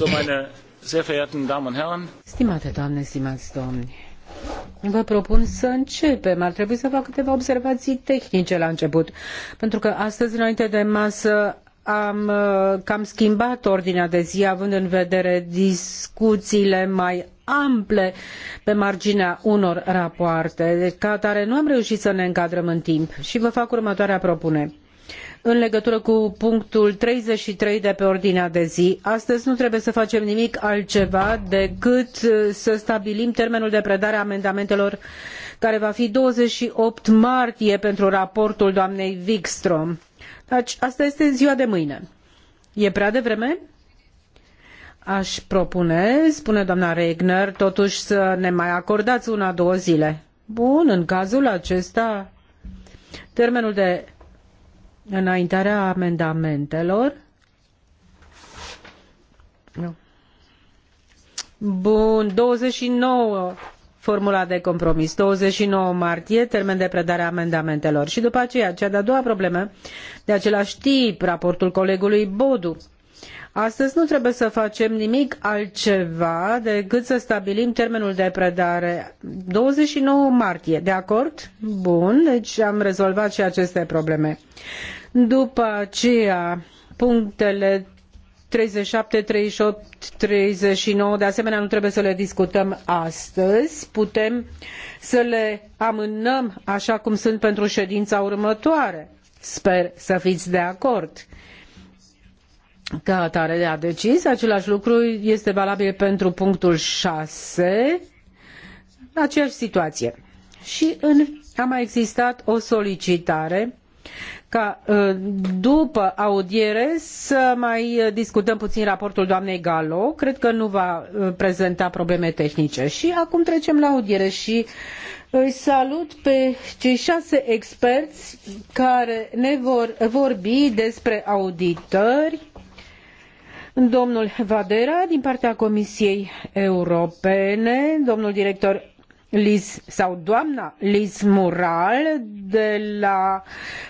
So, meine sehr verehrten Damen und Herren. Stimate doamne, stimați domni, Vă propun să începem. Ar trebui să fac câteva observații tehnice la început, pentru că astăzi, înainte de masă, am uh, cam schimbat ordinea de zi, având în vedere discuțiile mai ample pe marginea unor rapoarte. Deci, ca atare, nu am reușit să ne încadrăm în timp și vă fac următoarea propunere în legătură cu punctul 33 de pe ordinea de zi. Astăzi nu trebuie să facem nimic altceva decât uh, să stabilim termenul de predare a amendamentelor care va fi 28 martie pentru raportul doamnei Wikstrom. Deci, asta este ziua de mâine. E prea devreme? Aș propune, spune doamna Regner, totuși să ne mai acordați una, două zile. Bun, în cazul acesta, termenul de înaintarea amendamentelor. Nu. Bun, 29 formula de compromis, 29 martie, termen de predare a amendamentelor. Și după aceea, cea de-a doua problemă, de același tip, raportul colegului Bodu. Astăzi nu trebuie să facem nimic altceva decât să stabilim termenul de predare 29 martie. De acord? Bun, deci am rezolvat și aceste probleme. După aceea, punctele 37, 38, 39, de asemenea nu trebuie să le discutăm astăzi, putem să le amânăm așa cum sunt pentru ședința următoare. Sper să fiți de acord. Ca atare a decis, același lucru este valabil pentru punctul 6, aceeași situație. Și în, a mai existat o solicitare ca ă, după audiere să mai ă, discutăm puțin raportul doamnei Galo. Cred că nu va ă, prezenta probleme tehnice. Și acum trecem la audiere și îi salut pe cei șase experți care ne vor vorbi despre auditări. Domnul Vadera din partea Comisiei Europene, domnul director Liz, sau doamna Liz Mural de la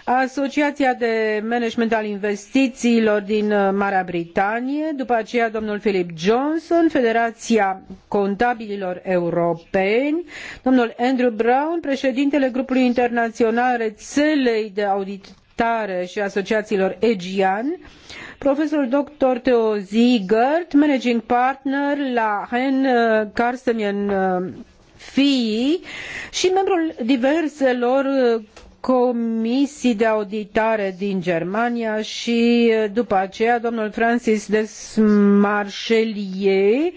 Asociația de Management al Investițiilor din uh, Marea Britanie, după aceea domnul Philip Johnson, Federația Contabililor Europeni, domnul Andrew Brown, președintele grupului internațional rețelei de auditare și asociațiilor EGIAN, profesorul dr. Theo Ziegert, managing partner la Hen uh, Carsten uh, fiii și membrul diverselor uh, comisii de auditare din Germania și uh, după aceea domnul Francis Desmarchelier um,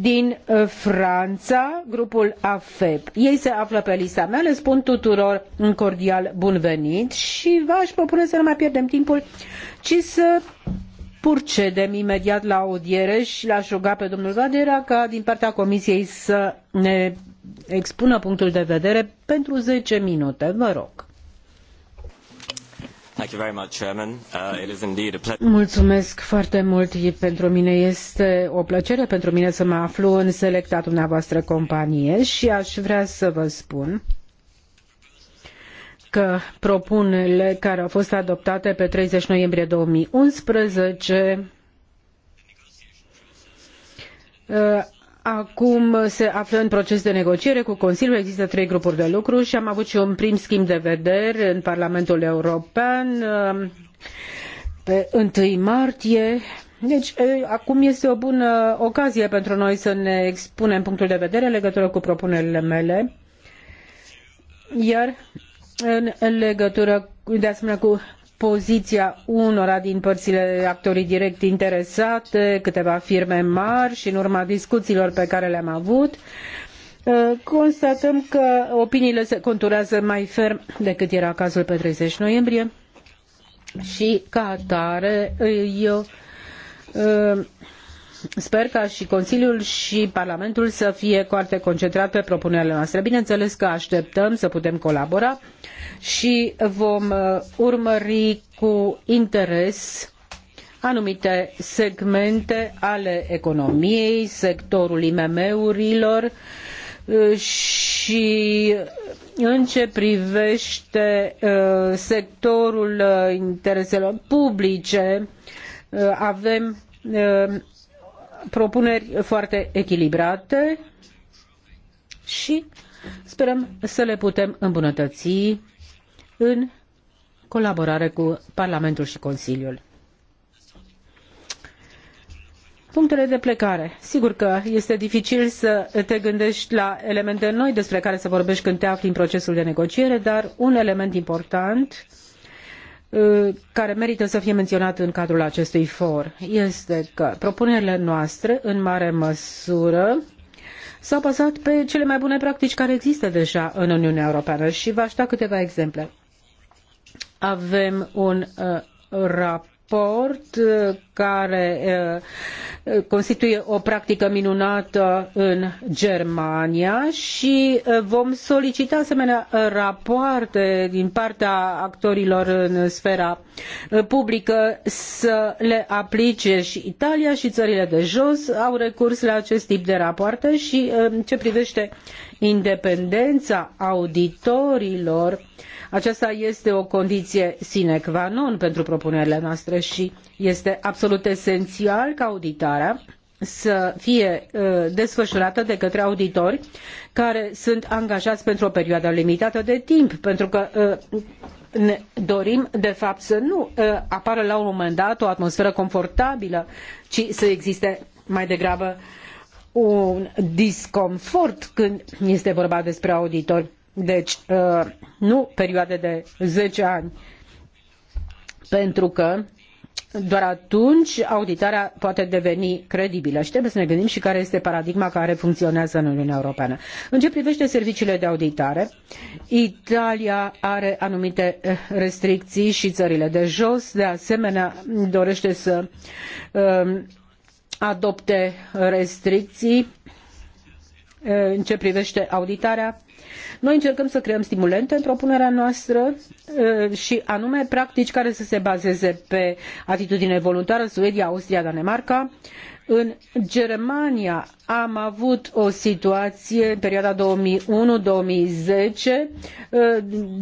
din uh, Franța, grupul AFEP. Ei se află pe lista mea, le spun tuturor un cordial bun venit și v-aș propune să nu mai pierdem timpul, ci să procedem imediat la audiere și l-aș ruga pe domnul Vadera ca din partea comisiei să ne expună punctul de vedere pentru 10 minute. Vă rog. Uh, Mulțumesc foarte mult. Pentru mine este o plăcere pentru mine să mă aflu în selecta dumneavoastră companie și aș vrea să vă spun că propunerile care au fost adoptate pe 30 noiembrie 2011 uh, acum se află în proces de negociere cu Consiliul. Există trei grupuri de lucru și am avut și un prim schimb de vederi în Parlamentul European uh, pe 1 martie. Deci, uh, acum este o bună ocazie pentru noi să ne expunem punctul de vedere în legătură cu propunerile mele. Iar în legătură de asemenea cu poziția unora din părțile actorii direct interesate, câteva firme mari și în urma discuțiilor pe care le-am avut, ă, constatăm că opiniile se conturează mai ferm decât era cazul pe 30 noiembrie și ca atare eu ă, Sper ca și Consiliul și Parlamentul să fie foarte concentrat pe propunerile noastre. Bineînțeles că așteptăm să putem colabora și vom uh, urmări cu interes anumite segmente ale economiei, sectorul IMM-urilor uh, și în ce privește uh, sectorul intereselor publice avem propuneri foarte echilibrate și sperăm să le putem îmbunătăți în colaborare cu Parlamentul și Consiliul. Punctele de plecare. Sigur că este dificil să te gândești la elemente noi despre care să vorbești când te afli în procesul de negociere, dar un element important uh, care merită să fie menționat în cadrul acestui for este că propunerile noastre, în mare măsură, s-au bazat pe cele mai bune practici care există deja în Uniunea Europeană și vă aș da câteva exemple. Avem un uh, raport raport uh, care uh, constituie o practică minunată în Germania și uh, vom solicita asemenea rapoarte din partea actorilor în sfera publică să le aplice și Italia și țările de jos au recurs la acest tip de rapoarte și în ce privește independența auditorilor aceasta este o condiție sine qua non pentru propunerile noastre și este absolut esențial ca auditarea să fie uh, desfășurată de către auditori care sunt angajați pentru o perioadă limitată de timp, pentru că uh, ne dorim, de fapt, să nu uh, apară la un moment dat o atmosferă confortabilă, ci să existe mai degrabă un disconfort când este vorba despre auditori. Deci, uh, nu perioade de zece ani, pentru că doar atunci auditarea poate deveni credibilă și trebuie să ne gândim și care este paradigma care funcționează în Uniunea Europeană. În ce privește serviciile de auditare, Italia are anumite uh, restricții și țările de jos, de asemenea dorește să um, adopte restricții uh, în ce privește auditarea noi încercăm să creăm stimulente în propunerea noastră uh, și anume practici care să se bazeze pe atitudine voluntară, Suedia, Austria, Danemarca, în Germania am avut o situație în perioada 2001-2010. Uh,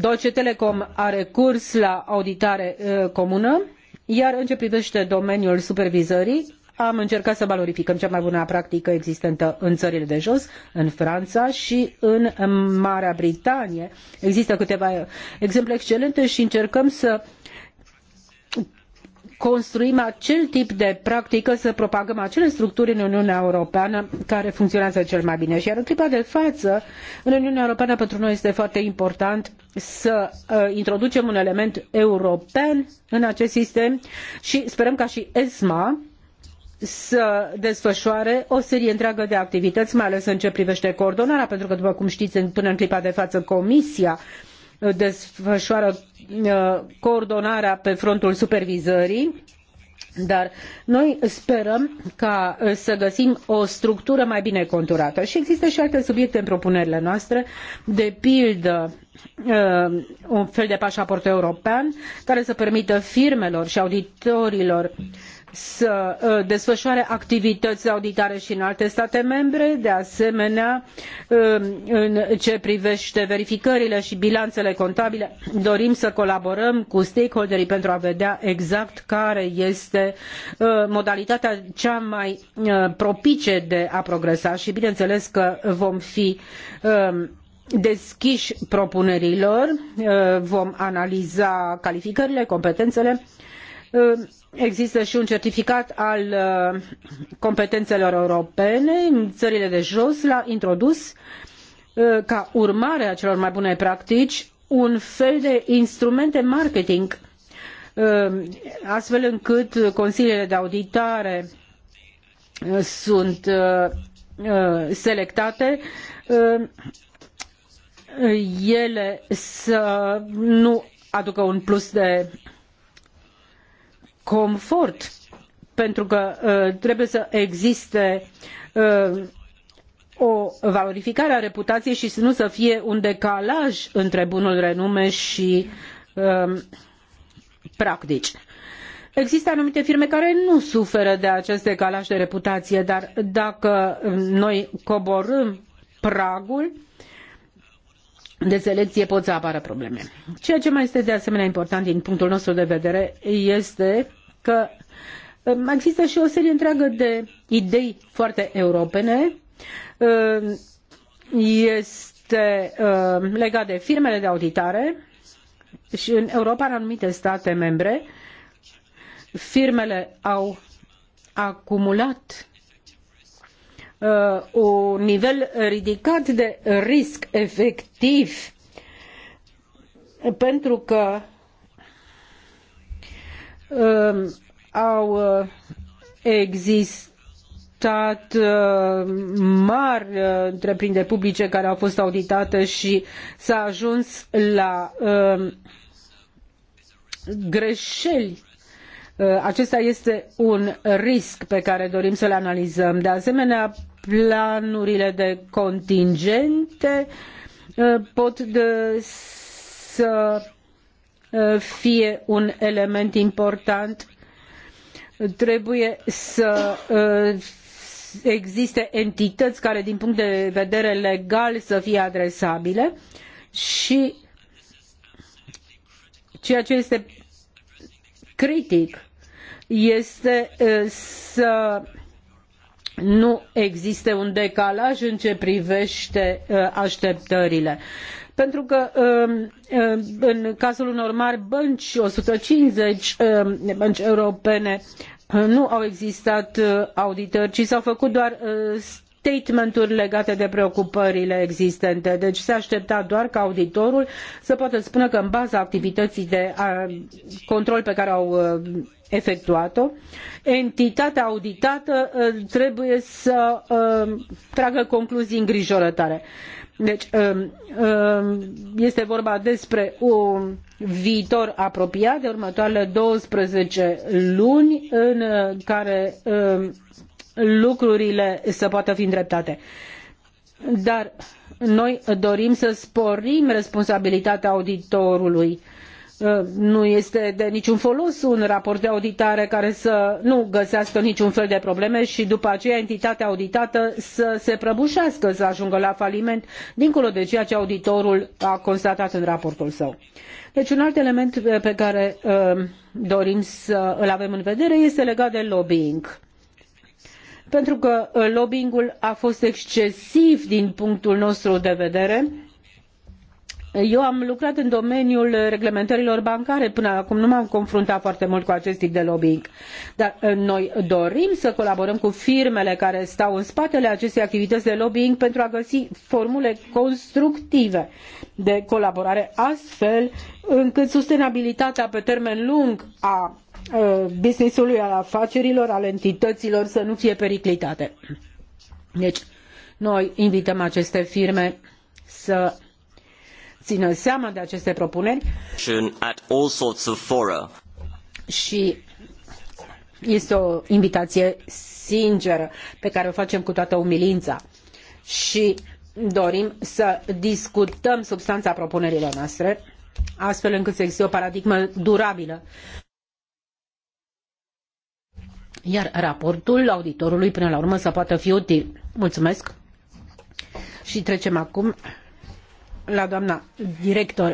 Deutsche Telekom a recurs la auditare uh, comună, iar în ce privește domeniul supervizării, am încercat să valorificăm cea mai bună practică existentă în țările de jos, în Franța și în Marea Britanie. Există câteva exemple excelente și încercăm să construim acel tip de practică, să propagăm acele structuri în Uniunea Europeană care funcționează cel mai bine. Și iar în clipa de față, în Uniunea Europeană pentru noi este foarte important să uh, introducem un element european în acest sistem și sperăm ca și ESMA să desfășoare o serie întreagă de activități, mai ales în ce privește coordonarea, pentru că, după cum știți, până în clipa de față, Comisia uh, desfășoară uh, coordonarea pe frontul supervizării, dar noi sperăm ca uh, să găsim o structură mai bine conturată. Și există și alte subiecte în propunerile noastre, de pildă un fel de pașaport european care să permită firmelor și auditorilor să uh, desfăoare activități de auditare și în alte state membre, de asemenea um, în ce privete verificările și bilanțele contabile, dorim să colaborăm cu stakeholderii pentru a vedea exact care este uh, modalitatea cea mai uh, propice de a progresa și bineînțeles că vom fi um, deschiși propunerilor, vom analiza calificările, competențele Există și un certificat al uh, competențelor europene. ările de jos l-a introdus uh, ca urmare a celor mai bune practici un fel de instrument de marketing uh, astfel încât consiliile de auditare sunt selectate ele să nu aducă un plus de confort, pentru că uh, trebuie să existe uh, o valorificare a reputației și să nu să fie un decalaj între bunul renume și um, practici. Există anumite firme care nu suferă de acest decalaj de reputație, dar dacă noi coborâm pragul de selecție pot să apară probleme. Ceea ce mai este de asemenea important din punctul nostru de vedere este că um, există și o serie întreagă de idei foarte europene. Um, este um, legat de firmele de auditare și în Europa, în anumite state membre, firmele au acumulat uh, un nivel ridicat de risc efectiv pentru că Ehm, au eh, existat stat eh, mari eh, întreprinderi publice care au fost auditate și s-a ajuns la ehm, greșeli. acesta este un risc pe care dorim să-l analizăm. De asemenea, planurile de contingente pot de, să Uh, fie un element important. Trebuie să uh, existe entități care din punct de vedere legal să fie adresabile și ceea ce este critic este uh, să nu existe un decalaj în ce privește așteptările. Pentru că um, um, în cazul unor mari bănci, 150 um, bănci europene, uh, nu au existat uh, auditări, ci s-au făcut doar uh, statementuri legate de preocupările existente. Deci se aștepta doar ca auditorul să poată spune că în baza activității de control pe care au efectuat-o, entitatea auditată trebuie să tragă concluzii îngrijorătoare. Deci um, um, este vorba despre un viitor apropiat de următoarele 12 luni în care um, lucrurile să poată fi îndreptate. Dar noi dorim să sporim responsabilitatea auditorului Uh, nu este de niciun folos un raport de auditare care să nu găsească niciun fel de probleme și după aceea entitatea auditată să se prăbușească, să ajungă la faliment, dincolo de ceea ce auditorul a constatat în raportul său. Deci un alt element pe care uh, dorim să îl avem în vedere este legat de lobbying pentru că uh, lobbyingul a fost excesiv din punctul nostru de vedere eu am lucrat în domeniul reglementărilor bancare până acum, nu m-am confruntat foarte mult cu acest tip de lobbying. Dar uh, noi dorim să colaborăm cu firmele care stau în spatele acestei activități de lobbying pentru a găsi formule constructive de colaborare, astfel încât sustenabilitatea pe termen lung a uh, businessului, al afacerilor, al entităților să nu fie periclitate. Deci, noi invităm aceste firme să ină seama de aceste propuneri și este o invitație sinceră pe care o facem cu toată umilința și dorim să discutăm substanța propunerilor noastre astfel încât să existe o paradigmă durabilă. Iar raportul auditorului până la urmă să poată fi util. Mulțumesc. Și trecem acum director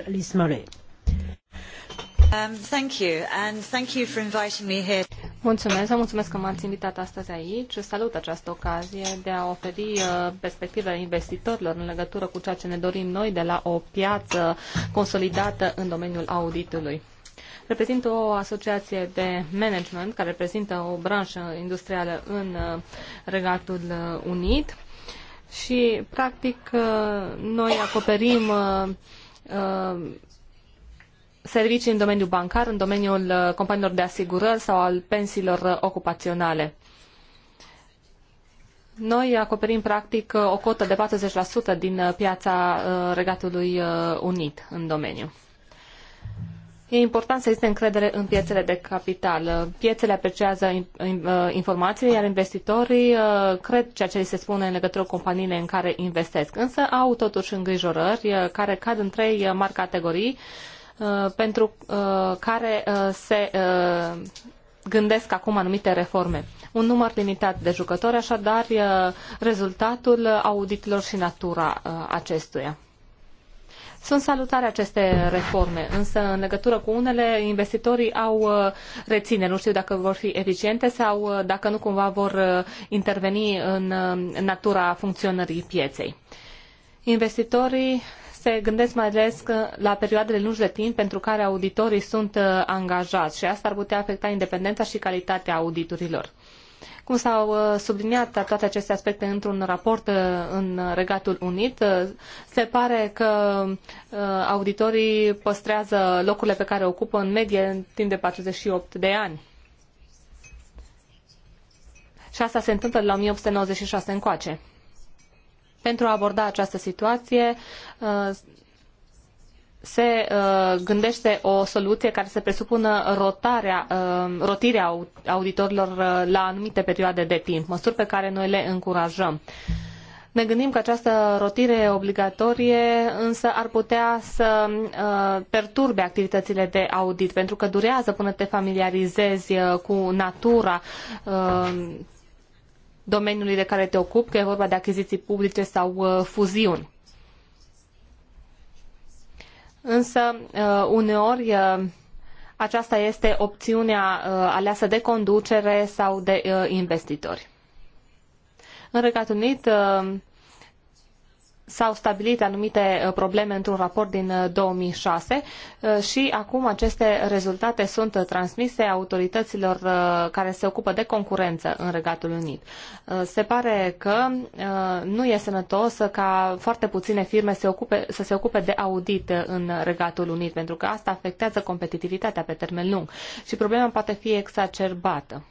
um, thank you and thank you for inviting me here. Mulțumesc, vă mulțumesc că m-ați invitat astăzi aici. Salut această ocazie de a oferi uh, perspectiva investitorilor în legătură cu ceea ce ne dorim noi de la o piață consolidată în domeniul auditului. Reprezint o asociație de management care reprezintă o branșă industrială în uh, Regatul Unit și, practic, uh, noi acoperim uh, uh, servicii în domeniul bancar, în domeniul companiilor de asigurări sau al pensiilor ocupaționale. Noi acoperim practic o cotă de 40% din piața Regatului Unit în domeniu. E important să existe încredere în piețele de capital. Piețele apreciază uh, informațiile, iar investitorii uh, cred ceea ce li se spune în legătură cu companiile în care investesc. Însă au totuși îngrijorări uh, care cad în trei mari categorii pentru care se gândesc acum anumite reforme. Un număr limitat de jucători, așadar, rezultatul auditelor și natura acestuia. Sunt salutare aceste reforme, însă în legătură cu unele, investitorii au uh, reține, nu știu dacă vor fi eficiente sau uh, dacă nu cumva vor uh, interveni în natura funcționării pieței. Investitorii se gândesc mai ales la perioadele lungi de timp pentru care auditorii sunt angajați și asta ar putea afecta independența și calitatea auditurilor. Cum s-au uh, subliniat toate aceste aspecte într-un raport uh, în Regatul Unit, uh, se pare că auditorii păstrează locurile pe care ocupă în medie în timp de 48 de ani. Și asta se întâmplă de la 1896 încoace. Pentru a aborda această situație, se uh, gândește o soluție care să presupună rotarea, uh, rotirea auditorilor uh, la anumite perioade de timp, măsuri pe care noi le încurajăm. Ne gândim că această rotire obligatorie însă ar putea să uh, perturbe activitățile de audit, pentru că durează până te familiarizezi uh, cu natura uh, domeniului de care te ocupi, că e vorba de achiziții publice sau fuziuni însă uh, uneori uh, aceasta este opțiunea uh, aleasă de conducere sau de investitori. În Regatul Unit, s-au stabilit anumite uh, probleme într-un raport din 2006 uh, uh, și acum aceste rezultate sunt transmise autorităților care se ocupă de concurență în Regatul Unit. Se pare că nu e sănătos ca foarte puține firme se ocupe, să se ocupe de audit în Regatul Unit, pentru că asta afectează competitivitatea pe termen lung și problema poate fi exacerbată.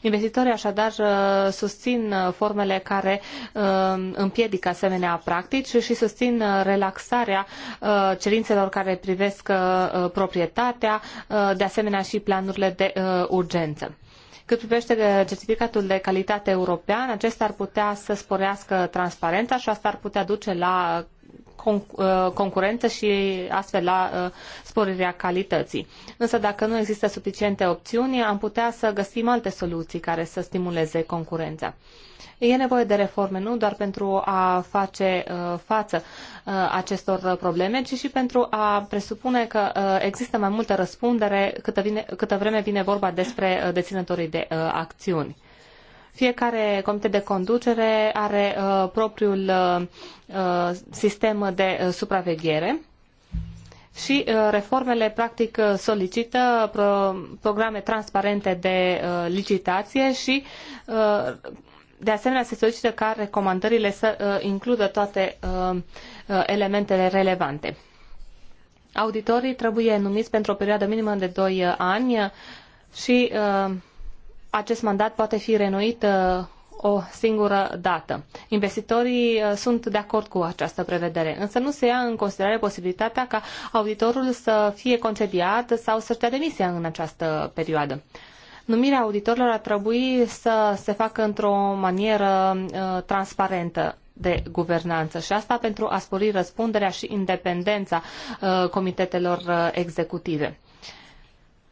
Investitorii așadar uh, susțin uh, formele care uh, împiedică asemenea practici și susțin relaxarea cerințelor care privesc proprietatea, de asemenea și planurile de urgență. Cât privește certificatul de calitate european, acesta ar putea să sporească transparența și asta ar putea duce la Uh, concurență și astfel la uh, sporirea calității. Însă dacă nu există suficiente opțiuni, am putea să găsim alte soluții care să stimuleze concurența. E nevoie de reforme nu doar pentru a face uh, față uh, acestor probleme, ci și pentru a presupune că uh, există mai multă răspundere câtă, vine, câtă vreme vine vorba despre uh, deținătorii de uh, acțiuni. Fiecare comitet de conducere are uh, propriul uh, uh sistem de uh, supraveghere și uh, reformele practic uh, solicită pro programe transparente de licitație și de asemenea se solicită ca recomandările să includă toate elementele relevante. Auditorii trebuie numiți pentru o perioadă minimă de doi ani și acest mandat poate fi renuit uh, o singură dată. Investitorii uh, sunt de acord cu această prevedere, însă nu se ia în considerare posibilitatea ca auditorul să fie concediat sau să-și dea demisia în această perioadă. Numirea auditorilor ar trebui să se facă într-o manieră uh, transparentă de guvernanță și asta pentru a spori răspunderea și independența comitetelor executive.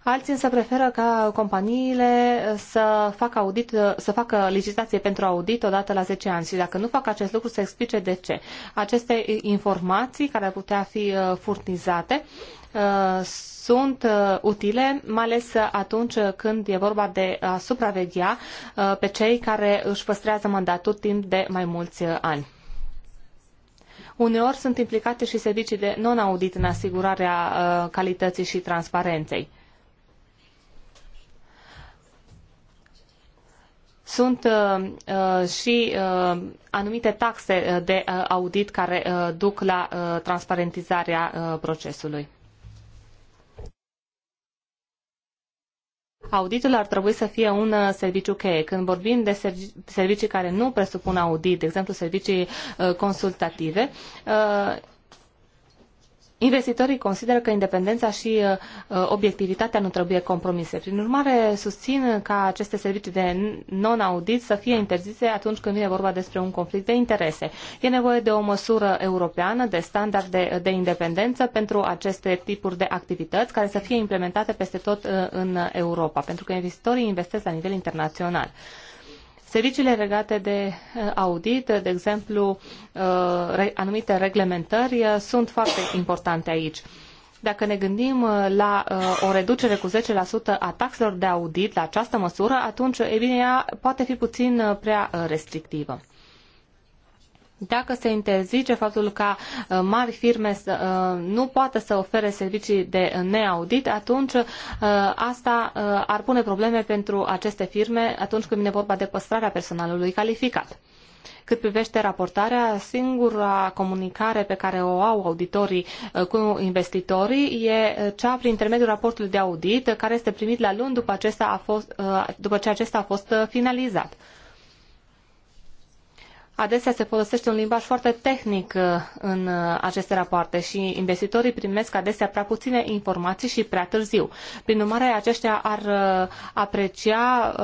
Alții însă preferă ca companiile să facă, audit, să facă licitație pentru audit odată la 10 ani și dacă nu fac acest lucru să explice de ce. Aceste informații care ar putea fi uh, furnizate uh, sunt uh, utile, mai ales atunci când e vorba de a supraveghea pe cei care își păstrează mandatul timp de mai mulți ani. Uneori sunt implicate și servicii de non-audit în asigurarea calității și transparenței. sunt uh, uh, și uh, anumite taxe de audit care duc la transparentizarea procesului. Auditul ar trebui să fie un serviciu cheie. Când vorbim de servicii care nu presupun audit, de exemplu servicii consultative, Investitorii consideră că independența și uh, uh, obiectivitatea nu trebuie compromise. Prin urmare, susțin ca aceste servicii de non-audit să fie interzise atunci când vine vorba despre un conflict de interese. E nevoie de o măsură europeană de standarde de independență pentru aceste tipuri de activități care să fie implementate peste tot uh, în Europa, pentru că investitorii investesc la nivel internațional. Serviciile regate de uh, audit, de exemplu, uh, anumite reglementări uh, sunt foarte importante aici. Dacă ne gândim la o reducere cu 10% a taxelor de audit la această măsură, atunci, e bine, ea poate fi puțin prea restrictivă dacă se interzice faptul ca uh, mari firme să, uh, nu poată să ofere servicii de neaudit, atunci uh, asta ar pune probleme pentru aceste firme atunci când vine vorba de păstrarea personalului calificat. Cât privește raportarea, singura comunicare pe care o au auditorii cu investitorii e cea prin intermediul raportului de audit care este primit la luni după, acesta a fost, după ce acesta a fost finalizat. Adesea se folosește un limbaj foarte tehnic uh, în uh, aceste rapoarte și investitorii primesc adesea prea puține informații și prea târziu. Prin urmare, aceștia ar uh, aprecia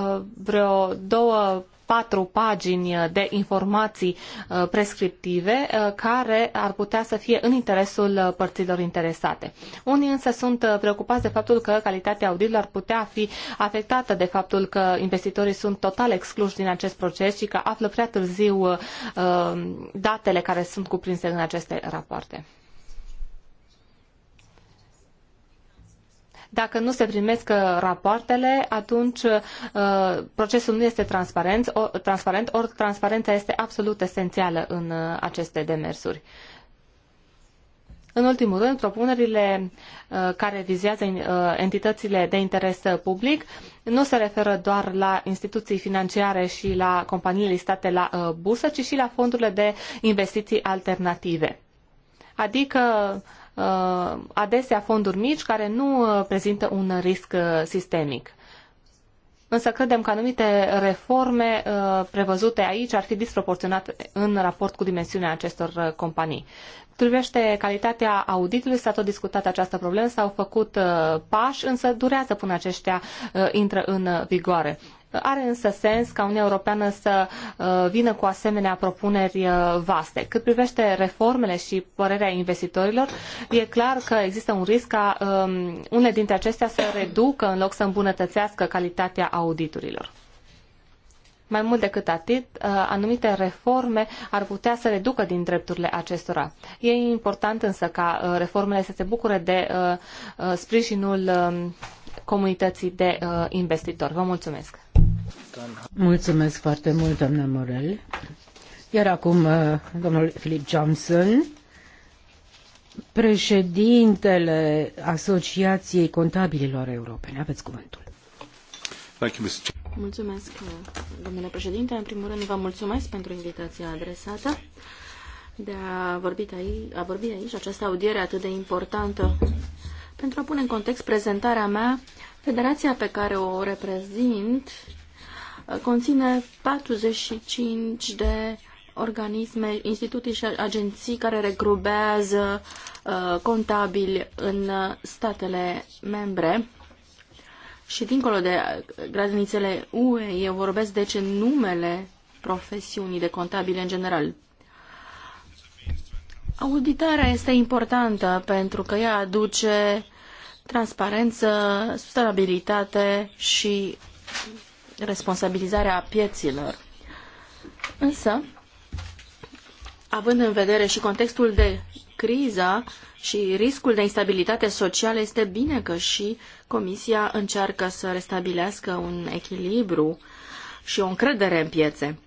vreo două patru pagini de informații uh, prescriptive uh, care ar putea să fie în interesul uh, părților interesate. Unii însă sunt preocupați de faptul că calitatea audiului ar putea fi afectată de faptul că investitorii sunt total excluși din acest proces și că află prea târziu datele care sunt cuprinse în aceste rapoarte. Dacă nu se primesc uh, rapoartele, atunci uh, procesul nu este transparent, transparent ori transparența este absolut esențială în uh, aceste demersuri. În ultimul rând, propunerile care vizează entitățile de interes public nu se referă doar la instituții financiare și la companii listate la bursă, ci și la fondurile de investiții alternative. Adică Uh, adesea fonduri mici care nu uh, prezintă un risc uh, sistemic. Însă credem că anumite reforme prevăzute aici ar fi disproporționate în raport cu dimensiunea acestor companii. Privește calitatea auditului, s-a tot discutat această problemă, s-au făcut pași, însă durează până aceștia intră în vigoare. Are însă sens ca Uniunea Europeană să uh, vină cu asemenea propuneri uh, vaste. Cât privește reformele și părerea investitorilor, e clar că există un risc ca um, unele dintre acestea să reducă în loc să îmbunătățească calitatea auditurilor. Mai mult decât atât, uh, anumite reforme ar putea să reducă din drepturile acestora. E important însă ca reformele să se bucure de sprijinul um, comunității de investitori. Vă mulțumesc! Mulțumesc foarte mult, doamnă Morel. Iar acum, uh, domnul Philip Johnson, președintele Asociației Contabililor Europene. Aveți cuvântul. Mulțumesc, uh, domnule președinte. În primul rând, vă mulțumesc pentru invitația adresată de a vorbi aici, a vorbi aici această audiere atât de importantă pentru a pune în context prezentarea mea Federația pe care o reprezint conține 45 de organisme, instituții și agenții care regrubează uh, contabili în statele membre. Și dincolo de granițele UE, eu vorbesc deci în numele profesiunii de contabile în general. Auditarea este importantă pentru că ea aduce transparență, sustenabilitate și responsabilizarea pieților. Însă, având în vedere și contextul de criză și riscul de instabilitate socială, este bine că și Comisia încearcă să restabilească un echilibru și o încredere în piețe.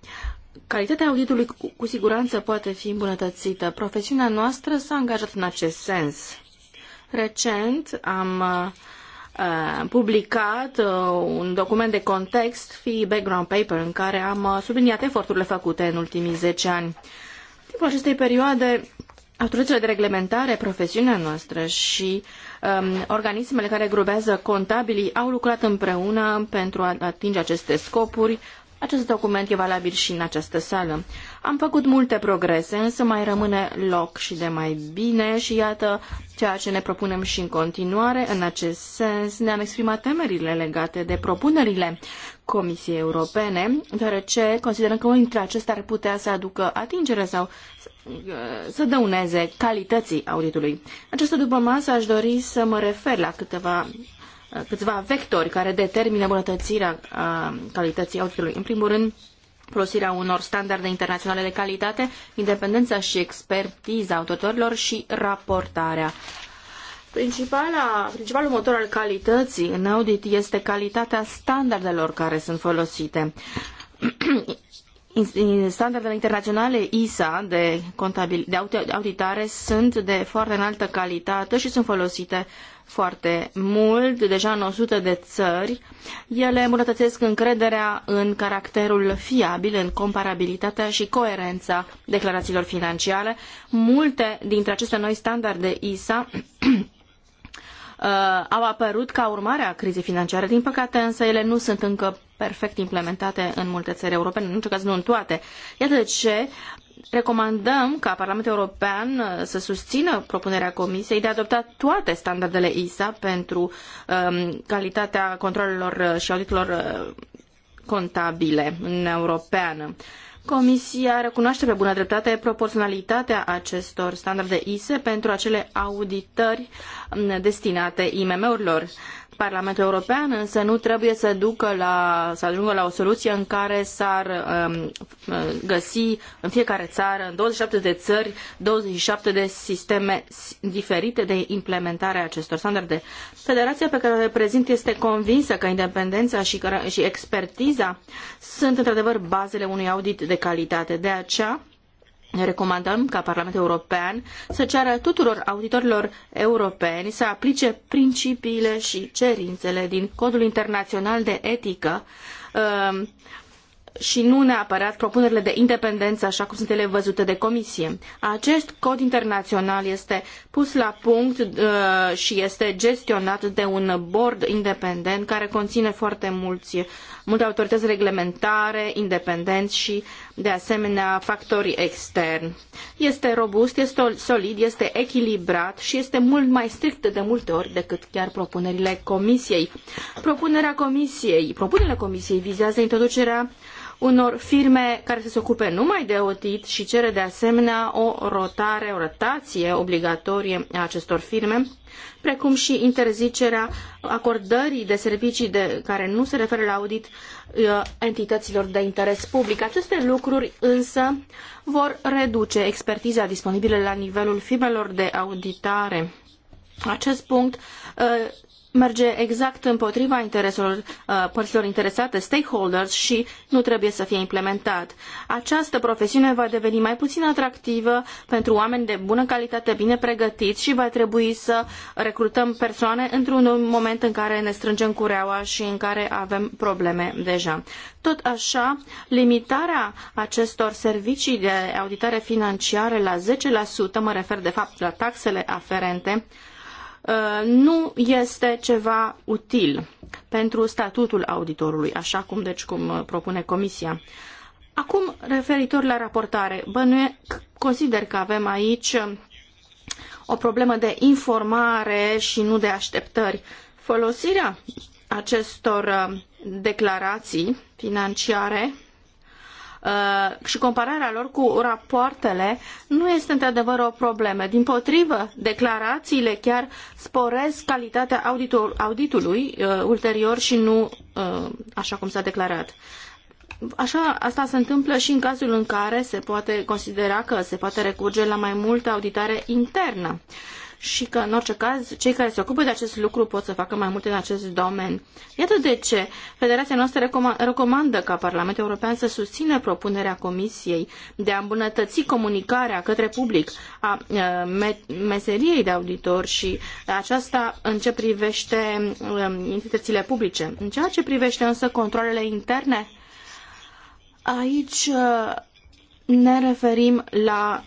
Calitatea auditului cu siguranță poate fi îmbunătățită. Profesiunea noastră s-a angajat în acest sens. Recent am uh, Uh, publicat uh, un document de context, fi background paper, în care am uh, subliniat eforturile făcute în ultimii zece ani. În timpul acestei perioade, autoritățile de reglementare, profesiunea noastră și um, organismele care grupează contabilii au lucrat împreună pentru a atinge aceste scopuri. Acest document e valabil și în această sală. Am făcut multe progrese, însă mai rămâne loc și de mai bine și iată ceea ce ne propunem și în continuare. În acest sens ne-am exprimat temerile legate de propunerile Comisiei Europene, deoarece considerăm că unul dintre acestea ar putea să aducă atingere sau uh, să dăuneze calității auditului. Această după masă aș dori să mă refer la câteva uh, câțiva vectori care determină bunătățirea uh, calității auditului. În primul rând, folosirea unor standarde internaționale de calitate, independența și expertiza autorilor și raportarea. Principala, principalul motor al calității în audit este calitatea standardelor care sunt folosite. standardele internaționale ISA de, contabil, de auditare sunt de foarte înaltă calitate și sunt folosite foarte mult, deja în 100 de țări. Ele îmbunătățesc încrederea în caracterul fiabil, în comparabilitatea și coerența declarațiilor financiare. Multe dintre aceste noi standarde ISA Uh, au apărut ca urmare a crizei financiare. Din păcate, însă, ele nu sunt încă perfect implementate în multe țări europene, în orice caz nu în toate. Iată de ce recomandăm ca Parlamentul European uh, să susțină propunerea Comisiei de a adopta toate standardele ISA pentru um, calitatea controlelor uh, și auditelor contabile în Europeană. Comisia recunoaște pe bună dreptate proporționalitatea acestor standarde ISE pentru acele auditări destinate IMM-urilor. Parlamentul European însă nu trebuie să ducă la, să ajungă la o soluție în care s-ar um, găsi în fiecare țară, în 27 de țări, 27 de sisteme diferite de implementare a acestor standarde. Federația pe care o reprezint este convinsă că independența și, și expertiza sunt într-adevăr bazele unui audit de calitate. De aceea, recomandăm ca Parlamentul European să ceară tuturor auditorilor europeni să aplice principiile și cerințele din Codul Internațional de Etică um, și nu neapărat propunerile de independență așa cum sunt ele văzute de comisie. Acest cod internațional este pus la punct uh, și este gestionat de un board independent care conține foarte mulți, multe autorități reglementare, independenți și de asemenea factorii externi. Este robust, este solid, este echilibrat și este mult mai strict de multe ori decât chiar propunerile comisiei. Propunerea comisiei, propunerea comisiei vizează introducerea unor firme care să se ocupe numai de audit și cere de asemenea o rotare, o rotație obligatorie a acestor firme precum și interzicerea acordării de servicii de, care nu se referă la audit uh, entităților de interes public. Aceste lucruri însă vor reduce expertiza disponibilă la nivelul firmelor de auditare. Acest punct uh, merge exact împotriva intereselor uh, părților interesate, stakeholders, și nu trebuie să fie implementat. Această profesiune va deveni mai puțin atractivă pentru oameni de bună calitate, bine pregătiți și va trebui să recrutăm persoane într-un moment în care ne strângem cureaua și în care avem probleme deja. Tot așa, limitarea acestor servicii de auditare financiară la 10%, mă refer de fapt la taxele aferente, Uh, nu este ceva util pentru statutul auditorului, așa cum deci cum uh, propune Comisia. Acum, referitor la raportare, bănuie, consider că avem aici um, o problemă de informare și nu de așteptări. Folosirea acestor uh, declarații financiare Uh, și compararea lor cu rapoartele nu este într-adevăr o problemă. Din potrivă, declarațiile chiar sporesc calitatea auditul, auditului uh, ulterior și nu uh, așa cum s-a declarat. Așa, asta se întâmplă și în cazul în care se poate considera că se poate recurge la mai multă auditare internă. Uh, și că, în orice caz, cei care se ocupă de acest lucru pot să facă mai multe în acest domeniu. Iată de ce Federația noastră recomandă ca Parlamentul European să susțină propunerea Comisiei de a îmbunătăți comunicarea către public a meseriei de auditor și aceasta în ce privește entitățile publice. În ceea ce privește însă controlele interne, aici ne referim la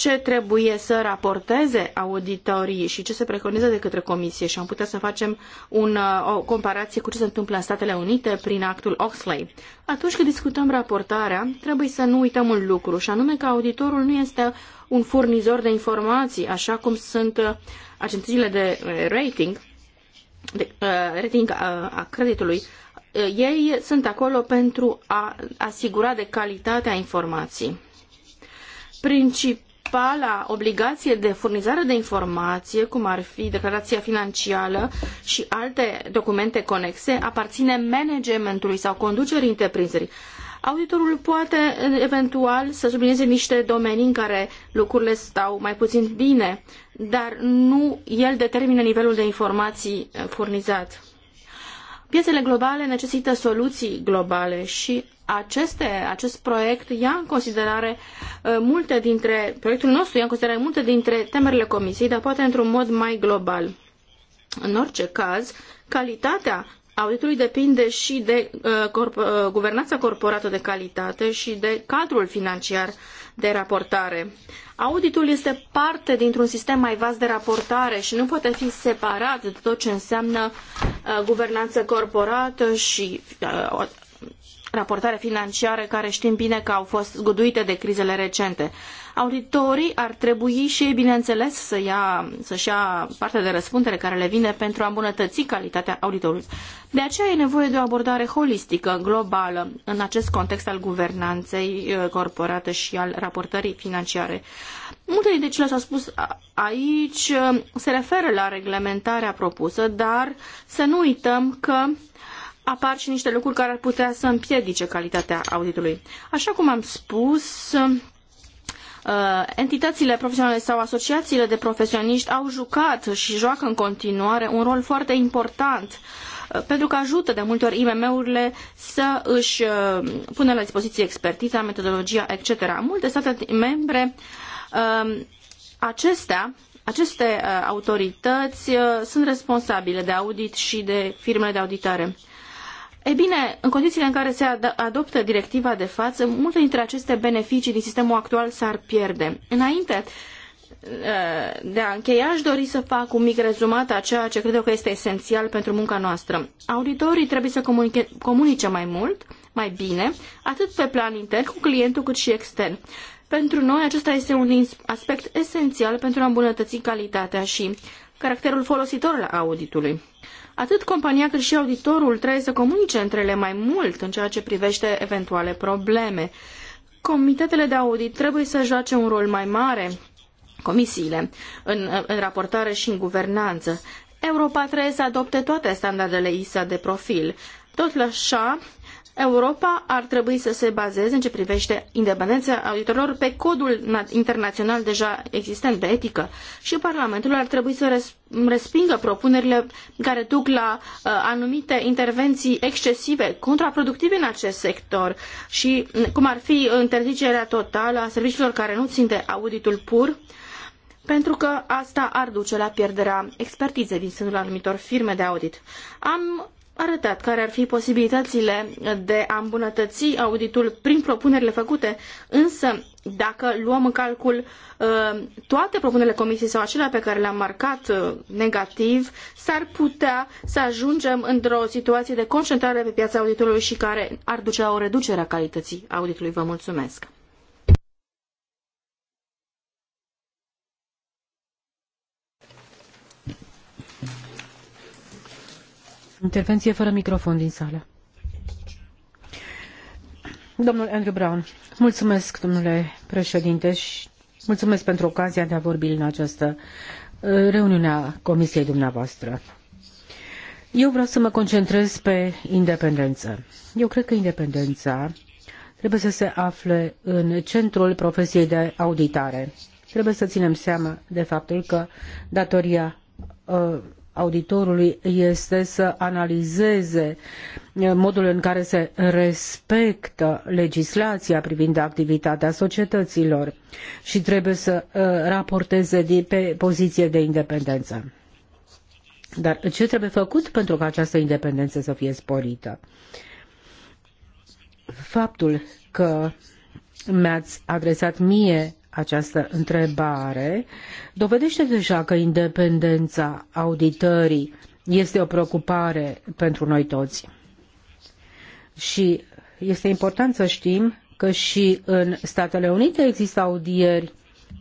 ce trebuie să raporteze auditorii și ce se preconizează de către comisie și am putea să facem un, uh, o comparație cu ce se întâmplă în Statele Unite prin actul Oxley. Atunci când discutăm raportarea, trebuie să nu uităm un lucru și anume că auditorul nu este un furnizor de informații, așa cum sunt uh, agențiile de uh, rating, de, uh, rating uh, a creditului. Uh, ei sunt acolo pentru a asigura de calitatea informației. Princip principala obligație de furnizare de informație, cum ar fi declarația financiară și alte documente conexe, aparține managementului sau conducerii întreprinderii. Auditorul poate eventual să sublinieze niște domenii în care lucrurile stau mai puțin bine, dar nu el determină nivelul de informații furnizat. Piețele globale necesită soluții globale și aceste, acest proiect ia în considerare uh, multe dintre, proiectul nostru ia în considerare multe dintre temerile comisiei, dar poate într-un mod mai global. În orice caz, calitatea auditului depinde și de uh, corp uh, guvernanța corporată de calitate și de cadrul financiar de raportare. Auditul este parte dintr-un sistem mai vast de raportare și nu poate fi separat de tot ce înseamnă uh, guvernanță corporată și uh, raportare financiară care știm bine că au fost zguduite de crizele recente. Auditorii ar trebui și ei, bineînțeles, să ia, să-și ia partea de răspundere care le vine pentru a îmbunătăți calitatea auditorului. De aceea e nevoie de o abordare holistică, globală, în acest context al guvernanței eh, corporate și al raportării financiare. Multe dintre ce s-a spus aici eh, se referă la reglementarea propusă, dar să nu uităm că apar și niște lucruri care ar putea să împiedice calitatea auditului. Așa cum am spus, Uh, entitățile profesionale sau asociațiile de profesioniști au jucat și joacă în continuare un rol foarte important uh, pentru că ajută de multe ori IMM-urile să își uh, pună la dispoziție expertiza, metodologia, etc. Multe state membre um, acestea aceste autorități sunt responsabile de audit și de firmele de auditare. E bine, în condițiile în care se ad adoptă directiva de față, multe dintre aceste beneficii din sistemul actual s-ar pierde. Înainte uh, de a încheia, aș dori să fac un mic rezumat a ceea ce cred eu că este esențial pentru munca noastră. Auditorii trebuie să comunice, comunice mai mult, mai bine, atât pe plan intern cu clientul cât și extern. Pentru noi acesta este un aspect esențial pentru a îmbunătăți calitatea și caracterul folositor al auditului atât compania cât și auditorul trebuie să comunice între ele mai mult în ceea ce privește eventuale probleme. Comitetele de audit trebuie să joace un rol mai mare, comisiile, în, în raportare și în guvernanță. Europa trebuie să adopte toate standardele ISA de profil. Tot așa, Europa ar trebui să se bazeze în ce privește independența auditorilor pe codul internațional deja existent de etică și Parlamentul ar trebui să respingă propunerile care duc la uh, anumite intervenții excesive, contraproductive în acest sector și mm, cum ar fi interzicerea totală a serviciilor care nu țin de auditul pur, pentru că asta ar duce la pierderea expertizei din sânul anumitor firme de audit. Am arătat care ar fi posibilitățile de a îmbunătăți auditul prin propunerile făcute, însă dacă luăm în calcul uh, toate propunerile comisiei sau acelea pe care le-am marcat uh, negativ, s-ar putea să ajungem într-o situație de concentrare pe piața auditului și care ar duce la o reducere a calității auditului. Vă mulțumesc! Intervenție fără microfon din sală. Domnul Andrew Brown, mulțumesc, domnule președinte, și mulțumesc pentru ocazia de a vorbi în această uh, reuniune a comisiei dumneavoastră. Eu vreau să mă concentrez pe independență. Eu cred că independența trebuie să se afle în centrul profesiei de auditare. Trebuie să ținem seama de faptul că datoria uh, auditorului este să analizeze modul în care se respectă legislația privind activitatea societăților și trebuie să raporteze pe poziție de independență. Dar ce trebuie făcut pentru ca această independență să fie sporită? Faptul că mi-ați adresat mie această întrebare dovedește deja că independența auditării este o preocupare pentru noi toți. Și este important să știm că și în Statele Unite există audieri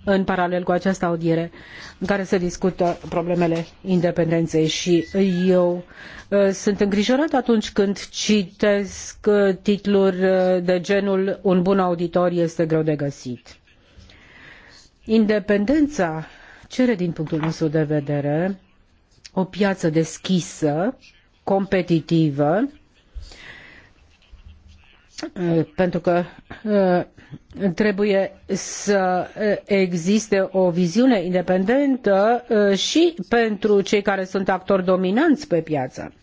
în paralel cu această audiere în care se discută problemele independenței și eu uh, sunt îngrijorat atunci când citesc uh, titluri uh, de genul Un bun auditor este greu de găsit. Independența cere, din punctul nostru de vedere, o piață deschisă, competitivă, eh, pentru că eh, trebuie să eh, existe o viziune independentă și pentru cei care sunt actori dominanți pe piață.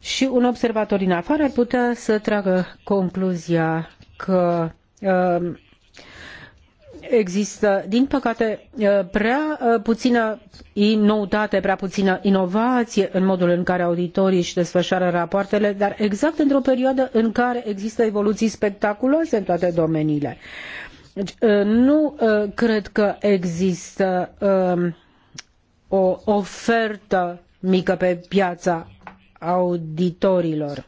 Și un observator din afară ar putea să tragă concluzia că există, din păcate, eh, prea eh, puțină noutate, prea puțină inovaie în modul în care auditorii îi desfășoară rapoartele, dar exact într-o perioadă în care există evoluții spectaculoase în toate domeniile. Deci, eh, nu cred că există ehm, o ofertă mică pe piața auditorilor.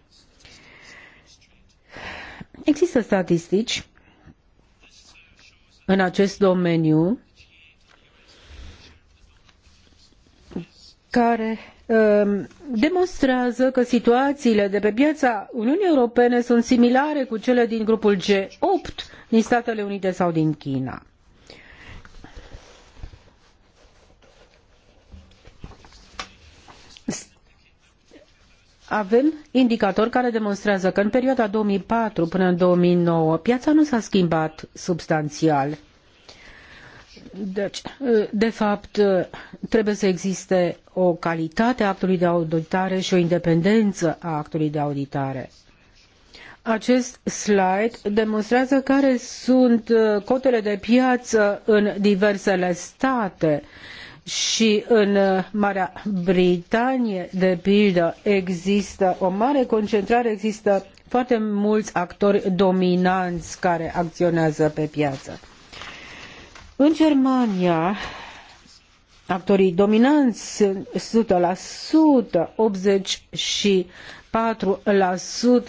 Există statistici în acest domeniu care um, demonstrează că situațiile de pe piața Uniunii Europene sunt similare cu cele din grupul G8 din Statele Unite sau din China. avem indicatori care demonstrează că în perioada 2004 până în 2009 piața nu s-a schimbat substanțial. Deci, de fapt, trebuie să existe o calitate a actului de auditare și o independență a actului de auditare. Acest slide demonstrează care sunt cotele de piață în diversele state. Uh, și în uh, Marea Britanie, de pildă, există o mare concentrare, există foarte mulți actori dominanți care acționează pe piață. În Germania, actorii dominanți sunt 100%, 84%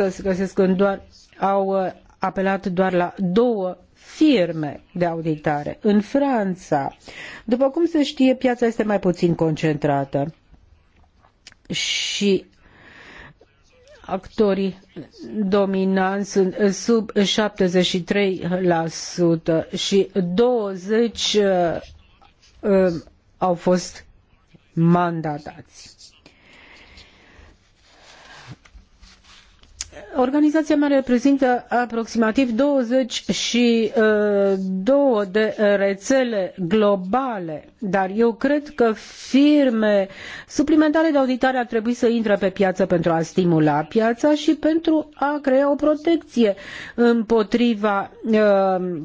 se găsesc în doar, au uh, apelat doar la două firme de auditare. În Franța, după cum se știe, piața este mai puțin concentrată și actorii dominanți sunt sub 73% și 20 uh, uh, au fost mandatați. Organizația mea reprezintă aproximativ 22 uh, de rețele globale, dar eu cred că firme suplimentare de auditare ar trebui să intre pe piață pentru a stimula piața și pentru a crea o protecție împotriva uh,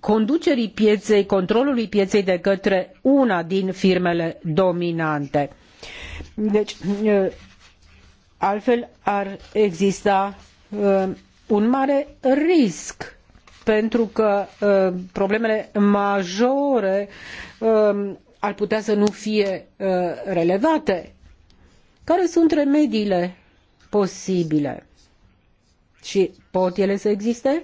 conducerii pieței, controlului pieței de către una din firmele dominante. Deci, uh, Altfel ar exista uh, un mare risc pentru că uh, problemele majore uh, ar putea să nu fie relevate. Care sunt remediile posibile? Și pot ele să existe?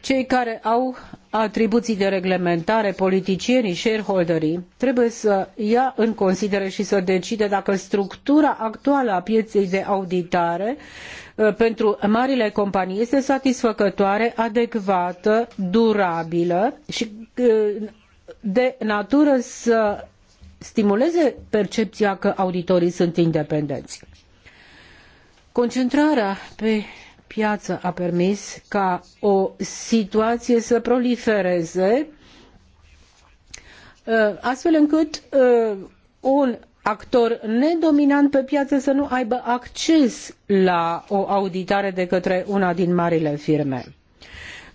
Cei care au atribuții de reglementare, politicienii, shareholderii, trebuie să ia în considerare și să decide dacă structura actuală a pieței de auditare uh, pentru marile companii este satisfăcătoare, adecvată, durabilă și uh, de natură să stimuleze percepția că auditorii sunt independenți. Concentrarea pe piață a permis ca o situație să prolifereze, uh, astfel încât uh, un actor nedominant pe piață să nu aibă acces la o auditare de către una din marile firme.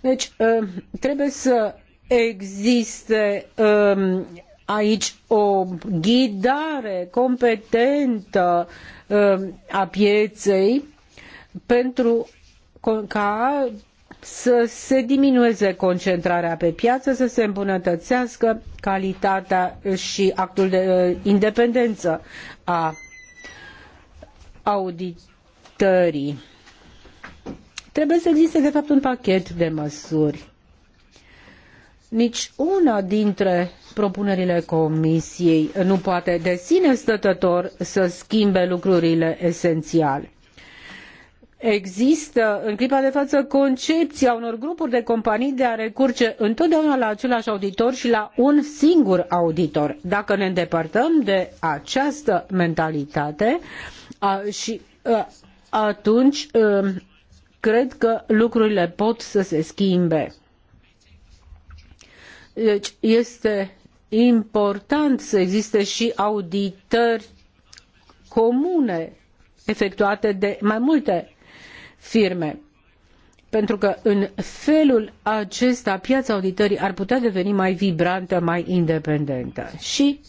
Deci, uh, trebuie să existe um, aici o ghidare competentă um, a pieței pentru ca să se diminueze concentrarea pe piață, să se îmbunătățească calitatea și actul de uh, independență a auditării. Trebuie să existe, de fapt, un pachet de măsuri. Nici una dintre propunerile Comisiei nu poate de sine stătător să schimbe lucrurile esențiale există în clipa de față concepția unor grupuri de companii de a recurge întotdeauna la același auditor și la un singur auditor. Dacă ne îndepărtăm de această mentalitate a, și a, atunci a, cred că lucrurile pot să se schimbe. Deci este important să existe și auditări comune efectuate de mai multe firme. Pentru că în felul acesta piața auditării ar putea deveni mai vibrantă, mai independentă. Și,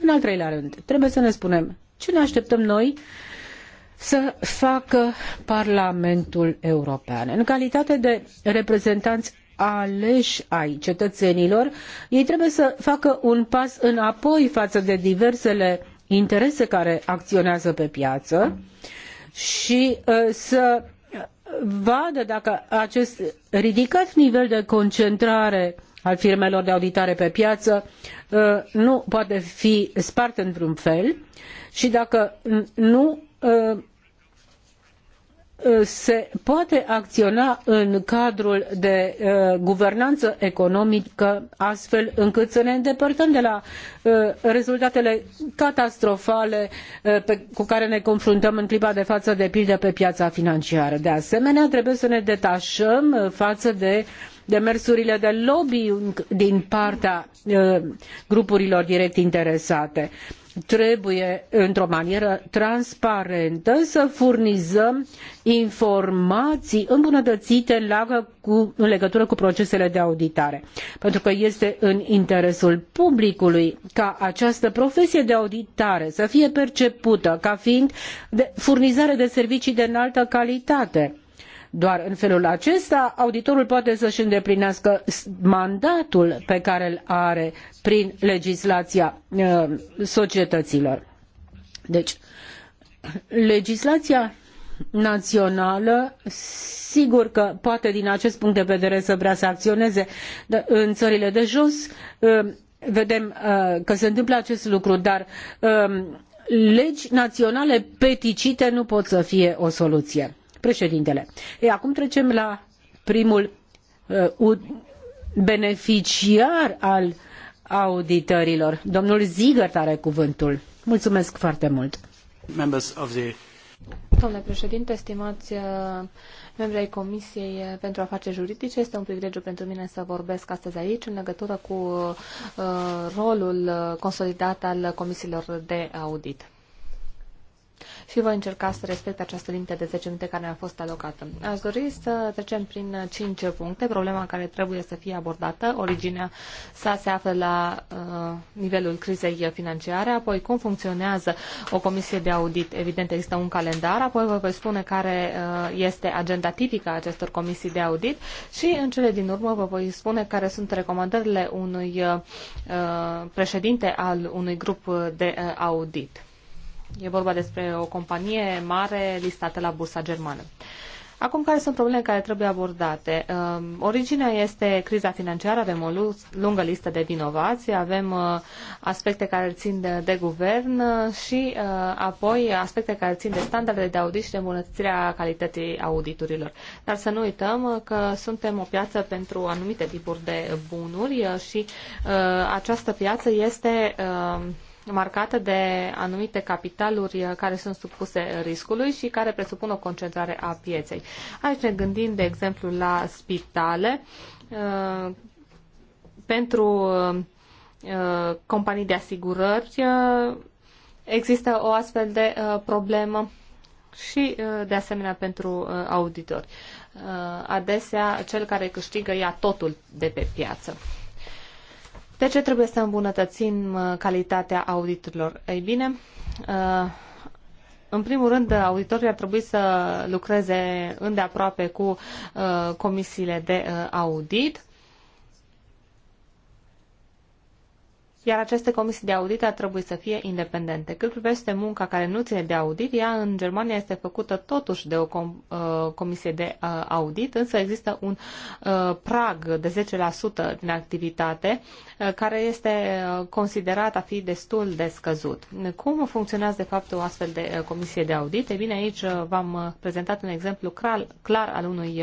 în al treilea rând, trebuie să ne spunem ce ne așteptăm noi să facă Parlamentul European. În calitate de reprezentanți aleși ai cetățenilor, ei trebuie să facă un pas înapoi față de diversele interese care acționează pe piață și uh, să vadă dacă acest ridicat nivel de concentrare al firmelor de auditare pe piață uh, nu poate fi spart într-un fel și dacă nu uh, Uh, se poate acționa în cadrul de uh, guvernană economică astfel încât să ne îndepărtăm de la uh, rezultatele catastrofale cu care ne confruntăm în clipa de față de pildă pe piața financiară. De asemenea, trebuie să ne detașăm față de demersurile de lobbying din partea grupurilor direct interesate trebuie, într-o manieră transparentă, să furnizăm informații îmbunătățite cu, în legătură cu procesele de auditare. Pentru că este în interesul publicului ca această profesie de auditare să fie percepută ca fiind de, furnizare de servicii de înaltă calitate doar în felul acesta auditorul poate să-și îndeplinească mandatul pe care îl are prin legislația uh, societăților. Deci, legislația națională, sigur că poate din acest punct de vedere să vrea să acționeze în țările de jos, uh, vedem uh, că se întâmplă acest lucru, dar um, legi naționale peticite nu pot să fie o soluție. Președintele. E, acum trecem la primul uh, beneficiar al auditărilor. Domnul Ziegert are cuvântul. Mulțumesc foarte mult. Domnule președinte, stimați uh, membri ai Comisiei uh, pentru Afaceri Juridice, este un privilegiu pentru mine să vorbesc astăzi aici în legătură cu uh, rolul consolidat al comisiilor de audit și voi încerca să respect această limită de 10 minute care mi-a fost alocată. Aș dori să trecem prin 5 puncte, problema care trebuie să fie abordată, originea sa se află la uh, nivelul crizei financiare, apoi cum funcționează o comisie de audit, evident există un calendar, apoi vă voi spune care uh, este agenda tipică a acestor comisii de audit și în cele din urmă vă voi spune care sunt recomandările unui uh, președinte al unui grup de uh, audit. E vorba despre o companie mare listată la bursa germană. Acum, care sunt problemele care trebuie abordate? Uh, originea este criza financiară, avem o lungă listă de vinovați, avem uh, aspecte care țin de, de guvern uh, și uh, apoi aspecte care țin de standarde de audit și de îmbunătățirea calității auditurilor. Dar să nu uităm uh, că suntem o piață pentru anumite tipuri de bunuri uh, și uh, această piață este. Uh, marcată de anumite capitaluri uh, care sunt supuse riscului și care presupun o concentrare a pieței. Aici ne gândim, de exemplu, la spitale uh, pentru uh, companii de asigurări există o astfel de problemă și, de asemenea, pentru auditori. Adesea, cel care câștigă ia totul de pe piață. De ce trebuie să îmbunătățim uh, calitatea auditurilor? Ei bine, uh, în primul rând, auditorii ar trebui să lucreze îndeaproape cu uh, comisiile de audit iar aceste comisii de audit ar trebui să fie independente. Cât privește munca care nu ține de audit, ea în Germania este făcută totuși de o com uh, comisie de uh, audit, însă există un uh, prag de 10% din activitate uh, care este uh, considerat a fi destul de scăzut. Cum funcționează de fapt o astfel de uh, comisie de audit? E bine, aici v-am prezentat un exemplu clar, clar al unui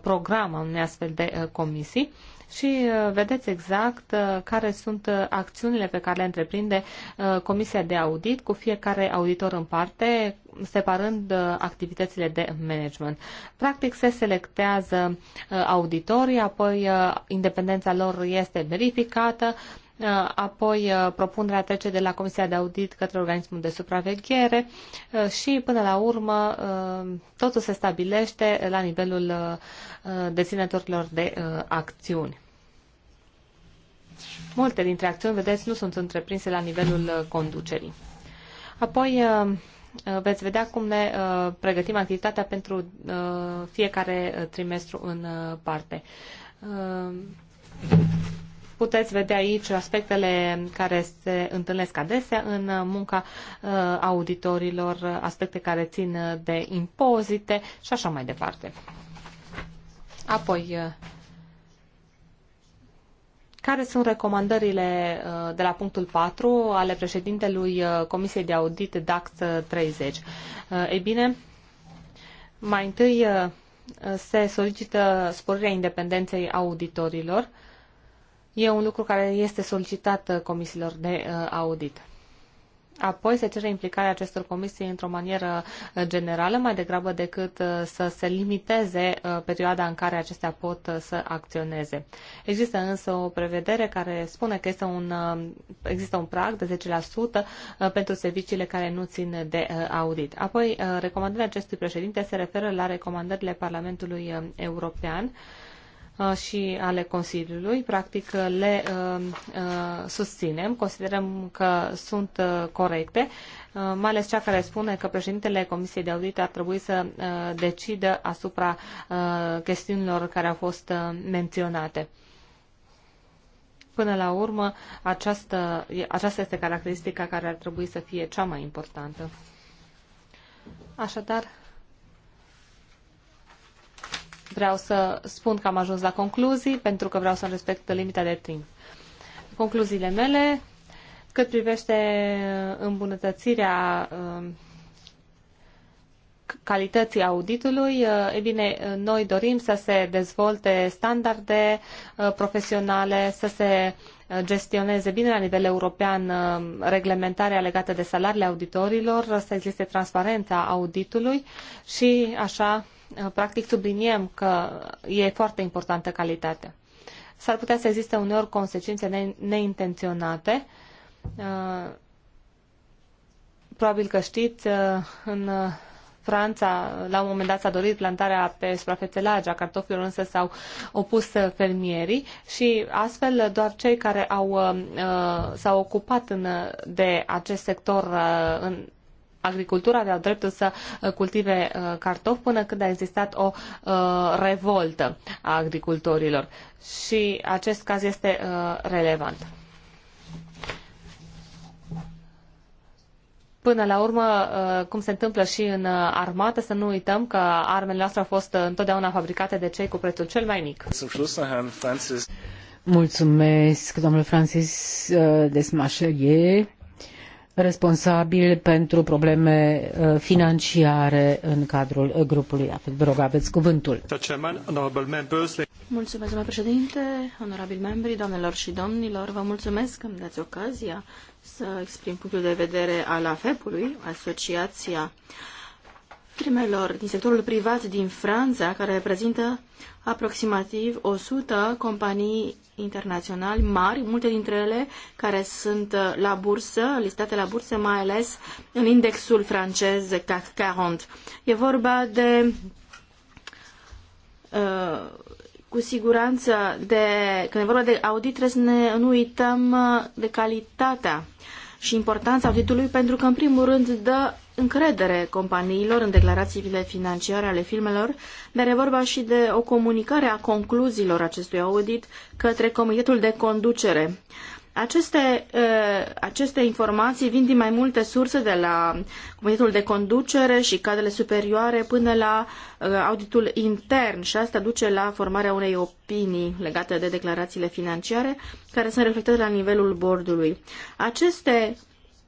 program, al unei astfel de comisii și uh, vedeți exact uh, care sunt uh, acțiunile pe care le întreprinde Comisia de Audit cu fiecare auditor în parte, separând activitățile de management. Practic se selectează auditorii, apoi independența lor este verificată, Uh, apoi uh, propunerea trece de la Comisia de Audit către organismul de supraveghere uh, și până la urmă totul se stabilește la nivelul deținătorilor de acțiuni. Multe dintre acțiuni, vedeți, nu sunt întreprinse la nivelul conducerii. Apoi veți vedea cum ne pregătim activitatea pentru fiecare trimestru în parte. Puteți vedea aici aspectele care se întâlnesc adesea în munca uh, auditorilor, aspecte care țin de impozite și așa mai departe. Apoi, uh, care sunt recomandările uh, de la punctul 4 ale președintelui Comisiei de Audit DAX 30? Ei bine, mai întâi se solicită sporirea independenței auditorilor E un lucru care este solicitat uh, comisiilor de uh, audit. Apoi se cere implicarea acestor comisii într-o manieră uh, generală, mai degrabă decât să se limiteze perioada în care acestea pot să acționeze. Există însă o prevedere care spune că este un, există un prag de 10% pentru serviciile care nu țin de audit. Apoi, recomandarea acestui președinte se referă la recomandările Parlamentului European Uh, și ale Consiliului, practic uh, le uh, susținem, considerăm că sunt corecte, mai ales cea care spune că președintele Comisiei de Audit ar trebui să decidă asupra chestiunilor care au fost menționate. Până la urmă, această, aceasta este caracteristica care ar trebui să fie cea mai importantă. Așadar, Vreau să spun că am ajuns la concluzii, pentru că vreau să respect limita de timp. Concluziile mele, cât privește îmbunătățirea um, calității auditului, uh, e bine, noi dorim să se dezvolte standarde uh, profesionale, să se uh, gestioneze bine la nivel european reglementarea legată de salariile auditorilor, să existe transparența auditului și așa Eh, practic subliniem că e foarte importantă calitatea. S-ar putea să existe uneori consecințe neintenționate. Eh, probabil că știți, eh, în Franța, la un moment dat s-a dorit plantarea pe suprafețe largi a cartofilor, însă s-au opus fermierii și astfel doar cei care au, s-au ocupat în, de acest sector în, agricultura aveau dreptul să uh, cultive uh, cartofi până când a existat o uh, revoltă a agricultorilor. Și acest caz este relevant. Până la urmă, cum se întâmplă și în armată, să nu uităm că armele noastre au fost întotdeauna fabricate de cei cu prețul cel mai mic. Mulțumesc, domnul Francis Desmacherie responsabil pentru probleme uh, financiare în cadrul uh, grupului AFET. Vă rog, aveți cuvântul. Mulțumesc, domnule președinte, onorabili membri, doamnelor și domnilor. Vă mulțumesc că îmi dați ocazia să exprim punctul de vedere al AFEP-ului, Asociația firmelor din sectorul privat din Franța, care reprezintă aproximativ 100 companii internaționali mari, multe dintre ele care sunt uh, la bursă, listate la bursă, mai ales în indexul francez CAC 40. E vorba de uh, cu siguranță de, când e vorba de audit trebuie să ne nu uităm uh, de calitatea și importanța auditului pentru că în primul rând dă încredere companiilor în declarațiile financiare ale firmelor, dar e vorba și de o comunicare a concluziilor acestui audit către Comitetul de Conducere. Aceste, aceste informații vin din mai multe surse, de la comitetul de conducere și cadrele superioare până la auditul intern și asta duce la formarea unei opinii legate de declarațiile financiare care sunt reflectate la nivelul bordului. Aceste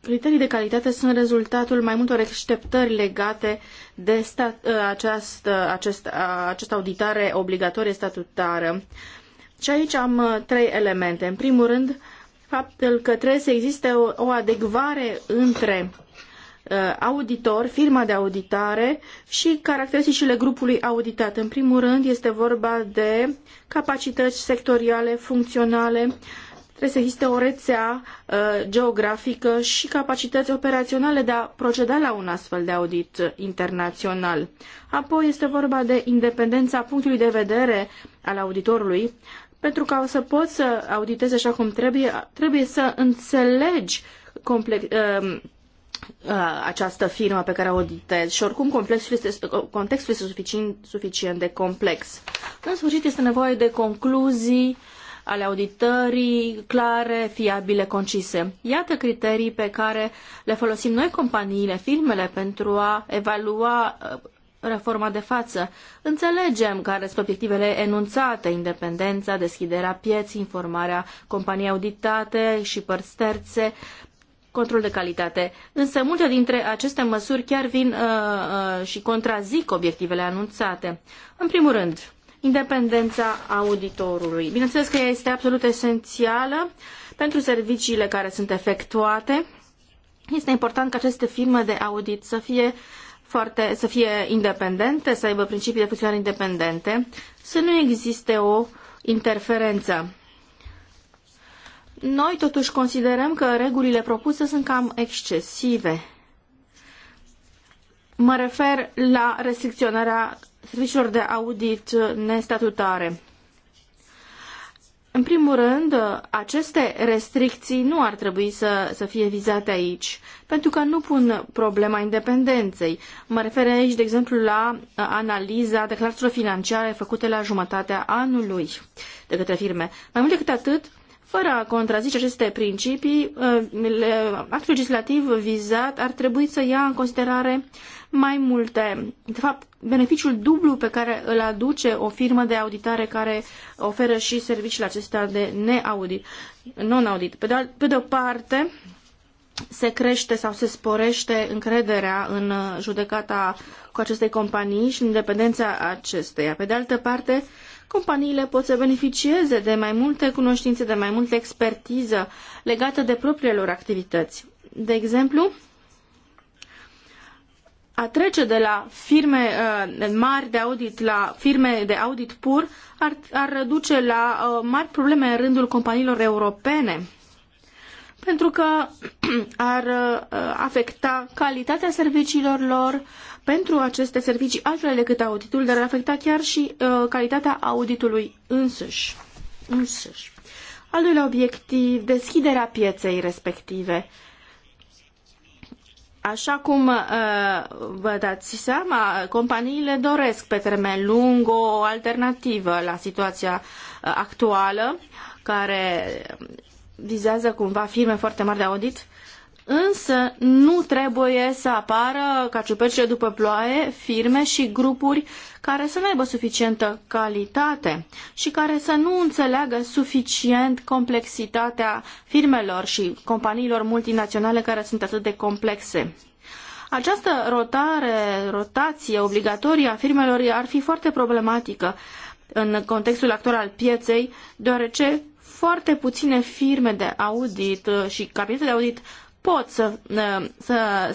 Criterii de calitate sunt rezultatul mai multor așteptări legate de stat, ă, această, acest, această auditare obligatorie statutară. Și aici am ă, trei elemente. În primul rând, faptul că trebuie să existe o, o adecvare între ă, auditor, firma de auditare și caracteristicile grupului auditat. În primul rând este vorba de capacități sectoriale, funcționale, Trebuie să existe o rețea uh, geografică și capacități operaționale de a proceda la un astfel de audit internațional. Apoi este vorba de independența punctului de vedere al auditorului. Pentru ca să poți să auditezi așa cum trebuie, trebuie să înțelegi complex, uh, uh, această firmă pe care o auditezi și oricum complexul este, contextul este suficient, suficient de complex. În sfârșit este nevoie de concluzii uh, ale auditării clare, fiabile, concise. Iată criterii pe care le folosim noi companiile, firmele, pentru a evalua uh, reforma de față. Înțelegem care sunt obiectivele enunțate, independența, deschiderea pieții, informarea companiei auditate și părți terțe, control de calitate. Însă multe dintre aceste măsuri chiar vin uh, uh, și contrazic obiectivele anunțate. În primul rând, independența auditorului. Bineînțeles că ea este absolut esențială pentru serviciile care sunt efectuate. Este important ca aceste firme de audit să fie foarte, să fie independente, să aibă principii de funcționare independente, să nu existe o interferență. Noi totuși considerăm că regulile propuse sunt cam excesive. Mă refer la restricționarea serviciilor de audit nestatutare. În primul rând, aceste restricții nu ar trebui să, să fie vizate aici, pentru că nu pun problema independenței. Mă refer aici, de exemplu, la uh, analiza declarațiilor financiare făcute la jumătatea anului de către firme. Mai mult decât atât, fără a contrazice aceste principii, uh, actul legislativ vizat ar trebui să ia în considerare mai multe. De fapt, beneficiul dublu pe care îl aduce o firmă de auditare care oferă și serviciile acestea de neaudit, non-audit. Pe de, pe de o parte, se crește sau se sporește încrederea în judecata cu acestei companii și în independența acesteia. Pe de altă parte, companiile pot să beneficieze de mai multe cunoștințe, de mai multă expertiză legată de propriile lor activități. De exemplu, a trece de la firme uh, mari de audit la firme de audit pur ar, ar duce la uh, mari probleme în rândul companiilor europene pentru că ar uh, afecta calitatea serviciilor lor pentru aceste servicii altfel decât auditul, dar ar afecta chiar și calitatea auditului însuși. însuși. Al doilea obiectiv, deschiderea pieței respective. Uh, Așa cum uh, vă dați seama, companiile doresc pe termen lung o alternativă la situația uh, actuală, care vizează cumva firme foarte mari de audit, însă nu trebuie să apară ca ciuperce după ploaie firme și grupuri care să nu aibă suficientă calitate și care să nu înțeleagă suficient complexitatea firmelor și companiilor multinaționale care sunt atât de complexe. Această rotare, rotație obligatorie a firmelor ar fi foarte problematică în contextul actual al pieței, deoarece foarte puține firme de audit și capitale de audit pot să, să,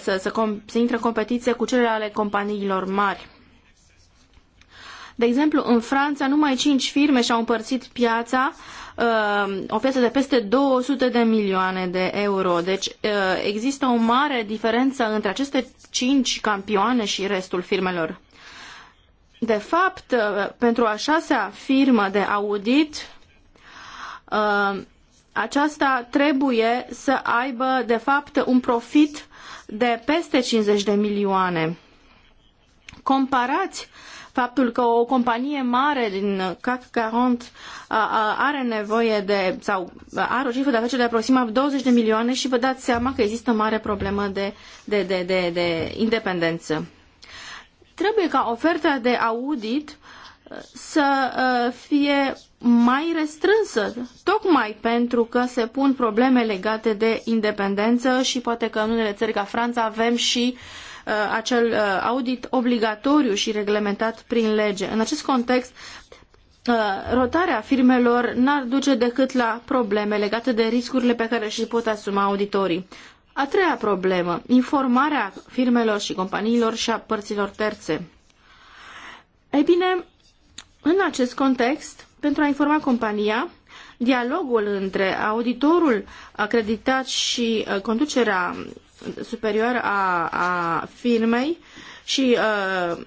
să, să, să, să intre în competiție cu cele ale companiilor mari. De exemplu, în Franța numai cinci firme și-au împărțit piața, uh, o piață de peste 200 de milioane de euro. Deci uh, există o mare diferență între aceste cinci campioane și restul firmelor. De fapt, uh, pentru a șasea firmă de audit, aceasta trebuie să aibă, de fapt, un profit de peste 50 de milioane. Comparați uh, faptul că o companie mare din CAC 40 are nevoie de, sau are o cifră de afaceri de aproximativ 20 de milioane și vă dați seama că există mare problemă de, de, de, de, de independență. Trebuie ca oferta de audit uh, să uh, fie mai restrânsă, tocmai pentru că se pun probleme legate de independență și poate că în unele țări ca Franța avem și uh, Uh, acel uh, audit obligatoriu și reglementat prin lege. În acest context, uh, rotarea firmelor n-ar duce decât la probleme legate de riscurile pe care și pot asuma auditorii. A treia problemă, informarea firmelor și companiilor și a părților terțe. Ei bine, în acest context, pentru a informa compania, dialogul între auditorul acreditat și conducerea superior a, a firmei și uh,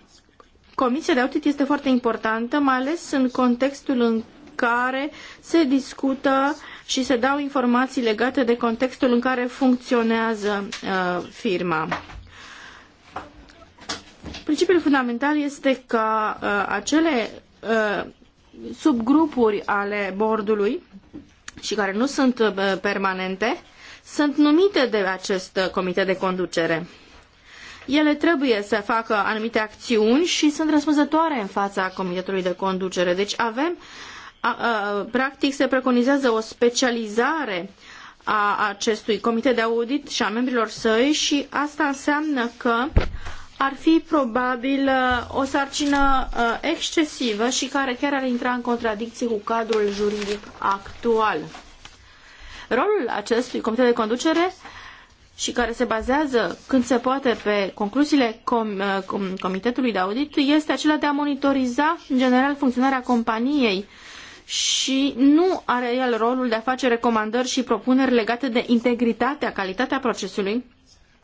comisia de audit este foarte importantă, mai ales în contextul în care se discută și se dau informații legate de contextul în care funcționează uh, firma. Principiul fundamental este că uh, acele uh, subgrupuri ale bordului și care nu sunt uh, permanente sunt numite de acest comitet de conducere. Ele trebuie să facă anumite acțiuni și sunt răspunzătoare în fața comitetului de conducere. Deci avem, a, a, practic se preconizează o specializare a acestui comitet de audit și a membrilor săi și asta înseamnă că ar fi probabil uh, o sarcină uh, excesivă și care chiar ar intra în contradicție cu cadrul juridic actual. Rolul acestui comitet de conducere și care se bazează când se poate pe concluziile com- uh, com- comitetului de audit este acela de a monitoriza în general funcționarea companiei și nu are el rolul de a face recomandări și propuneri legate de integritatea, calitatea procesului,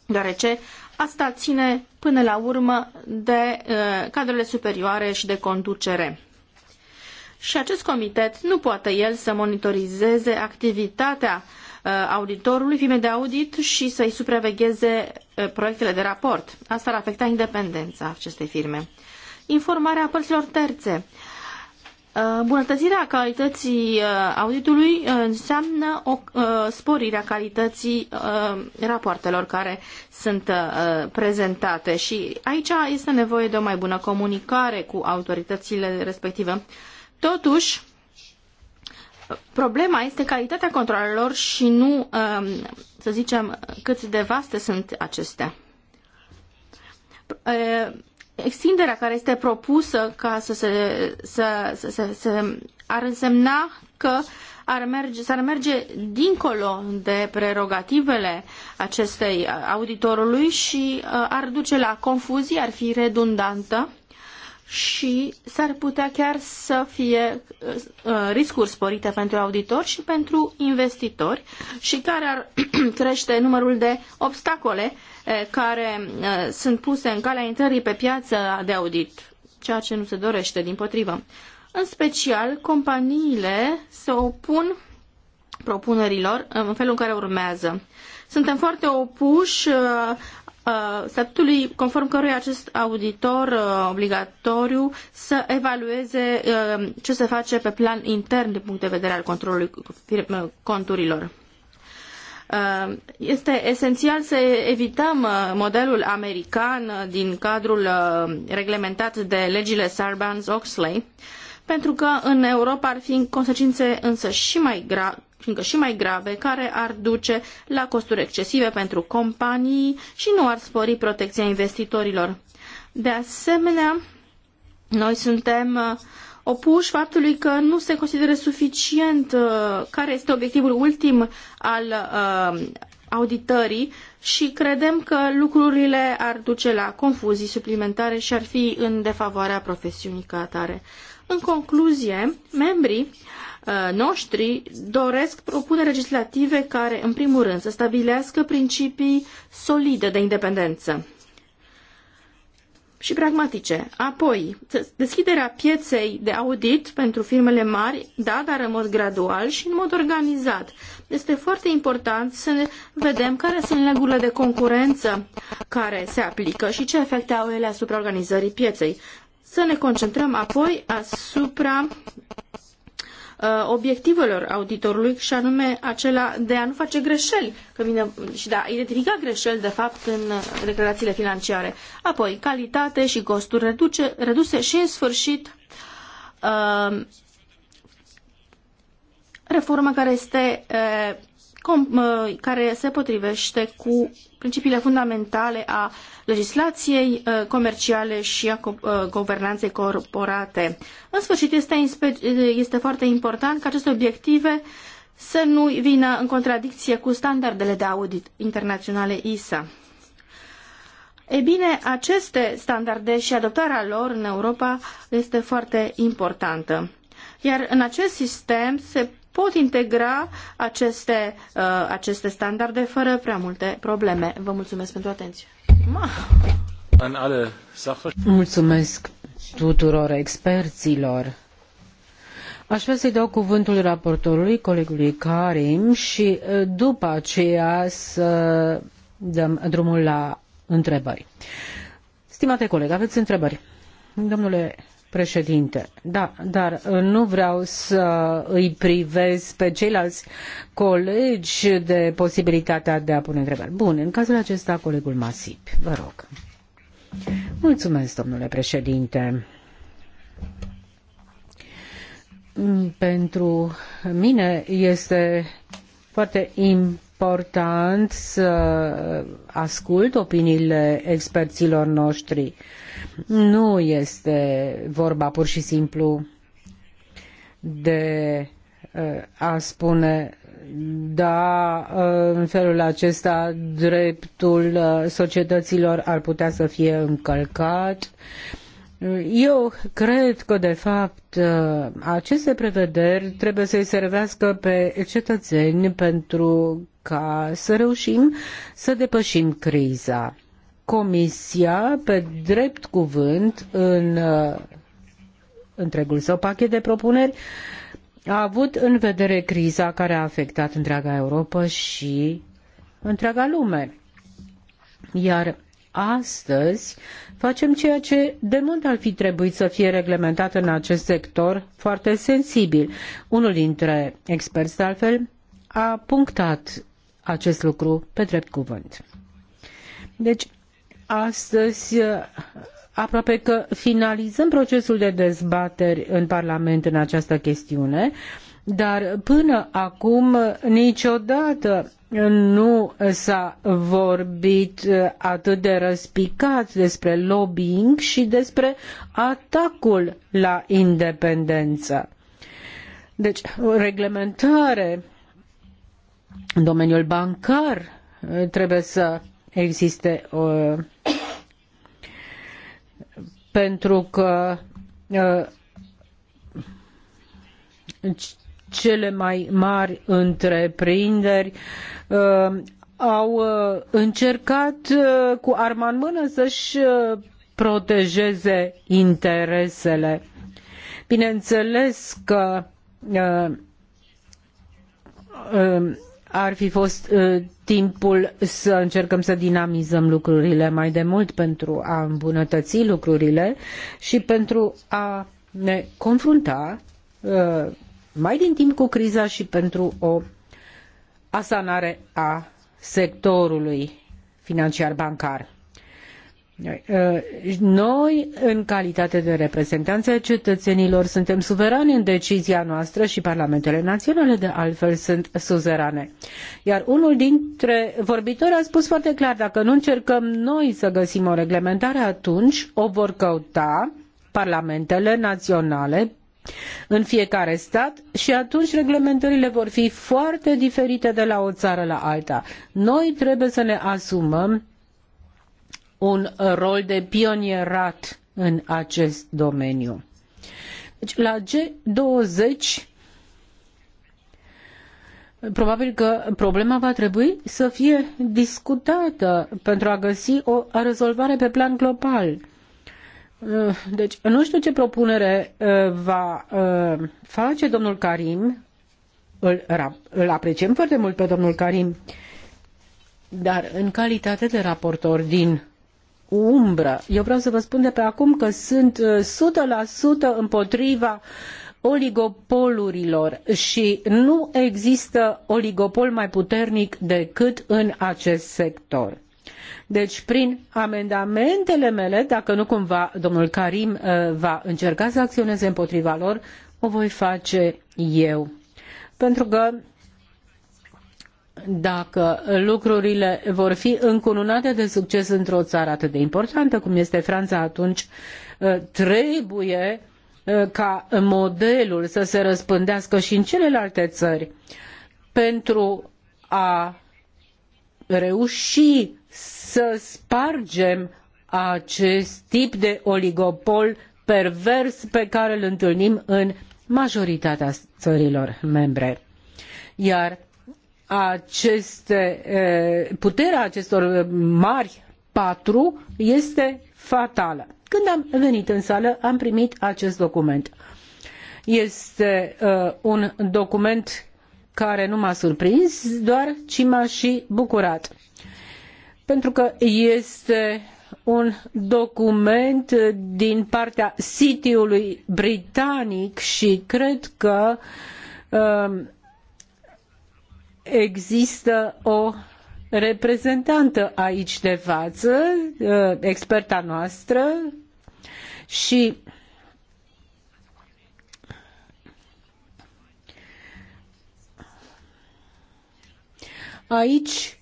deoarece asta ține până la urmă de uh, cadrele superioare și de conducere și acest comitet nu poate el să monitorizeze activitatea uh, auditorului, firme de audit și să-i supravegheze uh, proiectele de raport. Asta ar afecta independența acestei firme. Informarea părților terțe. Uh, Bunătățirea calității auditului înseamnă o sporire a calității rapoartelor care sunt prezentate și aici este nevoie de o mai bună comunicare cu autoritățile respective. Totuși, problema este calitatea controlelor și nu, um, să zicem, cât de vaste sunt acestea. Uh, extinderea care este propusă ca să se, să, să, să, să ar însemna că ar merge, s-ar merge dincolo de prerogativele acestei auditorului și uh, ar duce la confuzii, ar fi redundantă și s-ar putea chiar să fie uh, uh, riscuri sporite pentru auditori și pentru investitori și care ar crește numărul de obstacole uh, care sunt puse în calea intrării pe piață de audit, ceea ce nu se dorește din potrivă. În special, companiile se opun propunerilor în felul în care urmează. Suntem foarte opuși Uh, statutului conform căruia acest auditor uh, obligatoriu să evalueze uh, ce se face pe plan intern din punct de vedere al controlului conturilor. Este esențial să evităm modelul american din cadrul reglementat de legile Sarbanes-Oxley, pentru că în Europa ar fi consecințe însă și mai încă și mai grave, care ar duce la costuri excesive pentru companii și nu ar spori protecția investitorilor. De asemenea, noi suntem uh, opuși faptului că nu se consideră suficient uh, care este obiectivul ultim al uh, auditării și credem că lucrurile ar duce la confuzii suplimentare și ar fi în defavoarea profesiunii ca atare. În concluzie, membrii uh, noștri doresc propuneri legislative care, în primul rând, să stabilească principii solide de independență și pragmatice. Apoi, deschiderea pieței de audit pentru firmele mari, da, dar în mod gradual și în mod organizat. Este foarte important să vedem care sunt regulile de concurență care se aplică și ce efecte au ele asupra organizării pieței să ne concentrăm apoi asupra uh, obiectivelor auditorului și anume acela de a nu face greșeli că vine, și de a identifica greșeli de fapt în uh, declarațiile financiare. Apoi, calitate și costuri reduce, reduse și în sfârșit uh, reforma care este Uh, care se potrivește cu principiile fundamentale a legislației uh, comerciale și a uh, guvernanței corporate. În sfârșit, este, este foarte important ca aceste obiective să nu vină în contradicție cu standardele de audit internaționale ISA. Ei bine, aceste standarde și adoptarea lor în Europa este foarte importantă. Iar în acest sistem se pot integra aceste, uh, aceste standarde fără prea multe probleme. Vă mulțumesc pentru atenție. Mulțumesc tuturor experților. Aș vrea să-i dau cuvântul raportorului, colegului Karim, și uh, după aceea să dăm drumul la întrebări. Stimate coleg, aveți întrebări. Domnule președinte. Da, dar uh, nu vreau să îi privez pe ceilalți colegi de posibilitatea de a pune întrebări. Bun, în cazul acesta, colegul Masip, vă rog. Mulțumesc, domnule președinte. Pentru mine este foarte important important să ascult opiniile experților noștri. Nu este vorba pur și simplu de uh, a spune da, uh, în felul acesta dreptul uh, societăților ar putea să fie încălcat. Uh, eu cred că, de fapt, uh, aceste prevederi trebuie să-i servească pe cetățeni pentru ca să reușim să depășim criza. Comisia, pe drept cuvânt, în uh, întregul său pachet de propuneri, a avut în vedere criza care a afectat întreaga Europa și întreaga lume. Iar astăzi facem ceea ce de mult ar fi trebuit să fie reglementat în acest sector foarte sensibil. Unul dintre experți, de altfel, a punctat acest lucru pe drept cuvânt. Deci, astăzi aproape că finalizăm procesul de dezbateri în Parlament în această chestiune, uh, dar până acum niciodată nu s-a vorbit uh, atât de răspicat despre lobbying și despre atacul la independență. Deci, o reglementare în domeniul bancar uh, trebuie să existe o, uh, pentru că cele mai mari întreprinderi uh, au uh, încercat uh, cu arma în mână să-și protejeze interesele. Bineînțeles că ar fi fost timpul să încercăm să dinamizăm lucrurile mai de mult pentru a îmbunătăți lucrurile și pentru a ne confrunta mai din timp cu criza și pentru o asanare a sectorului financiar bancar. Noi, uh, în calitate de reprezentanți ai cetățenilor, suntem suverani în decizia noastră și parlamentele naționale, de altfel, sunt suzerane. Iar unul dintre vorbitori a spus foarte clar, dacă nu încercăm noi să găsim o reglementare, atunci o vor căuta parlamentele naționale în fiecare stat și atunci reglementările vor fi foarte diferite de la o țară la alta. Noi trebuie să ne asumăm un rol de pionierat în acest domeniu. Deci, la G20 probabil că problema va trebui să fie discutată pentru a găsi o rezolvare pe plan global. Eh, deci, nu știu ce propunere eh, va eh, face domnul Karim. Îl, îl apreciem foarte mult pe domnul Karim, dar în calitate de raportor din umbră, eu vreau să vă spun de pe acum că sunt 100% împotriva oligopolurilor și nu există oligopol mai puternic decât în acest sector deci, prin amendamentele mele, dacă nu cumva domnul Karim uh, va încerca să acționeze împotriva lor, o voi face eu. Pentru că dacă lucrurile vor fi încununate de succes într-o țară atât de importantă cum este Franța, atunci uh, trebuie uh, ca modelul să se răspândească și în celelalte țări pentru a reuși să spargem acest tip de oligopol pervers pe care îl întâlnim în majoritatea țărilor membre. Iar aceste, puterea acestor mari patru este fatală. Când am venit în sală, am primit acest document. Este uh, un document care nu m-a surprins, doar ci m-a și bucurat pentru că este un document din partea City-ului britanic și cred că um, există o reprezentantă aici de față, uh, experta noastră și aici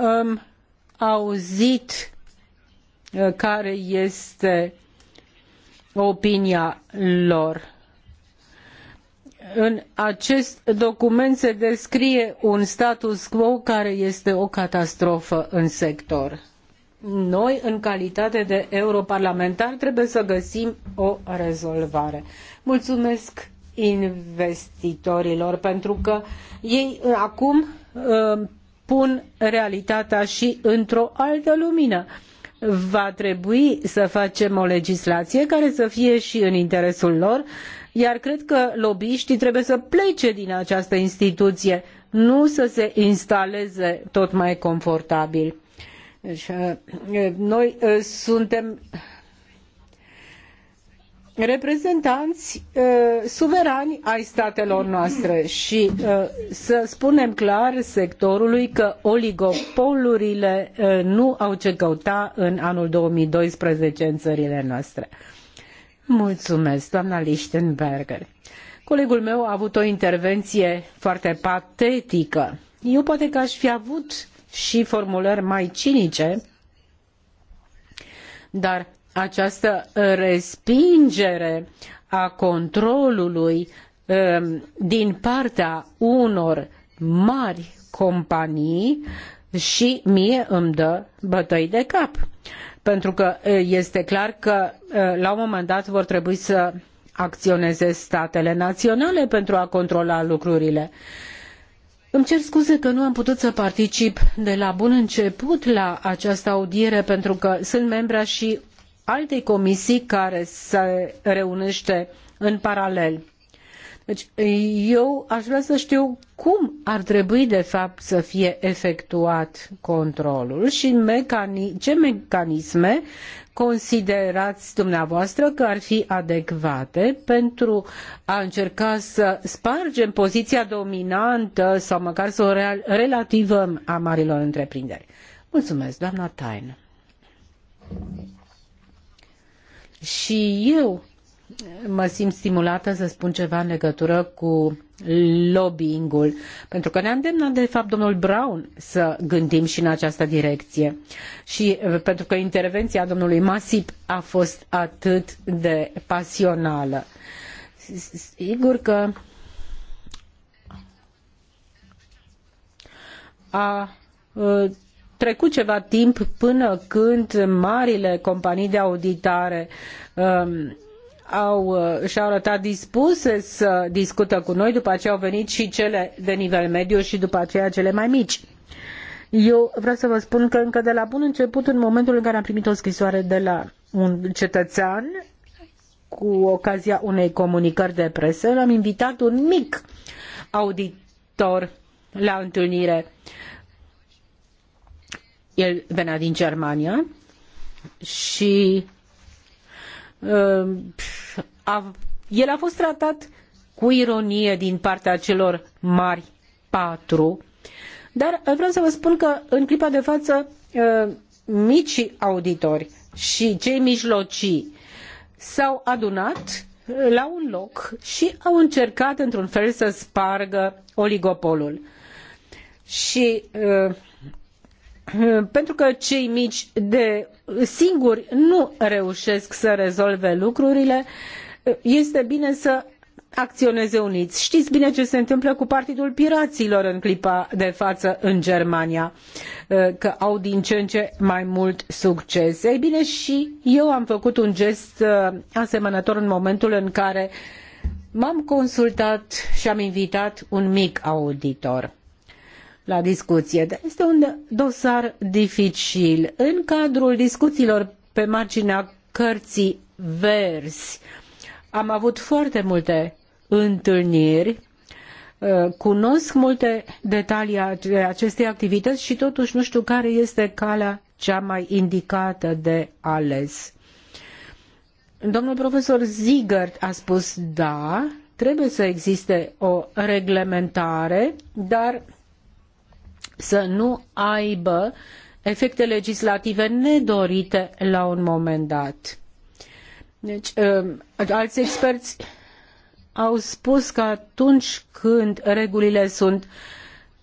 um, auzit uh, care este opinia lor. În acest document se descrie un status quo care este o catastrofă în sector. Noi, în calitate de europarlamentari, trebuie să găsim o rezolvare. Mulțumesc investitorilor pentru că ei acum uh, pun realitatea și într-o altă lumină. Va trebui să facem o legislație care să fie și în interesul lor, iar cred că lobbyiștii trebuie să plece din această instituție, nu să se instaleze tot mai confortabil. Deci, noi ă, suntem reprezentanți uh, suverani ai statelor noastre și uh, să spunem clar sectorului că oligopolurile uh, nu au ce căuta în anul 2012 în țările noastre. Mulțumesc, doamna Lichtenberger. Colegul meu a avut o intervenție foarte patetică. Eu poate că aș fi avut și formulări mai cinice, dar această uh, respingere a controlului um, din partea unor mari companii și mie îmi dă bătăi de cap. Pentru că uh, este clar că uh, la un moment dat vor trebui să acționeze statele naționale pentru a controla lucrurile. Îmi cer scuze că nu am putut să particip de la bun început la această audiere pentru că sunt membra și altei comisii care se reunește în paralel. Deci, eu aș vrea să știu cum ar trebui, de fapt, să fie efectuat controlul și mecani- ce mecanisme considerați dumneavoastră că ar fi adecvate pentru a încerca să spargem poziția dominantă sau măcar să o real- relativăm a marilor întreprinderi. Mulțumesc, doamna Tain și eu mă simt stimulată să spun ceva în legătură cu lobbyingul, pentru că ne-a îndemnat de fapt domnul Brown să gândim și în această direcție. Și eh, pentru că intervenția domnului Masip a fost atât de pasională. Sigur că a eh, trecut ceva timp până când marile companii de auditare um, au, uh, și-au arătat dispuse să discută cu noi, după aceea au venit și cele de nivel mediu și după aceea cele mai mici. Eu vreau să vă spun că încă de la bun început, în momentul în care am primit o scrisoare de la un cetățean, cu ocazia unei comunicări de presă, l-am invitat un mic auditor la întâlnire. Uh, el venea din Germania și uh, a, el a fost tratat cu ironie din partea celor mari patru, dar vreau să vă spun că în clipa de față uh, micii auditori și cei mijlocii s-au adunat uh, la un loc și au încercat într-un fel să spargă oligopolul. Și uh, pentru că cei mici de singuri nu reușesc să rezolve lucrurile, este bine să acționeze uniți. Știți bine ce se întâmplă cu Partidul Piraților în clipa de față în Germania, că au din ce în ce mai mult succes. Ei bine, și eu am făcut un gest uh, asemănător în momentul în care m-am consultat și am invitat un mic auditor la discuție. Este un dosar dificil. În cadrul discuțiilor pe marginea cărții verzi am avut foarte multe întâlniri uh, cunosc multe detalii ale acestei activități și totuși nu știu care este calea cea mai indicată de ales. Domnul profesor Ziegert a spus da, trebuie să existe o reglementare, dar să nu aibă efecte legislative nedorite la un moment dat. Deci, um, alți experți au spus că atunci când regulile sunt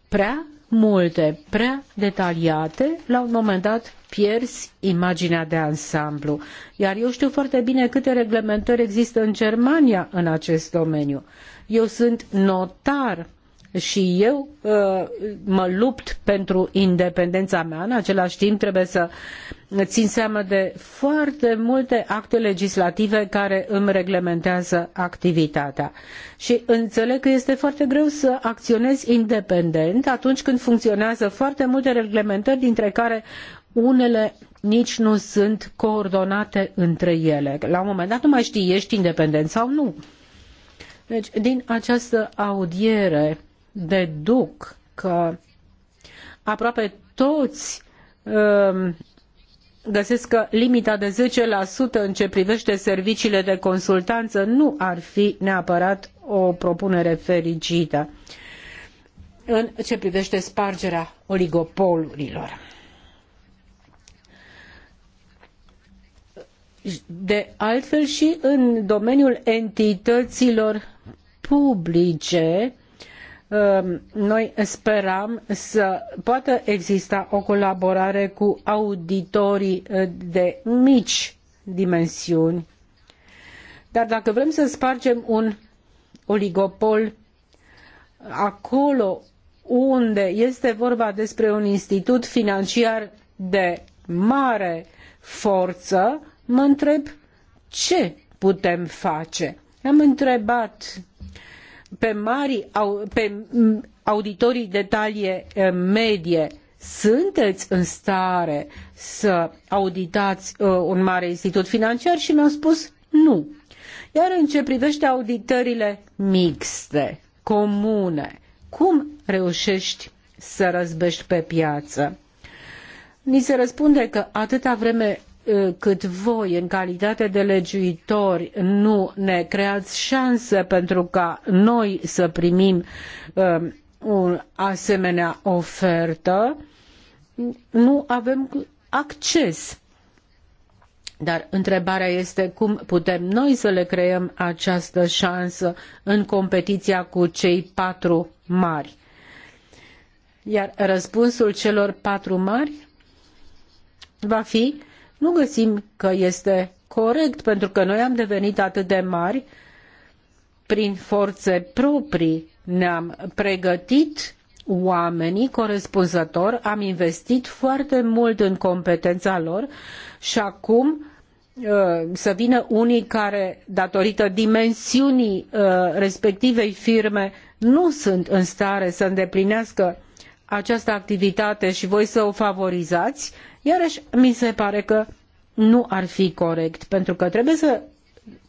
prea multe, prea detaliate, la un moment dat pierzi imaginea de ansamblu. Iar eu știu foarte bine câte reglementări există în Germania în acest domeniu. Eu sunt notar și eu uh, mă lupt pentru independența mea, în același timp trebuie să țin seama de foarte multe acte legislative care îmi reglementează activitatea. Și înțeleg că este foarte greu să acționez independent atunci când funcționează foarte multe reglementări, dintre care unele nici nu sunt coordonate între ele. La un moment dat nu mai știi, ești independent sau nu. Deci, din această audiere deduc că aproape toți um, găsesc că limita de 10% în ce privește serviciile de consultanță nu ar fi neapărat o propunere fericită în ce privește spargerea oligopolurilor. De altfel și în domeniul entităților publice Ehm, noi speram să poată exista o colaborare cu auditorii eh, de mici dimensiuni. Dar dacă vrem să spargem un oligopol acolo unde este vorba despre un institut financiar de mare forță, mă întreb ce putem face. Am întrebat pe mari, auditorii de talie eh, medie, sunteți în stare să auditați eh, un mare institut financiar? Și mi-au spus nu. Iar în ce privește auditările mixte, comune, cum reușești să răzbești pe piață? Ni se răspunde că atâta vreme cât voi, în calitate de legiuitori, nu ne creați șanse pentru ca noi să primim o asemenea ofertă, nu avem acces. Dar întrebarea este cum putem noi să le creăm această șansă în competiția cu cei patru mari. Iar răspunsul celor patru mari va fi nu găsim că este corect, pentru că noi am devenit atât de mari, prin forțe proprii ne-am pregătit oamenii corespunzător, am investit foarte mult în competența lor și acum uh, să vină unii care, datorită dimensiunii uh, respectivei firme, nu sunt în stare să îndeplinească această activitate și voi să o favorizați, Iarăși, mi se pare că nu ar fi corect, pentru că trebuie să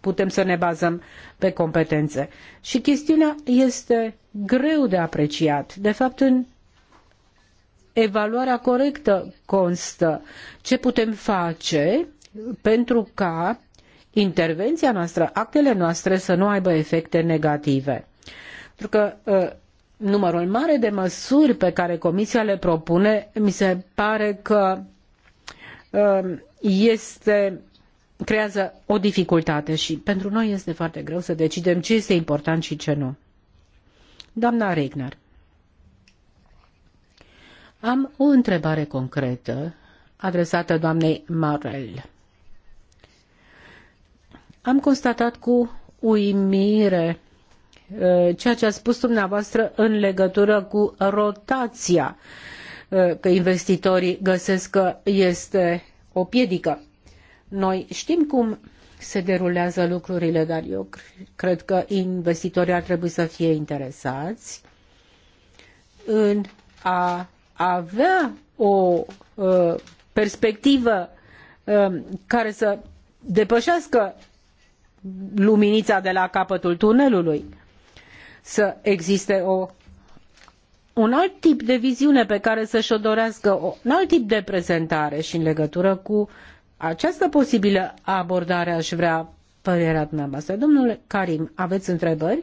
putem să ne bazăm pe competențe. Și chestiunea este greu de apreciat. De fapt, în evaluarea corectă constă ce putem face pentru ca intervenția noastră, actele noastre să nu aibă efecte negative. Pentru că ă, numărul mare de măsuri pe care Comisia le propune, mi se pare că Um, este creează o dificultate și pentru noi este foarte greu să decidem ce este important și ce nu. Doamna Regner, am o întrebare concretă adresată doamnei Marel. Am constatat cu uimire uh, ceea ce a spus dumneavoastră în legătură cu rotația uh, Uh, că investitorii găsesc că este o piedică. Noi știm cum se derulează lucrurile, dar eu cred că investitorii ar trebui să fie interesați în a avea o uh, perspectivă uh, care să depășească luminița de la capătul tunelului, să existe o un alt tip de viziune pe care să-și o dorească, un alt tip de prezentare și în legătură cu această posibilă abordare aș vrea părerea dumneavoastră. Domnule Karim, aveți întrebări?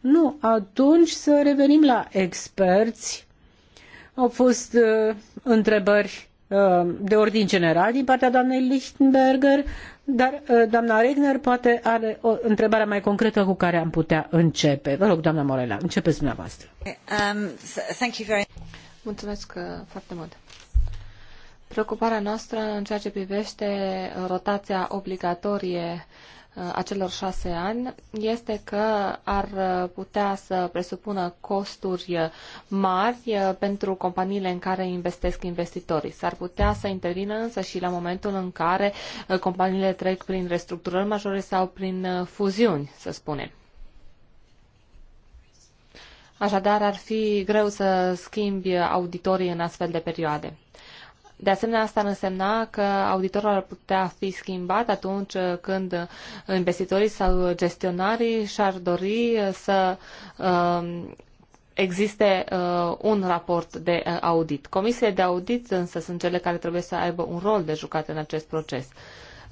Nu, atunci să revenim la experți. Au fost uh, întrebări de ordin general din partea doamnei Lichtenberger, dar uh, doamna Regner poate are o întrebare mai concretă cu care am putea începe. Vă rog, doamna Morela, începeți dumneavoastră. Um, thank you very... Mulțumesc uh, foarte mult. Preocuparea noastră în ceea ce privește rotația obligatorie Uh, acelor șase ani este că ar putea să presupună costuri mari uh, pentru companiile în care investesc investitorii. S-ar putea să intervină însă și la momentul în care uh, companiile trec prin restructurări majore sau prin fuziuni, să spunem. Așadar, ar fi greu să schimbi auditorii în astfel de perioade. De asemenea, asta ar însemna că auditorul ar putea fi schimbat atunci când investitorii sau gestionarii și-ar dori uh, să uh, existe uh, un raport de uh, audit. Comisiile de audit însă sunt cele care trebuie să aibă un rol de jucat în acest proces.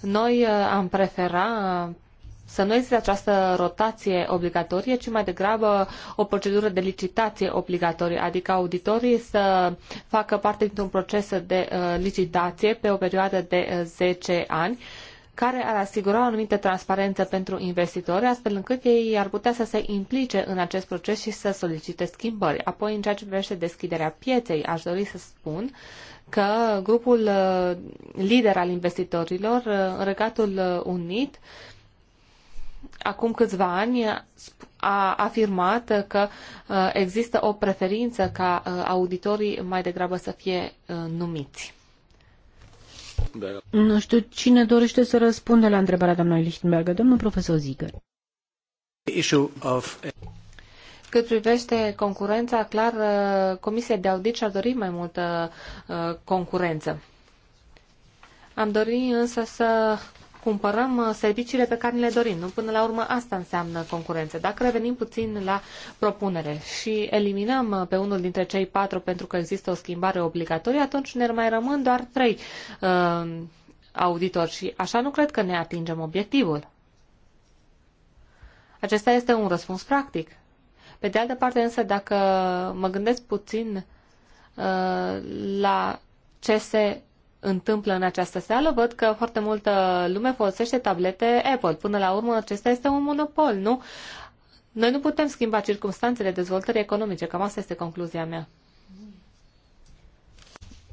Noi uh, am prefera să nu existe această rotație obligatorie, ci mai degrabă o procedură de licitație obligatorie, adică auditorii să facă parte dintr-un proces de uh, licitație pe o perioadă de uh, zece ani care ar asigura o anumită transparență pentru investitori, astfel încât ei ar putea să se implice în acest proces și să solicite schimbări. Apoi, în ceea ce privește deschiderea pieței, aș dori să spun că grupul uh, lider al investitorilor, Regatul Unit, acum câțiva ani a afirmat că uh, există o preferință ca uh, auditorii mai degrabă să fie uh, numiți. Nu știu cine dorește să răspundă la întrebarea doamnei Lichtenberger. Domnul profesor Ziger. Cât privește concurența, clar, Comisia de Audit și ar dori mai multă concurență. Am dorit însă să cumpărăm uh, serviciile pe care le dorim. Nu până la urmă asta înseamnă concurență. Dacă revenim puțin la propunere și eliminăm uh, pe unul dintre cei patru pentru că există o schimbare obligatorie, atunci ne mai rămân doar trei uh, auditori și așa nu cred că ne atingem obiectivul. Acesta este un răspuns practic. Pe de altă parte însă, dacă mă gândesc puțin uh, la ce se întâmplă în această sală, văd că foarte multă lume folosește tablete Apple. Până la urmă, acesta este un monopol, nu? Noi nu putem schimba circunstanțele dezvoltării economice. Cam asta este concluzia mea.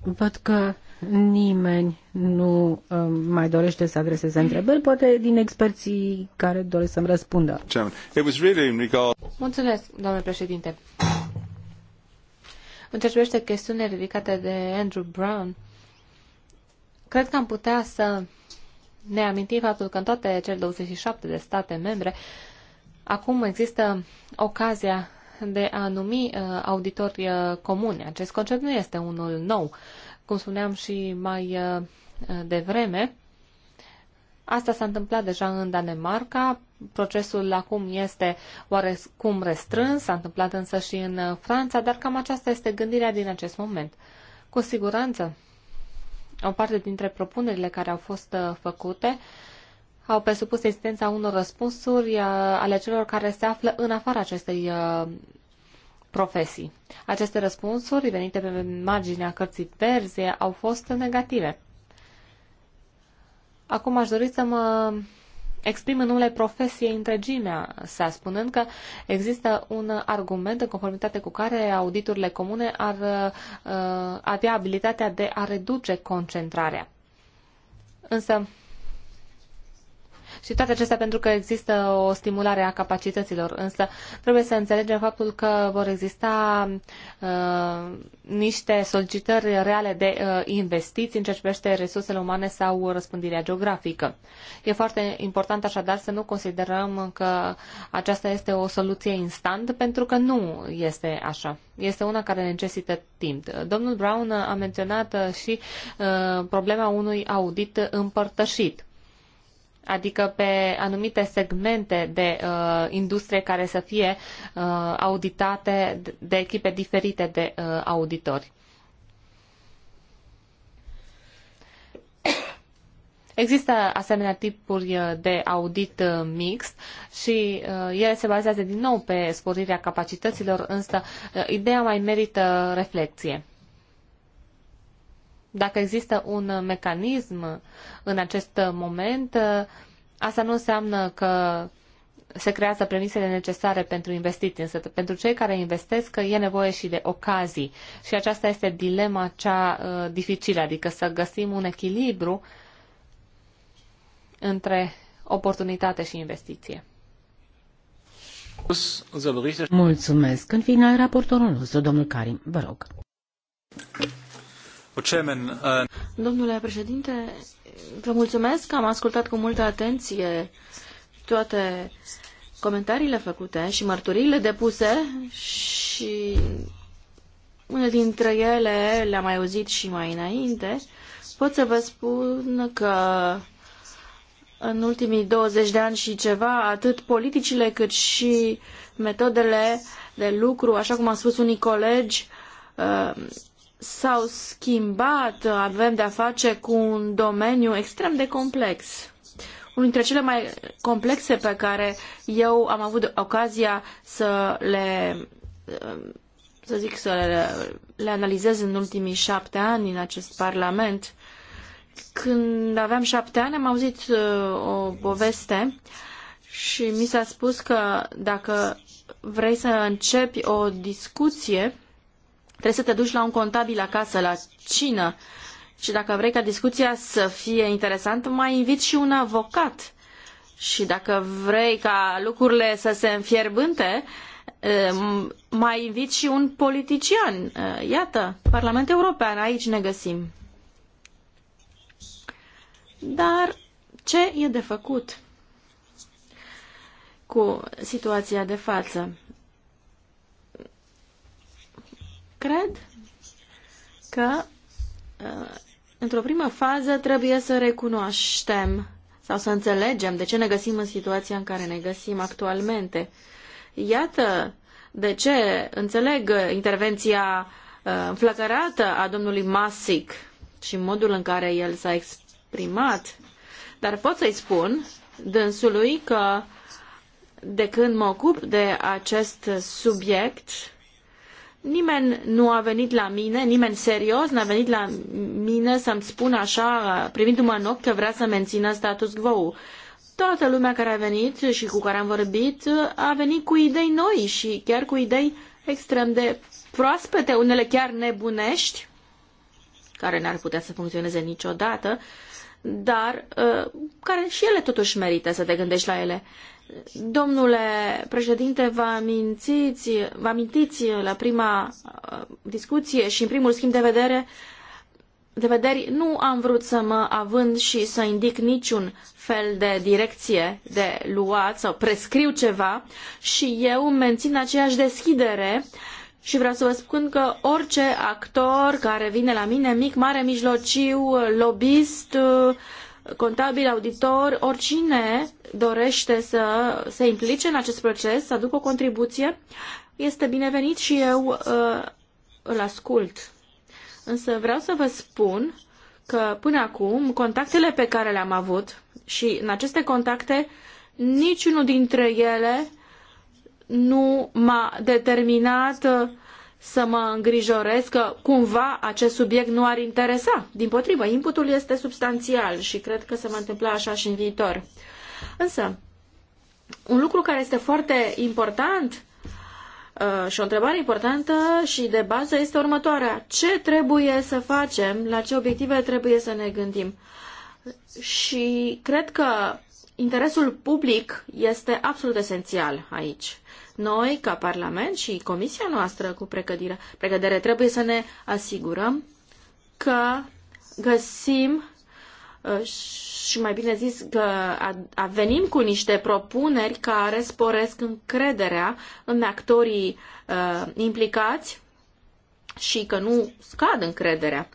Văd că nimeni nu um, mai dorește să adreseze întrebări, poate din experții care doresc să-mi răspundă. Mulțumesc, domnule președinte. În ce privește chestiunea ridicată de Andrew Brown, Cred că am putea să ne amintim faptul că în toate cele 27 de state membre acum există ocazia de a numi uh, auditori uh, comune. Acest concept nu este unul nou. Cum spuneam și mai uh, devreme, asta s-a întâmplat deja în Danemarca. Procesul acum este oarecum restrâns, s-a întâmplat însă și în uh, Franța, dar cam aceasta este gândirea din acest moment. Cu siguranță, o parte dintre propunerile care au fost uh, făcute au presupus existența unor răspunsuri uh, ale celor care se află în afara acestei uh, profesii. Aceste răspunsuri, venite pe marginea cărții verzi, au fost negative. Acum aș dori să mă exprim în numele profesiei întregimea sa, spunând că există un argument în conformitate cu care auditurile comune ar uh, avea abilitatea de a reduce concentrarea. Însă, și toate acestea pentru că există o stimulare a capacităților, însă trebuie să înțelegem faptul că vor exista uh, niște solicitări reale de uh, investiții în ceea ce privește resursele umane sau răspândirea geografică. E foarte important așadar să nu considerăm că aceasta este o soluție instant, pentru că nu este așa. Este una care necesită timp. Domnul Brown a menționat și uh, problema unui audit împărtășit adică pe anumite segmente de uh, industrie care să fie uh, auditate de echipe diferite de uh, auditori. Există asemenea tipuri uh, de audit uh, mixt și uh, ele se bazează din nou pe sporirea capacităților, însă ideea mai merită reflexie. Dacă există un mecanism în acest moment, asta nu înseamnă că se creează premisele necesare pentru investiții, însă pentru cei care investesc e nevoie și de ocazii. Și aceasta este dilema cea uh, dificilă, adică să găsim un echilibru între oportunitate și investiție. Mulțumesc. În final, raportorul nostru, domnul Karim, vă rog. Uh, Domnule președinte, vă mulțumesc am ascultat cu multă atenție toate comentariile făcute și mărturiile depuse și unele dintre ele le-am mai auzit și mai înainte. Pot să vă spun că în ultimii 20 de ani și ceva, atât politicile cât și metodele de lucru, așa cum a spus unii colegi, uh, s-au schimbat, avem de-a face cu un domeniu extrem de complex. Unul dintre cele mai complexe pe care eu am avut ocazia să le să zic să le, le analizez în ultimii șapte ani în acest parlament. Când aveam șapte ani am auzit uh, o poveste și mi s-a spus că dacă vrei să începi o discuție Trebuie să te duci la un contabil acasă, la cină. Și dacă vrei ca discuția să fie interesantă, mai invit și un avocat. Și dacă vrei ca lucrurile să se înfierbânte, mai invit și un politician. Iată, Parlamentul European, aici ne găsim. Dar ce e de făcut cu situația de față? Cred că uh, într-o primă fază trebuie să recunoaștem sau să înțelegem de ce ne găsim în situația în care ne găsim actualmente. Iată de ce înțeleg intervenția uh, înflăcărată a domnului Masic și modul în care el s-a exprimat, dar pot să-i spun dânsului că de când mă ocup de acest subiect, Nimeni nu a venit la mine, nimeni serios n-a venit la mine să-mi spună așa, privindu-mă în ochi, că vrea să mențină status quo-ul. Toată lumea care a venit și cu care am vorbit a venit cu idei noi și chiar cu idei extrem de proaspete, unele chiar nebunești, care n-ar putea să funcționeze niciodată, dar uh, care și ele totuși merită să te gândești la ele. Domnule președinte, vă amintiți, vă amintiți la prima uh, discuție și în primul schimb de vedere de vederi, nu am vrut să mă având și să indic niciun fel de direcție de luat sau prescriu ceva și eu mențin aceeași deschidere și vreau să vă spun că orice actor care vine la mine, mic, mare, mijlociu, lobbyist, uh, contabil, auditor, oricine dorește să se implice în acest proces, să aducă o contribuție, este binevenit și eu uh, îl ascult. Însă vreau să vă spun că până acum contactele pe care le-am avut și în aceste contacte niciunul dintre ele nu m-a determinat uh, să mă îngrijorez că cumva acest subiect nu ar interesa. Din potrivă, inputul este substanțial și cred că se va întâmpla așa și în viitor. Însă, un lucru care este foarte important uh, și o întrebare importantă și de bază este următoarea. Ce trebuie să facem? La ce obiective trebuie să ne gândim? Și cred că interesul public este absolut esențial aici. Noi, ca Parlament și Comisia noastră cu precădere, precădere trebuie să ne asigurăm că găsim uh, și mai bine zis că venim cu niște propuneri care sporesc încrederea în actorii uh, implicați și că nu scad încrederea.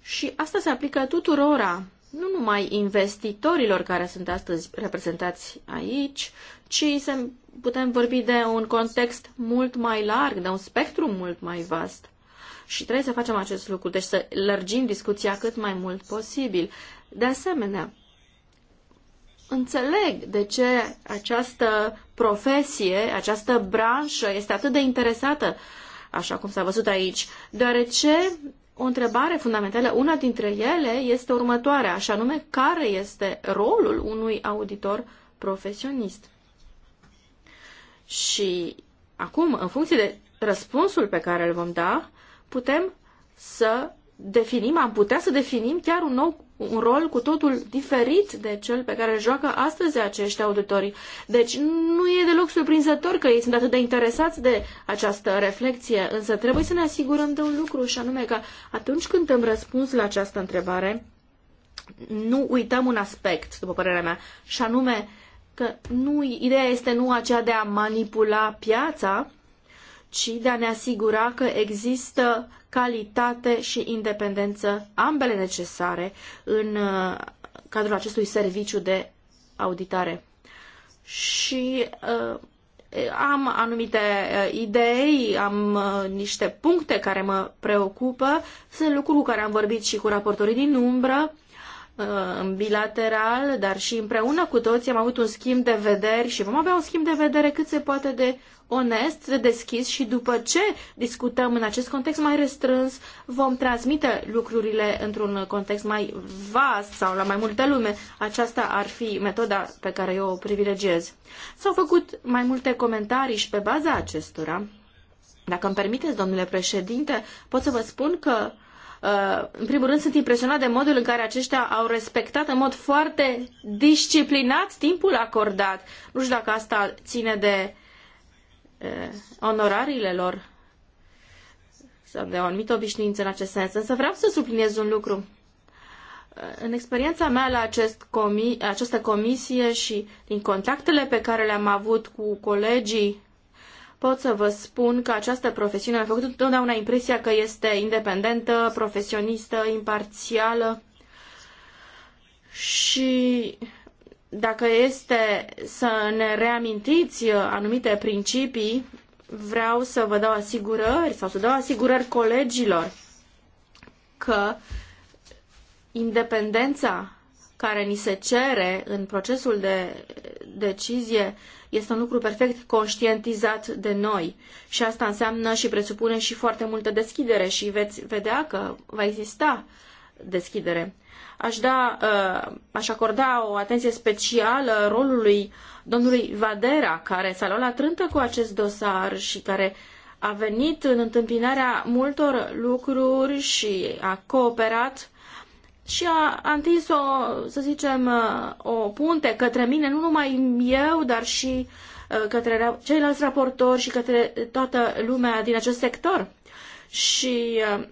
Și asta se aplică tuturora, nu numai investitorilor care sunt astăzi reprezentați aici, ci se putem vorbi de un context mult mai larg, de un spectru mult mai vast. Și trebuie să facem acest lucru, deci să lărgim discuția cât mai mult posibil. De asemenea, înțeleg de ce această profesie, această branșă este atât de interesată, așa cum s-a văzut aici, deoarece o întrebare fundamentală, una dintre ele este următoarea, așa nume, care este rolul unui auditor profesionist? Și acum, în funcție de răspunsul pe care îl vom da, putem să definim, am putea să definim chiar un nou un rol cu totul diferit de cel pe care îl joacă astăzi acești auditori. Deci nu e deloc surprinzător că ei sunt atât de interesați de această reflexie, însă trebuie să ne asigurăm de un lucru și anume că atunci când am răspuns la această întrebare, nu uităm un aspect, după părerea mea, și anume că nu, ideea este nu aceea de a manipula piața, ci de a ne asigura că există calitate și independență, ambele necesare, în uh, cadrul acestui serviciu de auditare. Și uh, am anumite uh, idei, am uh, niște puncte care mă preocupă, sunt lucruri cu care am vorbit și cu raportorii din umbră Uh, bilateral, dar și împreună cu toți am avut un schimb de vederi și vom avea un schimb de vedere cât se poate de onest, de deschis și după ce discutăm în acest context mai restrâns, vom transmite lucrurile într-un context mai vast sau la mai multă lume. Aceasta ar fi metoda pe care eu o privilegiez. S-au făcut mai multe comentarii și pe baza acestora. Dacă îmi permiteți, domnule președinte, pot să vă spun că Uh, în primul rând sunt impresionat de modul în care aceștia au respectat în mod foarte disciplinat timpul acordat. Nu știu dacă asta ține de uh, onorariile lor sau de o anumită obișnuință în acest sens. Însă vreau să subliniez un lucru. Uh, în experiența mea la acest comi această comisie și din contactele pe care le-am avut cu colegii pot să vă spun că această profesiune a făcut întotdeauna impresia că este independentă, profesionistă, imparțială și dacă este să ne reamintiți anumite principii, vreau să vă dau asigurări sau să dau asigurări colegilor că independența care ni se cere în procesul de decizie este un lucru perfect conștientizat de noi și asta înseamnă și presupune și foarte multă deschidere și veți vedea că va exista deschidere. Aș, da, uh, aș acorda o atenție specială rolului domnului Vadera, care s-a luat la trântă cu acest dosar și care a venit în întâmpinarea multor lucruri și a cooperat și a, a întins o, să zicem, uh, o punte către mine, nu numai eu, dar și uh, către ceilalți raportori și către toată lumea din acest sector. Și uh,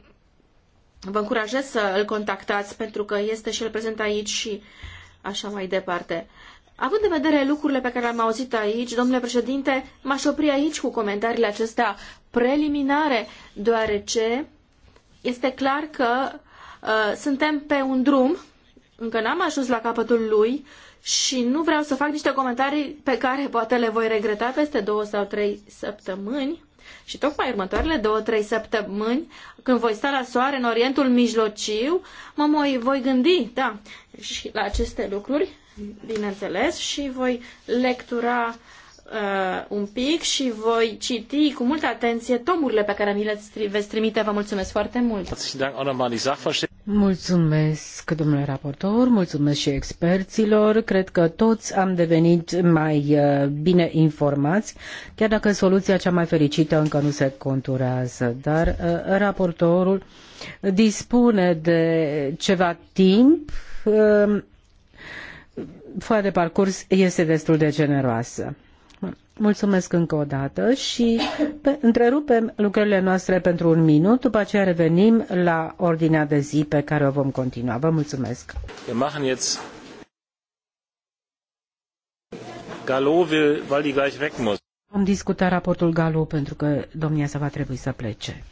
vă încurajez să îl contactați pentru că este și el prezent aici și așa mai departe. Având în vedere lucrurile pe care le-am auzit aici, domnule președinte, m-aș opri aici cu comentariile acestea preliminare, deoarece este clar că Uh, suntem pe un drum, încă n-am ajuns la capătul lui și nu vreau să fac niște comentarii pe care poate le voi regreta peste două sau trei săptămâni. Și tocmai următoarele două, trei săptămâni, când voi sta la soare în Orientul Mijlociu, mă moi, voi gândi, da, și la aceste lucruri, bineînțeles, și voi lectura uh, un pic și voi citi cu multă atenție tomurile pe care mi le veți trimite. Vă mulțumesc foarte mult! Mulțumesc, domnule raportor, mulțumesc și experților. Cred că toți am devenit mai uh, bine informați, chiar dacă soluția cea mai fericită încă nu se conturează. Dar uh, raportorul dispune de ceva timp. Uh, foaia de parcurs este destul de generoasă. Mulțumesc încă o dată și pe, întrerupem lucrările noastre pentru un minut, după aceea revenim la ordinea de zi pe care o vom continua. Vă mulțumesc! Vom discuta raportul Galo pentru că domnia sa va trebui să plece.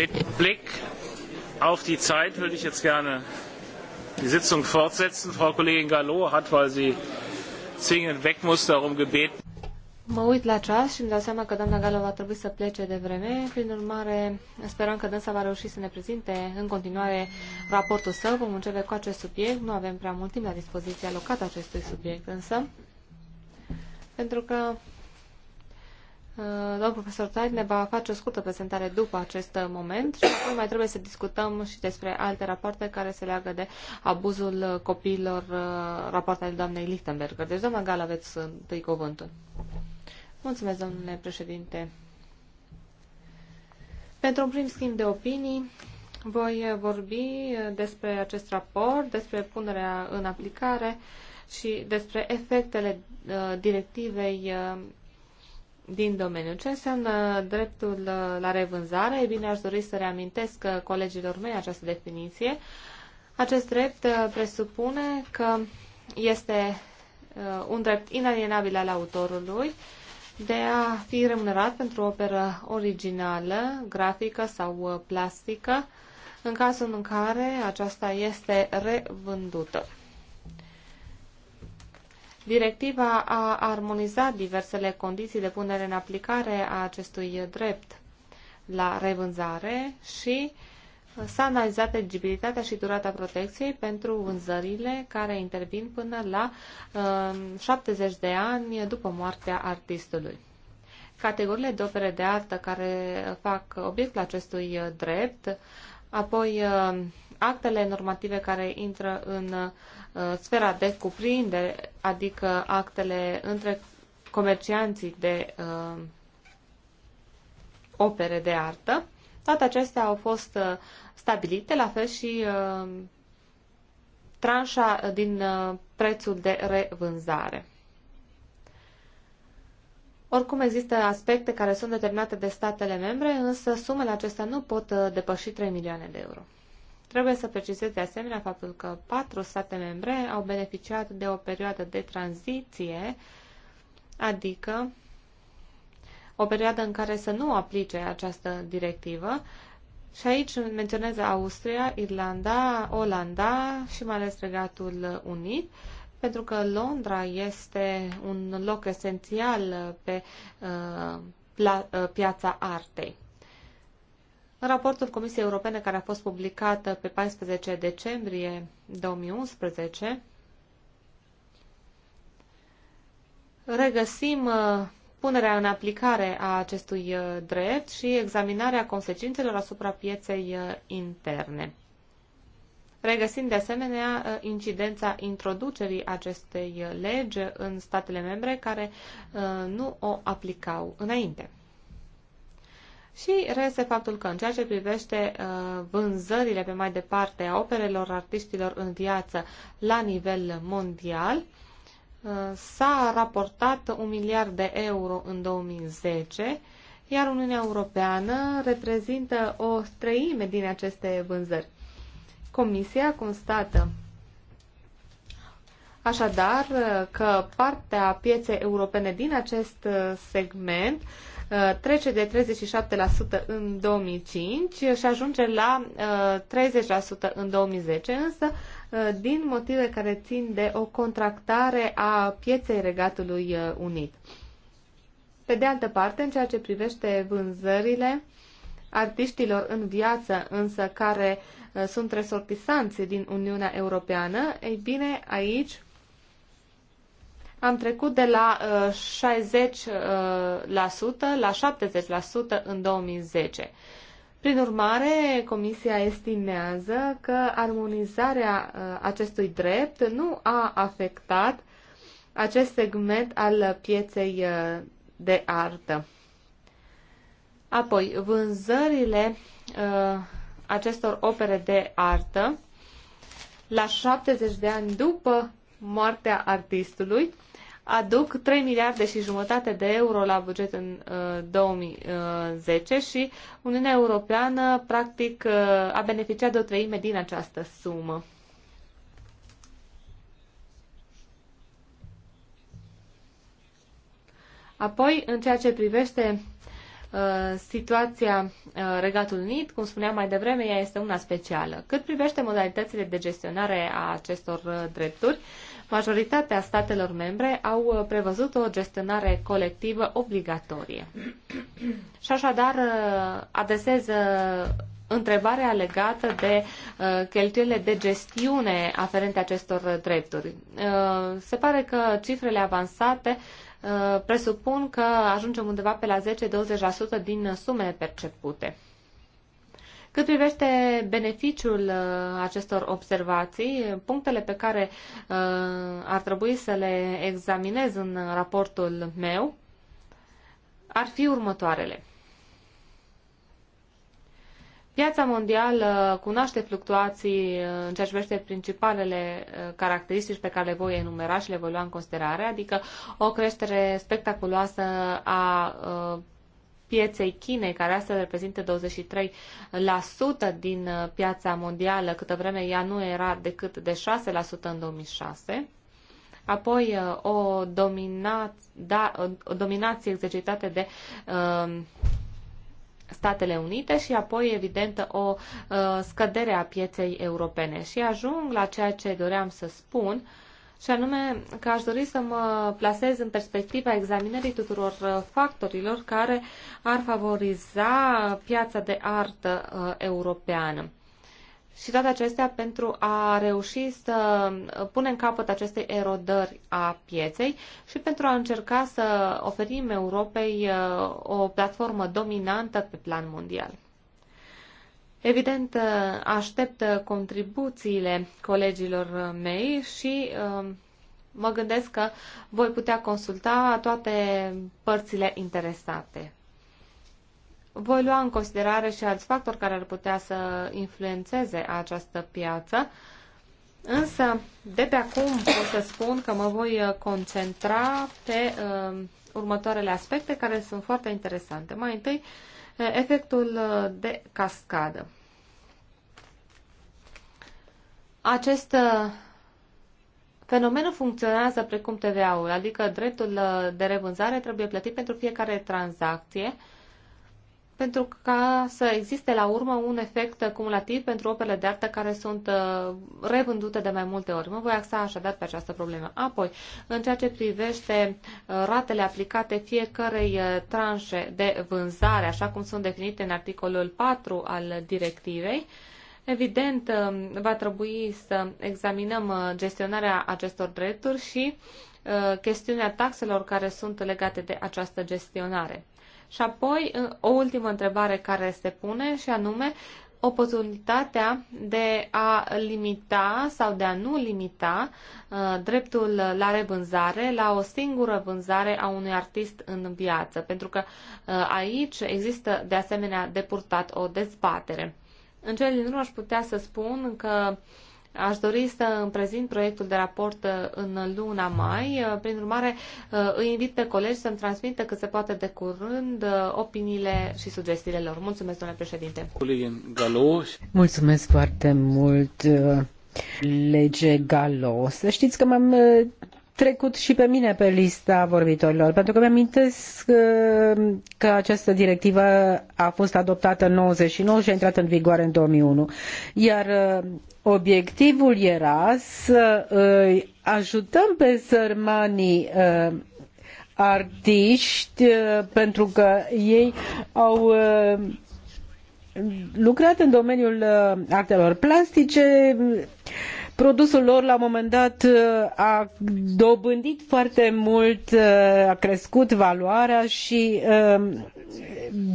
mit blick auf die zeit würde ich jetzt gerne die sitzung fortsetzen. frau kollegin gallo hat weil sie zwingend weg muss darum gebeten. Mă uit la ceas și îmi dau seama că doamna Galo va trebui să plece de vreme, prin urmare sperăm că dânsa va reuși să ne prezinte în continuare raportul său. Vom începe cu acest subiect, nu avem prea mult timp la dispoziție alocat acestui subiect însă, pentru că Uh, domnul profesor Tait ne va face o scurtă prezentare după acest uh, moment și apoi mai trebuie să discutăm și despre alte rapoarte care se leagă de abuzul uh, copiilor, rapoartele doamnei Lichtenberger. Deci, doamna Gal, aveți întâi cuvântul. Mulțumesc, domnule președinte. Pentru un prim schimb de opinii, voi vorbi despre acest raport, despre punerea în aplicare și despre efectele directivei din domeniu. Ce înseamnă dreptul uh, la revânzare? E bine, aș dori să reamintesc uh, colegilor mei această definiție. Acest drept uh, presupune că este un drept inalienabil al autorului de a fi remunerat pentru o operă originală, grafică sau plastică, în cazul în care aceasta este revândută. Directiva a armonizat diversele condiții de punere în aplicare a acestui drept la revânzare și s-a analizat eligibilitatea și durata protecției pentru vânzările care intervin până la uh, 70 de ani după moartea artistului. Categoriile de opere de artă care fac obiectul acestui drept, apoi uh, actele normative care intră în uh, Uh, sfera de cuprindere, adică actele între comercianții de uh, opere de artă. Toate acestea au fost uh, stabilite, la fel și uh, tranșa din uh, prețul de revânzare. Oricum există aspecte care sunt determinate de statele membre, însă sumele acestea nu pot uh, depăși 3 milioane de euro. Trebuie să precizez de asemenea faptul că patru state membre au beneficiat de o perioadă de tranziție, adică o perioadă în care să nu aplice această directivă. Și aici menționez Austria, Irlanda, Olanda și mai ales Regatul Unit, pentru că Londra este un loc esențial pe uh, uh piața artei. În raportul Comisiei Europene care a fost publicat pe 14 decembrie 2011, regăsim uh, punerea în aplicare a acestui uh, drept și examinarea consecințelor asupra pieței uh, interne. Regăsim de asemenea incidența introducerii acestei legi în statele membre care nu o aplicau înainte și reiese faptul că în ceea ce privește uh, vânzările pe mai departe a operelor artiștilor în viață la nivel mondial, uh, s-a raportat un miliard de euro în 2010, iar Uniunea Europeană reprezintă o treime din aceste vânzări. Comisia constată așadar uh, că partea pieței europene din acest uh, segment uh, Uh, trece de 37% în 2005 și ajunge la 30% uh, în 2010, însă uh, din motive care țin de o contractare a pieței Regatului Unit. Pe de altă parte, în ceea ce privește vânzările, artiștilor în viață, însă care sunt resortisanți din Uniunea Europeană, ei bine, aici am trecut de la uh, 60% uh, la 70% în 2010. Prin urmare, Comisia estimează că armonizarea uh, acestui drept nu a afectat acest segment al pieței uh, de artă. Apoi, vânzările acestor opere de artă la 70 de ani după moartea artistului aduc 3 miliarde și jumătate de euro la buget în uh, 2010 uh, și Uniunea Europeană practic uh, a beneficiat de o treime din această sumă. Apoi, în ceea ce privește uh, situația uh, Regatul Unit, cum spuneam mai devreme, ea este una specială. Cât privește modalitățile de gestionare a acestor drepturi, majoritatea statelor membre au uh, prevăzut o gestionare colectivă obligatorie. Și așadar uh, adesez uh, întrebarea legată de cheltuielile de gestiune aferente acestor drepturi. se pare că cifrele avansate presupun că ajungem undeva pe la 10-20% din sumele percepute. Cât privește beneficiul uh, acestor observații, punctele pe care uh, ar trebui să le examinez în raportul meu ar fi următoarele. Piața mondială cunoaște fluctuații uh, în ceea ce privește principalele caracteristici pe care le voi enumera și le voi lua în considerare, adică o creștere spectaculoasă a pieței Chinei, care astăzi reprezintă 23% din uh, piața mondială, câtă vreme ea nu era decât de 6% în 2006. Apoi uh, o, domina, da, o dominație exercitată de uh, Statele Unite și apoi, evident, o uh, scădere a pieței europene. Și ajung la ceea ce doream să spun, uh, și anume că aș dori să mă plasez în perspectiva examinării tuturor uh, factorilor care ar favoriza piața de artă uh, europeană. Și toate acestea pentru a reuși să uh, punem capăt acestei erodări a pieței și pentru a încerca să oferim Europei o platformă dominantă pe plan mondial. Evident, aștept contribuțiile colegilor mei și um, mă gândesc că voi putea consulta toate părțile interesate. Voi lua în considerare și alți factori care ar putea să influențeze această piață, însă de pe acum pot să spun că mă voi concentra pe uh, următoarele aspecte care sunt foarte interesante. Mai întâi, uh, efectul uh, de cascadă. Acest uh, fenomen funcționează precum TVA-ul, adică dreptul uh, de revânzare trebuie plătit pentru fiecare tranzacție pentru ca să existe la urmă un efect cumulativ pentru operele de artă care sunt uh, revândute de mai multe ori. Mă voi axa așadar pe această problemă. Apoi, în ceea ce privește uh, ratele aplicate fiecarei uh, tranșe de vânzare, așa cum sunt definite în articolul 4 al directivei, Evident, um, va trebui să examinăm gestionarea acestor drepturi și chestiunea taxelor care sunt legate de această gestionare. Și apoi, o ultimă întrebare care se pune și anume, oportunitatea de a limita sau de a nu limita uh, dreptul la revânzare la o singură vânzare a unui artist în viață, pentru că uh, aici există de asemenea depurtat o dezbatere. În cele din urmă aș putea să spun că uh, Aș dori să îmi prezint proiectul de raport uh, în luna mai. Uh, prin urmare, uh, îi invit pe colegi să-mi transmită cât se poate de curând opiniile și sugestiile lor. Mulțumesc, domnule președinte. Mulțumesc foarte mult, lege Galo. Să știți că m-am trecut și pe mine pe lista vorbitorilor, pentru că mi-amintesc uh, că această directivă a fost adoptată în 99 și a intrat în vigoare în 2001. Iar uh, obiectivul era să îi uh, ajutăm pe sărmanii artiști pentru că ei au lucrat în domeniul artelor plastice produsul lor la un moment dat uh, a dobândit foarte mult, uh, a crescut valoarea și uh,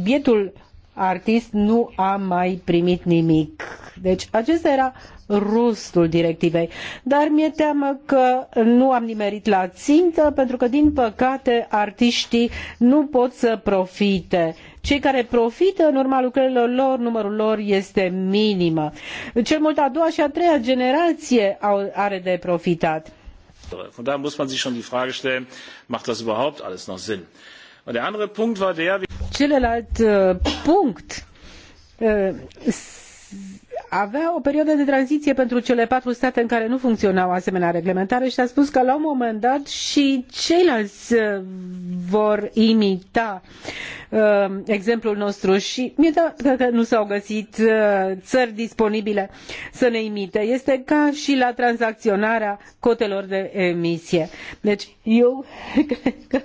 bietul artist nu a mai primit nimic. Deci acesta era rostul directivei. Dar mi-e teamă că nu am nimerit la țintă pentru că, din păcate, artiștii nu pot să profite cei care profită în urma lucrărilor lor, numărul lor este minimă. Cel mult a doua și a treia generație are de profitat. Von daher muss man sich schon die Frage stellen, macht das überhaupt alles noch Sinn? Und der andere Punkt war der, Celălalt uh, punct uh, avea o perioadă de tranziție pentru cele patru state în care nu funcționau asemenea reglementare și a spus că la un moment dat și ceilalți uh, vor imita uh, exemplul nostru și mi-e dat că da, da, nu s-au găsit uh, țări disponibile să ne imite. Este ca și la tranzacționarea cotelor de emisie. Deci eu cred că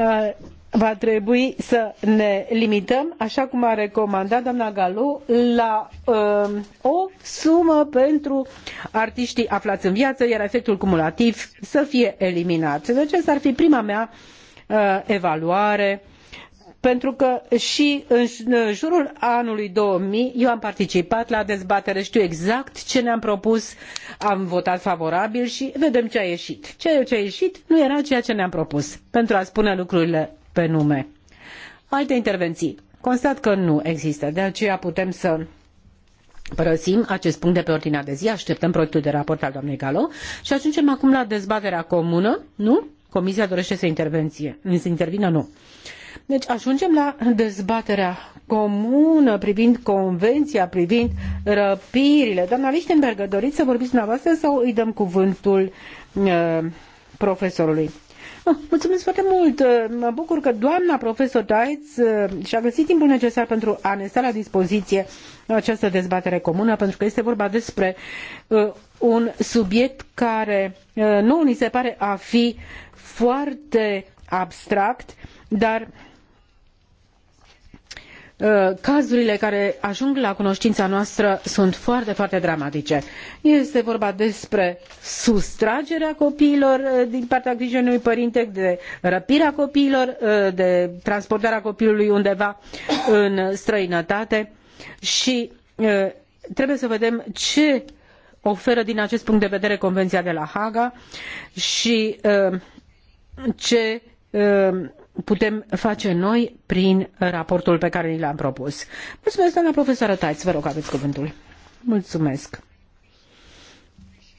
uh, va trebui să ne limităm, așa cum a recomandat doamna Galu, la um, o sumă pentru artiștii aflați în viață, iar efectul cumulativ să fie eliminat. Deci asta ar fi prima mea uh, evaluare pentru că și în jurul anului 2000 eu am participat la dezbatere, știu exact ce ne-am propus, am votat favorabil și vedem ce a ieșit. Ceea ce a ieșit nu era ceea ce ne-am propus, pentru a spune lucrurile pe nume. Alte intervenții. Constat că nu există, de aceea putem să părăsim acest punct de pe ordinea de zi, așteptăm proiectul de raport al doamnei Galo și ajungem acum la dezbaterea comună, nu? Comisia dorește să, intervenție, să intervină? Nu. Deci ajungem la dezbaterea comună privind convenția, privind răpirile. Doamna Lichtenberg, doriți să vorbiți dumneavoastră sau îi dăm cuvântul uh, profesorului? Mulțumesc foarte mult! Mă bucur că doamna profesor Taitz uh, și-a găsit timpul necesar pentru a ne sta la dispoziție această dezbatere comună, pentru că este vorba despre uh, un subiect care uh, nu ni se pare a fi foarte abstract, dar uh, Uh, cazurile care ajung la cunoștința noastră sunt foarte, foarte dramatice. Este vorba despre sustragerea copiilor uh, din partea grijului părinte, de răpirea copiilor, uh, de transportarea copilului undeva în străinătate și trebuie să vedem ce oferă din acest punct de vedere Convenția de la Haga și ce putem face noi prin raportul pe care ni l-am propus. Mulțumesc, doamna profesoră Taiți, vă rog, aveți cuvântul. Mulțumesc.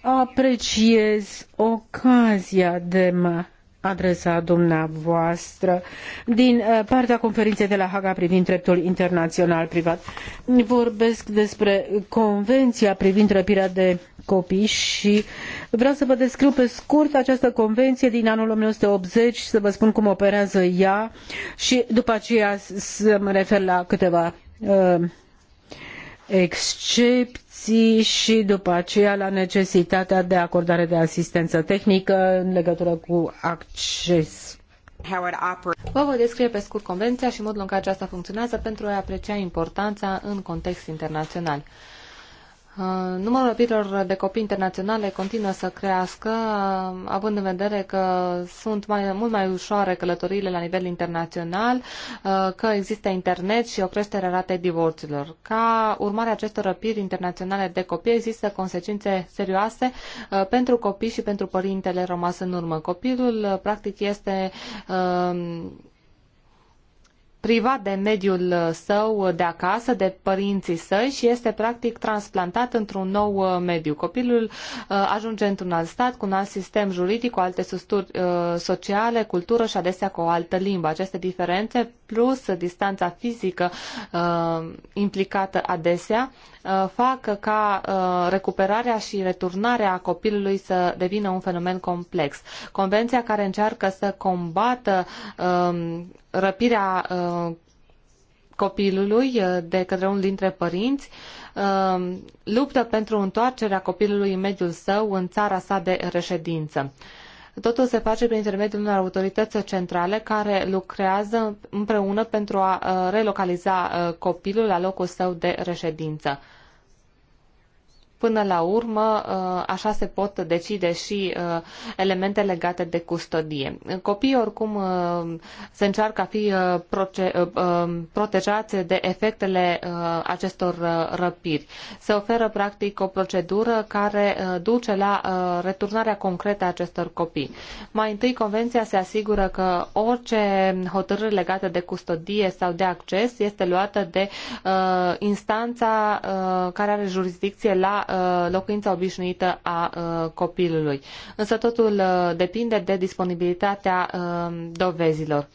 Apreciez ocazia de mă adresa dumneavoastră din uh, partea conferinței de la Haga privind dreptul internațional privat. Vorbesc despre convenția privind răpirea de copii și uh, Vreau să vă descriu pe scurt această convenție din anul 1980, să vă spun cum operează ea și după aceea să mă refer la câteva uh, excepții și după aceea la necesitatea de acordare de asistență tehnică în legătură cu acces. Vă voi descrie pe scurt convenția și modul în care aceasta funcționează pentru a aprecia importanța în context internațional. Uh, numărul răpirilor de copii internaționale continuă să crească, uh, având în vedere că sunt mai, mult mai ușoare călătoriile la nivel internațional, uh, că există internet și o creștere a ratei divorților. Ca urmare a acestor răpiri internaționale de copii, există consecințe serioase pentru copii și pentru părintele rămas în urmă. Copilul, practic, este privat de mediul uh, său uh, de acasă, de părinții săi și este practic transplantat într-un nou uh, mediu. Copilul ajunge într-un alt stat cu un alt sistem juridic, cu alte susturi sociale, cultură și adesea cu o altă limbă. Aceste diferențe plus distanța fizică implicată adesea fac ca recuperarea și returnarea copilului să devină un fenomen complex. Convenția care încearcă să combată răpirea Uh, copilului uh, de către unul dintre părinți uh, luptă pentru întoarcerea copilului în mediul său în țara sa de reședință. Totul se face prin intermediul unor autorități centrale care lucrează împreună pentru a relocaliza copilul la locul său de reședință. Până la urmă, ă, așa se pot decide și ă, elemente legate de custodie. Copiii oricum ă, se încearcă a fi protejați de efectele acestor răpiri. Se oferă practic o procedură care duce la returnarea concretă a acestor copii. Mai întâi, Convenția se asigură că orice hotărâre legată de custodie sau de acces este luată de instanța care are jurisdicție la Uh, locuința obișnuită a uh, copilului. Însă totul uh, depinde de disponibilitatea dovezilor.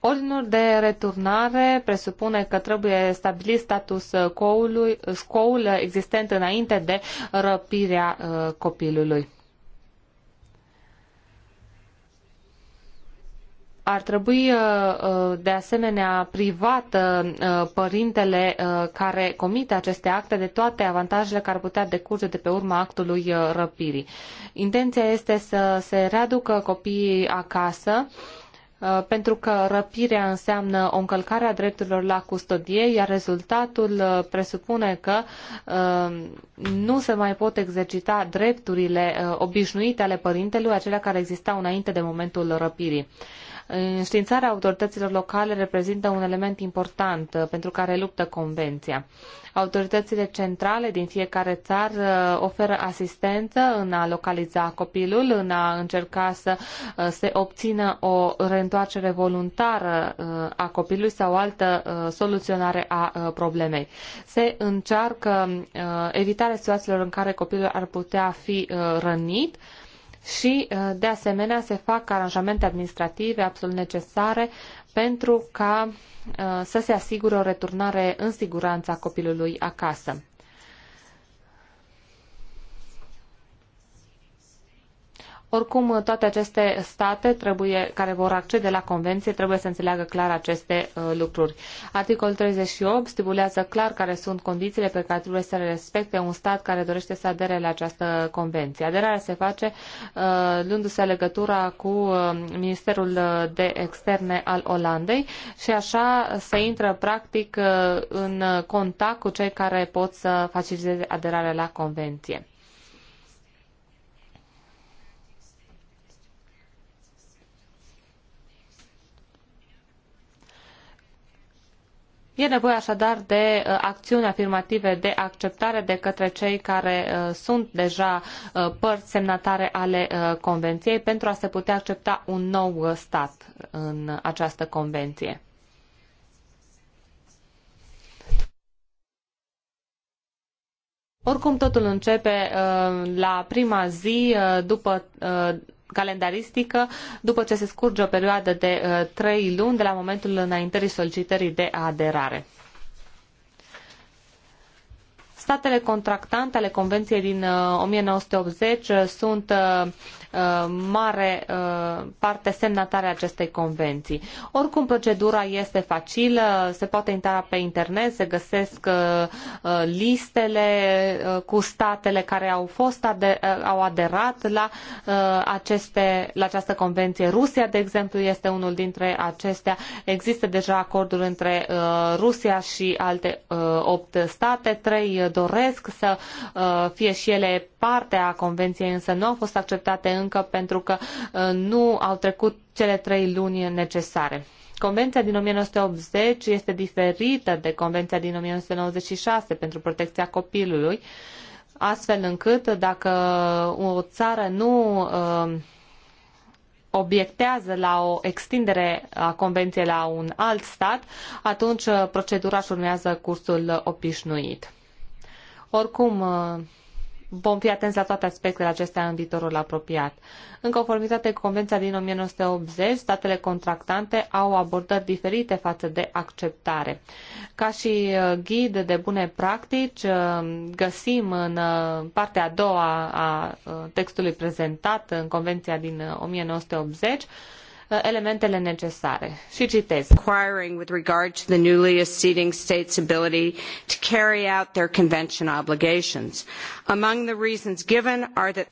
Ordinul de returnare presupune că trebuie stabilit status scoul existent înainte de răpirea copilului. ar trebui uh, uh, de asemenea privată uh, părintele care comite aceste acte de toate avantajele care ar putea decurge de pe urma actului răpirii. Intenția este să se readucă copiii acasă pentru că răpirea înseamnă o încălcare a drepturilor la custodie, iar rezultatul presupune că nu se mai pot exercita drepturile obișnuite ale părintelui, acelea care existau înainte de momentul răpirii. Înștiințarea autorităților locale reprezintă un element important uh, pentru care luptă Convenția. Autoritățile centrale din fiecare țară uh, oferă asistență în a localiza copilul, în a încerca să uh, se obțină o reîntoarcere voluntară a copilului sau altă soluționare a problemei. Se încearcă evitarea situațiilor în care copilul ar putea fi rănit, și, uh, de asemenea, se fac aranjamente administrative absolut necesare pentru ca uh, să se asigure o returnare în siguranță a copilului acasă. Oricum, toate aceste state trebuie, care vor accede la convenție trebuie să înțeleagă clar aceste uh, lucruri. Articolul 38 stipulează clar care sunt condițiile pe care trebuie să le respecte un stat care dorește să adere la această convenție. Aderarea se face uh, luându-se legătura cu uh, Ministerul uh, de Externe al Olandei și așa se intră practic uh, în contact cu cei care pot să faciliteze aderarea la convenție. E nevoie așadar de uh, acțiuni afirmative de acceptare de către cei care uh, sunt deja uh, părți semnatare ale Convenției pentru a se putea accepta un nou stat în această Convenție. Oricum, totul începe uh, la prima zi uh, după uh, calendaristică după ce se scurge o perioadă de uh, trei luni de la momentul înaintării solicitării de aderare. Statele contractante ale Convenției din 1980 uh, uh, sunt uh, mare parte semnatare a acestei convenții. Oricum, procedura este facilă, se poate intra pe internet, se găsesc listele cu statele care au, fost au aderat la, aceste, la această convenție. Rusia, de exemplu, este unul dintre acestea. Există deja acorduri între Rusia și alte opt state, trei doresc să uh, fie și ele parte a convenției, însă nu au fost acceptate încă pentru că uh, nu au trecut cele trei luni necesare. Convenția din 1980 este diferită de Convenția din 1996 pentru protecția copilului, astfel încât dacă o țară nu uh, obiectează la o extindere a convenției la un alt stat, atunci uh, procedura își urmează cursul obișnuit. Oricum, uh, vom fi atenți la toate aspectele acestea în viitorul apropiat. În conformitate cu Convenția din 1980, statele contractante au abordări diferite față de acceptare. Ca și uh, ghid de bune practici, uh, găsim în partea a doua a textului prezentat în Convenția din 1980 Uh, elementele necesare. Și citez. Inquiring with regard to the newly acceding states' ability to carry out their convention obligations. Among the reasons given are that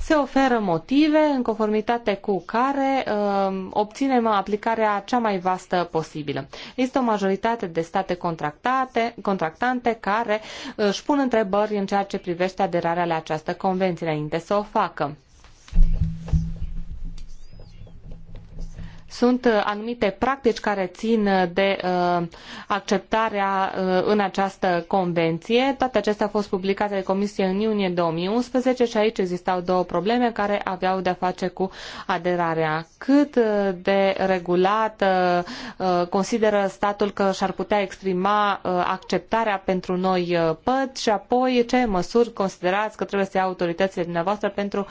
se oferă motive în conformitate cu care uh, obținem aplicarea cea mai vastă posibilă. Este o majoritate de state contractate, contractante care uh, își pun întrebări în ceea ce privește aderarea la această convenție înainte să o facă. Sunt uh, anumite practici care țin uh, de uh, acceptarea în această convenție. Toate acestea au fost publicate de Comisie în iunie 2011 și aici existau două probleme care aveau de-a face cu aderarea. Cât de regulat consideră statul că și-ar putea exprima acceptarea pentru noi păți și apoi ce măsuri considerați că trebuie să ia autoritățile dumneavoastră pentru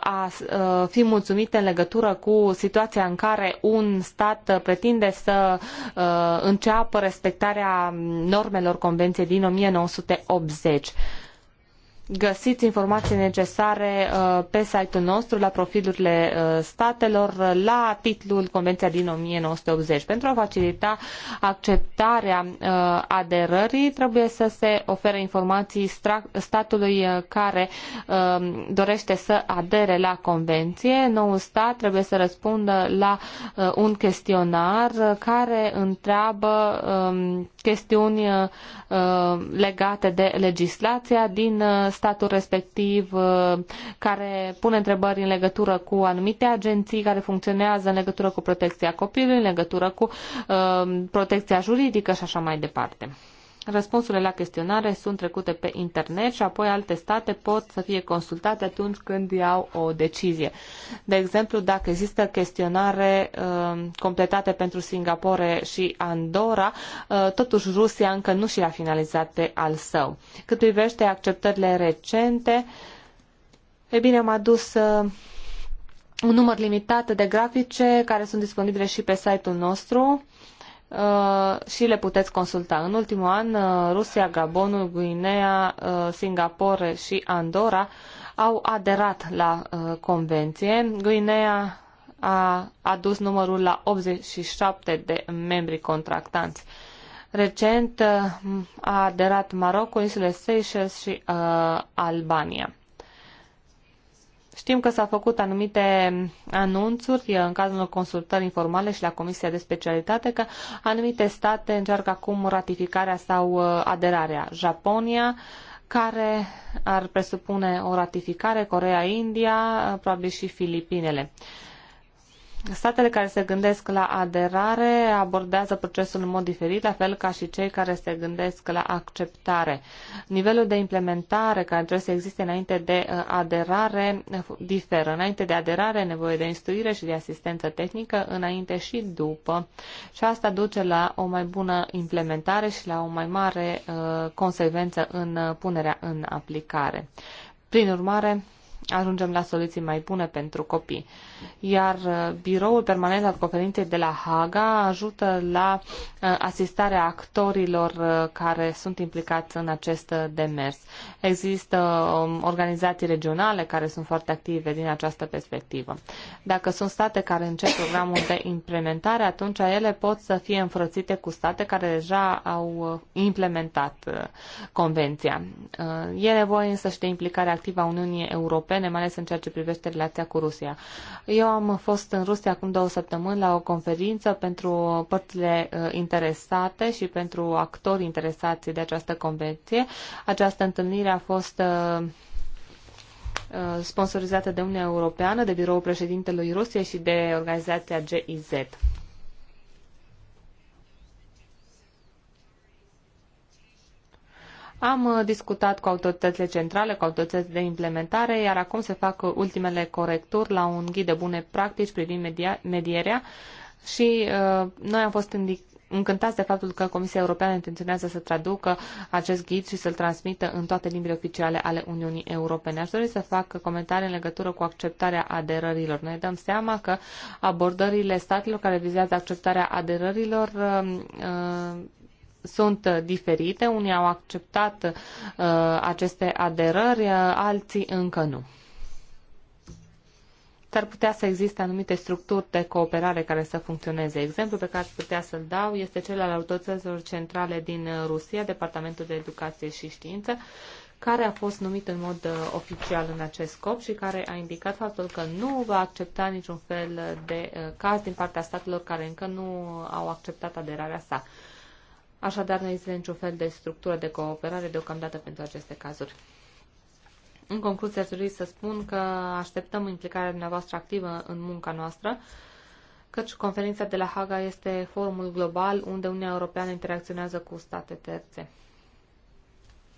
a fi mulțumite în legătură cu situația în care care un stat pretinde să uh, înceapă respectarea normelor Convenției din 1980 găsiți informații necesare uh, pe site-ul nostru, la profilurile uh, statelor, uh, la titlul Convenția din 1980. Pentru a facilita acceptarea aderării, trebuie să se ofere informații statului care dorește să adere la Convenție. Noul stat trebuie să răspundă la un chestionar care întreabă um, chestiuni legate de legislația din statul respectiv uh, care pune întrebări în legătură cu anumite agenții care funcționează în legătură cu protecția copilului, în legătură cu uh, protecția juridică și așa mai departe. Răspunsurile la chestionare sunt trecute pe internet și apoi alte state pot să fie consultate atunci când iau o decizie. De exemplu, dacă există chestionare uh, completate pentru Singapore și Andorra, uh, totuși Rusia încă nu și-a finalizat pe al său. Cât privește acceptările recente, e bine, am adus uh, un număr limitat de grafice care sunt disponibile și pe site-ul nostru Uh, și le puteți consulta. În ultimul an, uh, Rusia, Gabonul, Guinea, uh, Singapore și Andorra au aderat la convenție. Guinea a adus numărul la 87 de membri contractanți. Recent a aderat Marocul, insulele Seychelles și uh, Albania. Știm că s-au făcut anumite anunțuri în cazul unor consultări informale și la Comisia de Specialitate că anumite state încearcă acum ratificarea sau uh, aderarea. Japonia, care ar presupune o ratificare, Corea, India, uh, probabil și Filipinele. Uh, Statele care se gândesc la aderare abordează procesul în mod diferit, la fel ca și cei care se gândesc la acceptare. Nivelul de implementare care trebuie să existe înainte de uh, aderare uh, diferă. Înainte de aderare e nevoie de instruire și de asistență tehnică, înainte și după. Și asta duce la o mai bună implementare și la o mai mare uh, consecvență în uh, punerea în aplicare. Prin urmare, ajungem la soluții mai bune pentru copii. Iar uh, biroul permanent al conferinței de la Haga ajută la uh, asistarea actorilor uh, care sunt implicați în acest demers. Există um, organizații regionale care sunt foarte active din această perspectivă. Dacă sunt state care încep programul de implementare, atunci ele pot să fie înfrățite cu state care deja au implementat convenția. E nevoie însă și de implicarea activă a Uniunii Europene Europene, mai ales în ceea ce privește relația cu Rusia. Eu am fost în Rusia acum două săptămâni la o conferință pentru părțile uh, interesate și pentru actori interesați de această convenție. Această întâlnire a fost uh, uh, sponsorizată de Uniunea Europeană, de Biroul Președintelui Rusiei și de organizația GIZ. Am uh, discutat cu autoritățile centrale, cu autoritățile de implementare, iar acum se fac uh, ultimele corecturi la un ghid de bune practici privind media, medierea și uh, noi am fost indic- încântați de faptul că Comisia Europeană intenționează să traducă acest ghid și să-l transmită în toate limbile oficiale ale Uniunii Europene. Aș dori să fac comentarii în legătură cu acceptarea aderărilor. Ne dăm seama că abordările statelor care vizează acceptarea aderărilor uh, uh sunt uh, diferite. Unii au acceptat uh, aceste aderări, uh, alții încă nu. S-ar putea să existe anumite structuri de cooperare care să funcționeze. Exemplul pe care putea să-l dau este cel al autorităților centrale din uh, Rusia, Departamentul de Educație și Știință, care a fost numit în mod oficial în acest scop și care a indicat faptul că nu va accepta niciun fel de caz din partea statelor care încă nu au acceptat aderarea sa. Așadar, nu există niciun fel de structură de cooperare deocamdată pentru aceste cazuri. În concluzie, aș dori să spun că așteptăm implicarea dumneavoastră activă în munca noastră, căci conferința de la Haga este forumul global unde Uniunea Europeană interacționează cu state terțe.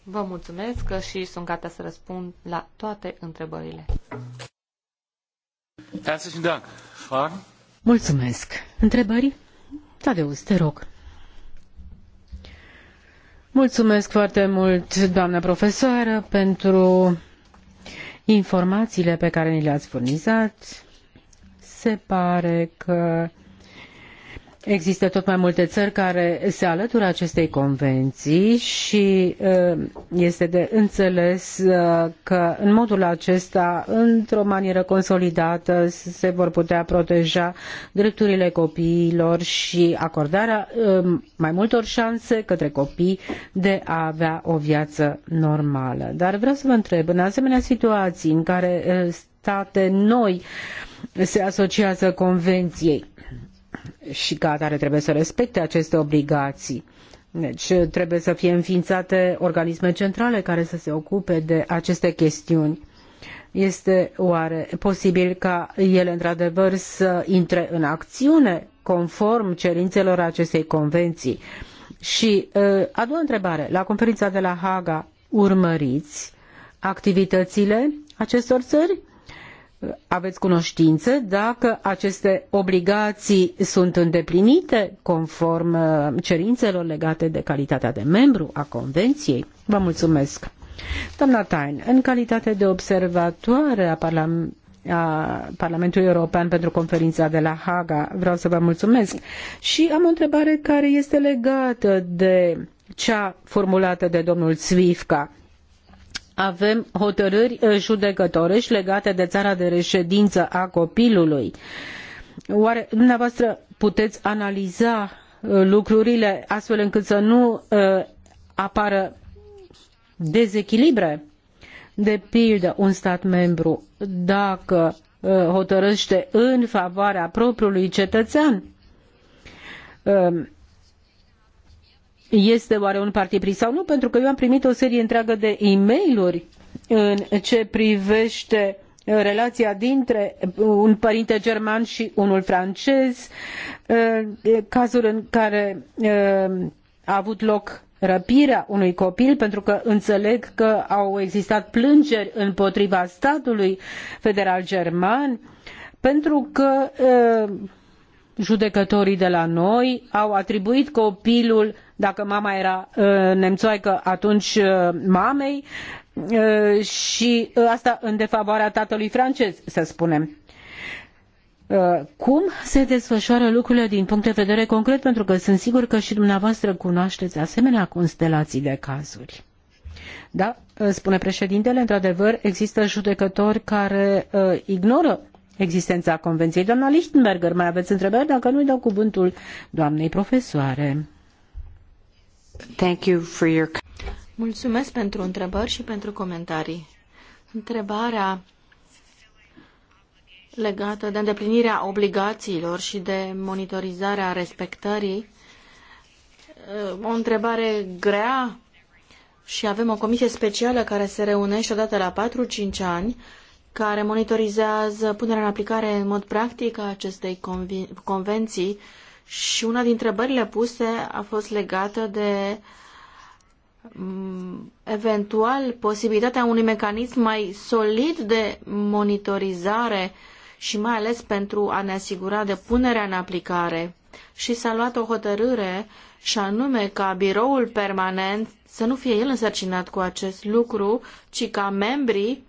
Vă mulțumesc și sunt gata să răspund la toate întrebările. Mulțumesc. Întrebări? Tadeus, te rog. Mulțumesc foarte mult, doamnă profesoară, pentru informațiile pe care ni le-ați furnizat. Se pare că Există tot mai multe țări care se alătură acestei convenții și uh, este de înțeles uh, că în modul acesta, într-o manieră consolidată, se vor putea proteja drepturile copiilor și acordarea um, mai multor șanse către copii de a avea o viață normală. Dar vreau să vă întreb, în asemenea situații în care uh, state noi se asociază convenției, și ca atare trebuie să respecte aceste obligații. Deci trebuie să fie înființate organisme centrale care să se ocupe de aceste chestiuni. Este oare posibil ca ele într-adevăr să intre în acțiune conform cerințelor acestei convenții? Și uh, a doua întrebare, la conferința de la Haga urmăriți activitățile acestor țări? aveți cunoștință dacă aceste obligații sunt îndeplinite conform uh, cerințelor legate de calitatea de membru a Convenției? Vă mulțumesc! Doamna Tain, în calitate de observatoare a, Parlam a Parlamentului European pentru conferința de la Haga, vreau să vă mulțumesc și am o întrebare care este legată de cea formulată de domnul Zvifka avem hotărâri uh, judecătorești legate de țara de reședință a copilului. Oare dumneavoastră puteți analiza uh, lucrurile astfel încât să nu uh, apară dezechilibre? De pildă, un stat membru, dacă hotărăște în favoarea propriului cetățean, um, este oare un partipri sau nu, pentru că eu am primit o serie întreagă de e mail în ce privește uh, relația dintre uh, un părinte german și unul francez, uh, cazuri în care a avut loc răpirea unui copil, pentru că înțeleg că au existat plângeri împotriva statului federal german, pentru că judecătorii de la noi au atribuit copilul dacă mama era uh, nemțoaică atunci uh, mamei uh, și asta în defavoarea tatălui francez, să spunem. Cum se desfășoară lucrurile din punct de vedere concret? Pentru că sunt sigur că și dumneavoastră cunoașteți asemenea constelații de cazuri. Da, spune președintele, într-adevăr, există judecători care ignoră existența convenției. Doamna Lichtenberger, mai aveți întrebări? Dacă nu, îi dau cuvântul doamnei profesoare. Thank you for your... Mulțumesc pentru întrebări și pentru comentarii. Întrebarea legată de îndeplinirea obligațiilor și de monitorizarea respectării. Uh, o întrebare grea și avem o comisie specială care se reunește odată la 4-5 ani care monitorizează punerea în aplicare în mod practic a acestei convenții și una dintre întrebările puse a fost legată de mm, eventual posibilitatea unui mecanism mai solid de monitorizare și mai ales pentru a ne asigura de punerea în aplicare. Și s-a luat o hotărâre și anume ca biroul permanent să nu fie el însărcinat cu acest lucru, ci ca membrii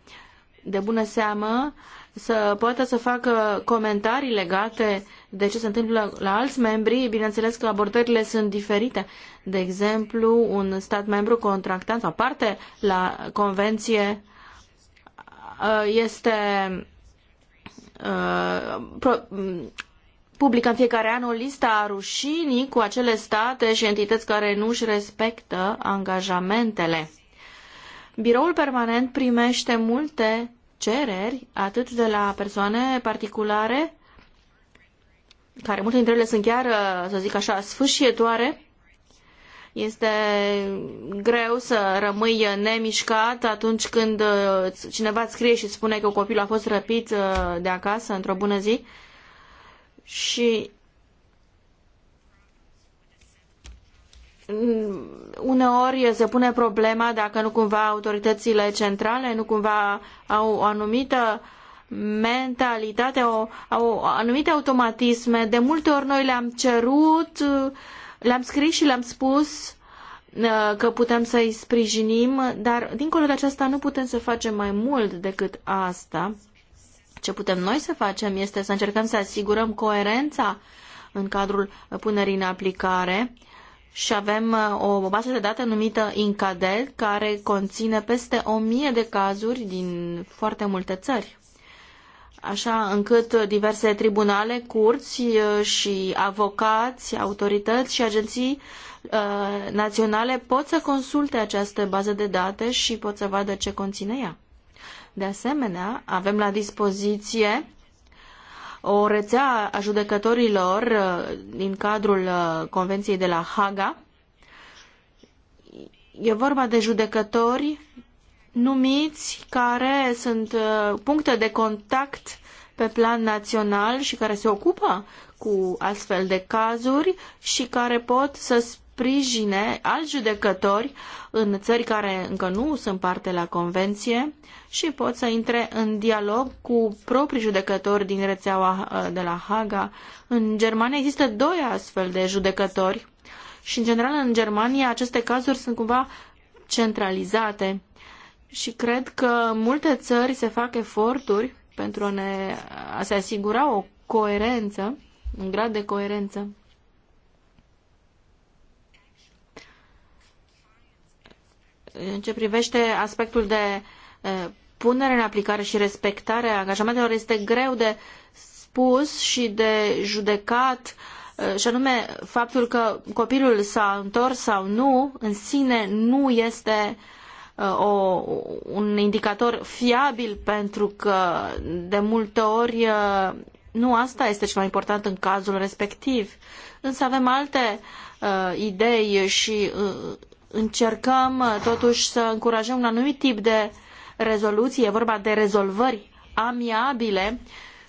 de bună seamă să poată să facă comentarii legate de ce se întâmplă la alți membri. Bineînțeles că abordările sunt diferite. De exemplu, un stat membru contractant sau parte la convenție uh, este uh, publică în fiecare an o listă a rușinii cu acele state și entități care nu își respectă angajamentele. Biroul permanent primește multe cereri atât de la persoane particulare, care multe dintre ele sunt chiar, uh, să zic așa, sfâșietoare, este greu să rămâi nemișcat atunci când uh, cineva îți scrie și spune că copilul a fost răpit uh, de acasă într-o bună zi și mm, uneori se pune problema dacă nu cumva autoritățile centrale nu cumva au o anumită mentalitate, au anumite automatisme. De multe ori noi le-am cerut, le-am scris și le-am spus uh, că putem să îi sprijinim, dar dincolo de aceasta nu putem să facem mai mult decât asta. Ce putem noi să facem este să încercăm să asigurăm coerența în cadrul punerii în aplicare uh, și avem uh, o bază de date numită Incadel, care conține peste o mie de cazuri din foarte multe țări. Așa încât diverse tribunale, curți uh, și avocați, autorități și agenții uh, naționale pot să consulte această bază de date și pot să vadă ce conține ea. De asemenea, avem la dispoziție o rețea a judecătorilor uh, din cadrul uh, Convenției de la Haga. E vorba de judecători numiți care sunt uh, puncte de contact pe plan național și care se ocupă cu astfel de cazuri și care pot să sprijine alți judecători în țări care încă nu sunt parte la convenție și pot să intre în dialog cu proprii judecători din rețeaua uh, de la Haga. În Germania există doi astfel de judecători și, în general, în Germania aceste cazuri sunt cumva centralizate și cred că multe țări se fac eforturi pentru a, ne, a se asigura o coerență, un grad de coerență. în ce privește aspectul de punere în aplicare și respectare a angajamentelor, este greu de spus și de judecat și anume faptul că copilul s-a întors sau nu în sine nu este o, un indicator fiabil pentru că de multe ori nu asta este cel mai important în cazul respectiv. Însă avem alte uh, idei și încercăm uh, totuși să încurajăm un anumit tip de rezoluție, e vorba de rezolvări amiabile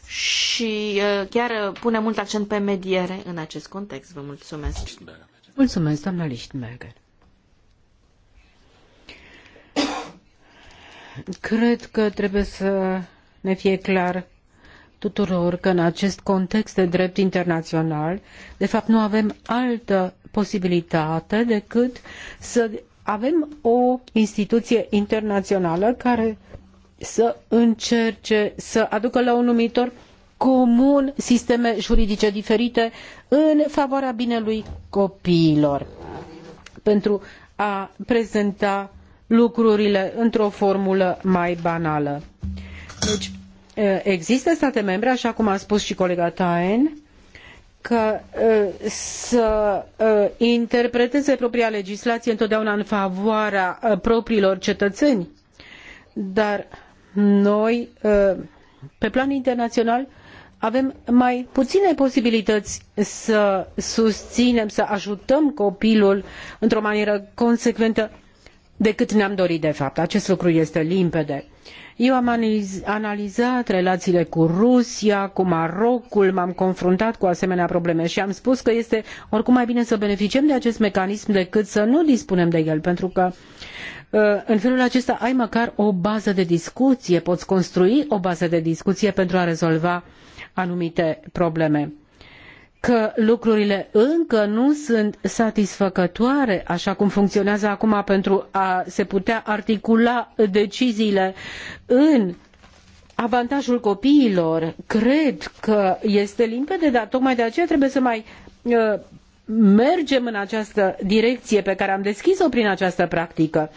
și uh, chiar uh, pune mult accent pe mediere în acest context. Vă mulțumesc. Mulțumesc, doamna Lichtenberger. Cred că trebuie să ne fie clar tuturor că în acest context de drept internațional, de fapt, nu avem altă posibilitate decât să avem o instituție internațională care să încerce să aducă la un numitor comun sisteme juridice diferite în favoarea binelui copiilor pentru a prezenta lucrurile într-o formulă mai banală. Deci, Eh, există state membre, așa cum a spus și colega taen, că eh, să eh, interpreteze propria legislație întotdeauna în favoarea propriilor cetățeni, dar noi, pe plan internațional, avem mai puține posibilități să susținem, să ajutăm copilul într-o manieră consecventă decât ne-am dorit de fapt. Acest lucru este limpede. Eu am analizat relațiile cu Rusia, cu Marocul, m-am confruntat cu asemenea probleme și am spus că este oricum mai bine să beneficiem de acest mecanism decât să nu dispunem de el, pentru că uh, în felul acesta ai măcar o bază de discuție, poți construi o bază de discuție pentru a rezolva anumite probleme că lucrurile încă nu sunt satisfăcătoare așa cum funcționează acum pentru a se putea articula deciziile în avantajul copiilor. Cred că este limpede, dar tocmai de aceea trebuie să mai uh, mergem în această direcție pe care am deschis-o prin această practică.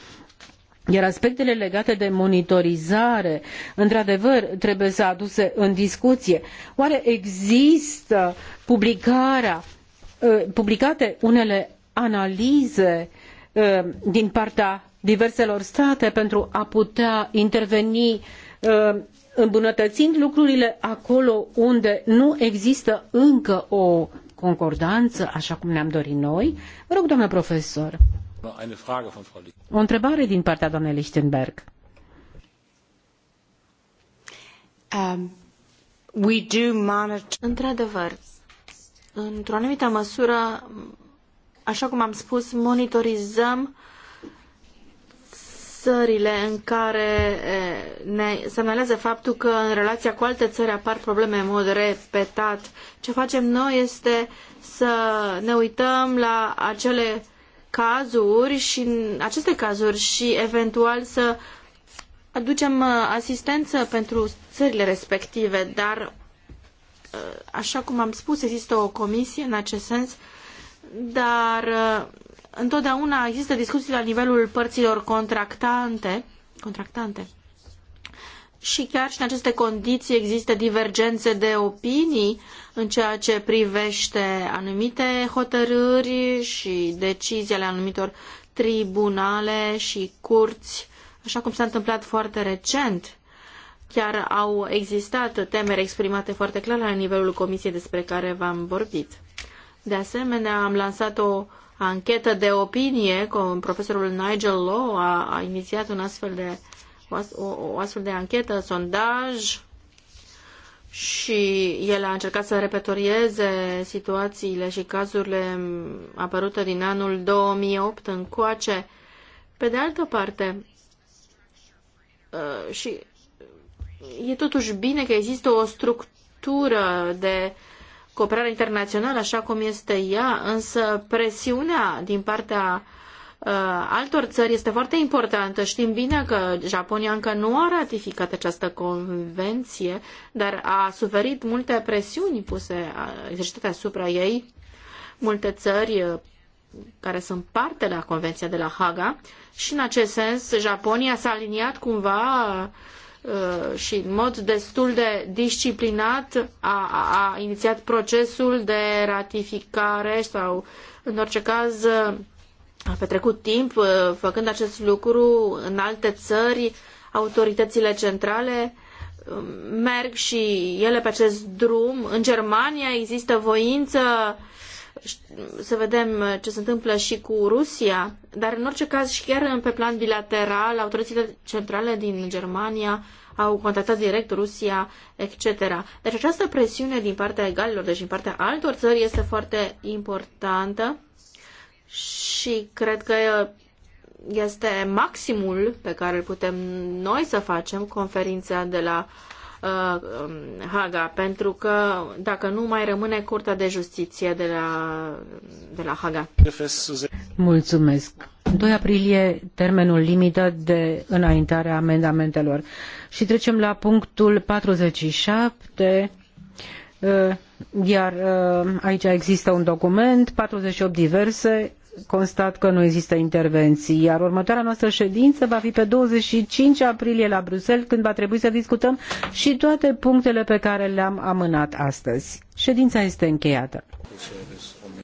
Iar aspectele legate de monitorizare, într-adevăr, trebuie să aduse în discuție. Oare există publicarea, uh, publicate unele analize uh, din partea diverselor state pentru a putea interveni uh, îmbunătățind lucrurile acolo unde nu există încă o concordanță, așa cum ne-am dorit noi? Vă rog, doamnă profesor. O întrebare din partea doamnei Lichtenberg. Um, Într-adevăr, într-o anumită măsură, așa cum am spus, monitorizăm țările în care ne semnalează faptul că în relația cu alte țări apar probleme în mod repetat. Ce facem noi este să ne uităm la acele cazuri și în aceste cazuri și eventual să aducem uh, asistență pentru țările respective, dar uh, așa cum am spus, există o comisie în acest sens, dar uh, întotdeauna există discuții la nivelul părților contractante, contractante și chiar și în aceste condiții există divergențe de opinii în ceea ce privește anumite hotărâri și decizii ale anumitor tribunale și curți, așa cum s-a întâmplat foarte recent. Chiar au existat temeri exprimate foarte clar la nivelul comisiei despre care v-am vorbit. De asemenea, am lansat o anchetă de opinie cu profesorul Nigel Law a, a inițiat un astfel de o, o astfel de anchetă, sondaj și el a încercat să repetorieze situațiile și cazurile apărute din anul 2008 În coace. Pe de altă parte, uh, și e totuși bine că există o structură de cooperare internațională așa cum este ea, însă presiunea din partea uh, Uh, altor țări este foarte importantă. Știm bine că Japonia încă nu a ratificat această convenție, dar a suferit multe presiuni puse, exercitate asupra ei, multe țări uh, care sunt parte la Convenția de la Haga și în acest sens Japonia s-a aliniat cumva uh, și în mod destul de disciplinat a, a, a inițiat procesul de ratificare sau în orice caz a petrecut timp uh, făcând acest lucru în alte țări, autoritățile centrale um, merg și ele pe acest drum. În Germania există voință să vedem ce se întâmplă și cu Rusia, dar în orice caz și chiar pe plan bilateral, autoritățile centrale din Germania au contactat direct Rusia, etc. Deci această presiune din partea egalilor, deci din partea altor țări, este foarte importantă și cred că este maximul pe care îl putem noi să facem conferința de la uh, um, Haga, pentru că dacă nu mai rămâne Curtea de Justiție de la, de la Haga. Mulțumesc. 2 aprilie termenul limită de înaintare a amendamentelor. Și trecem la punctul 47. Uh, iar uh, aici există un document, 48 diverse, constat că nu există intervenții, iar următoarea noastră ședință va fi pe 25 aprilie la Bruxelles, când va trebui să discutăm și toate punctele pe care le-am amânat astăzi. Ședința este încheiată.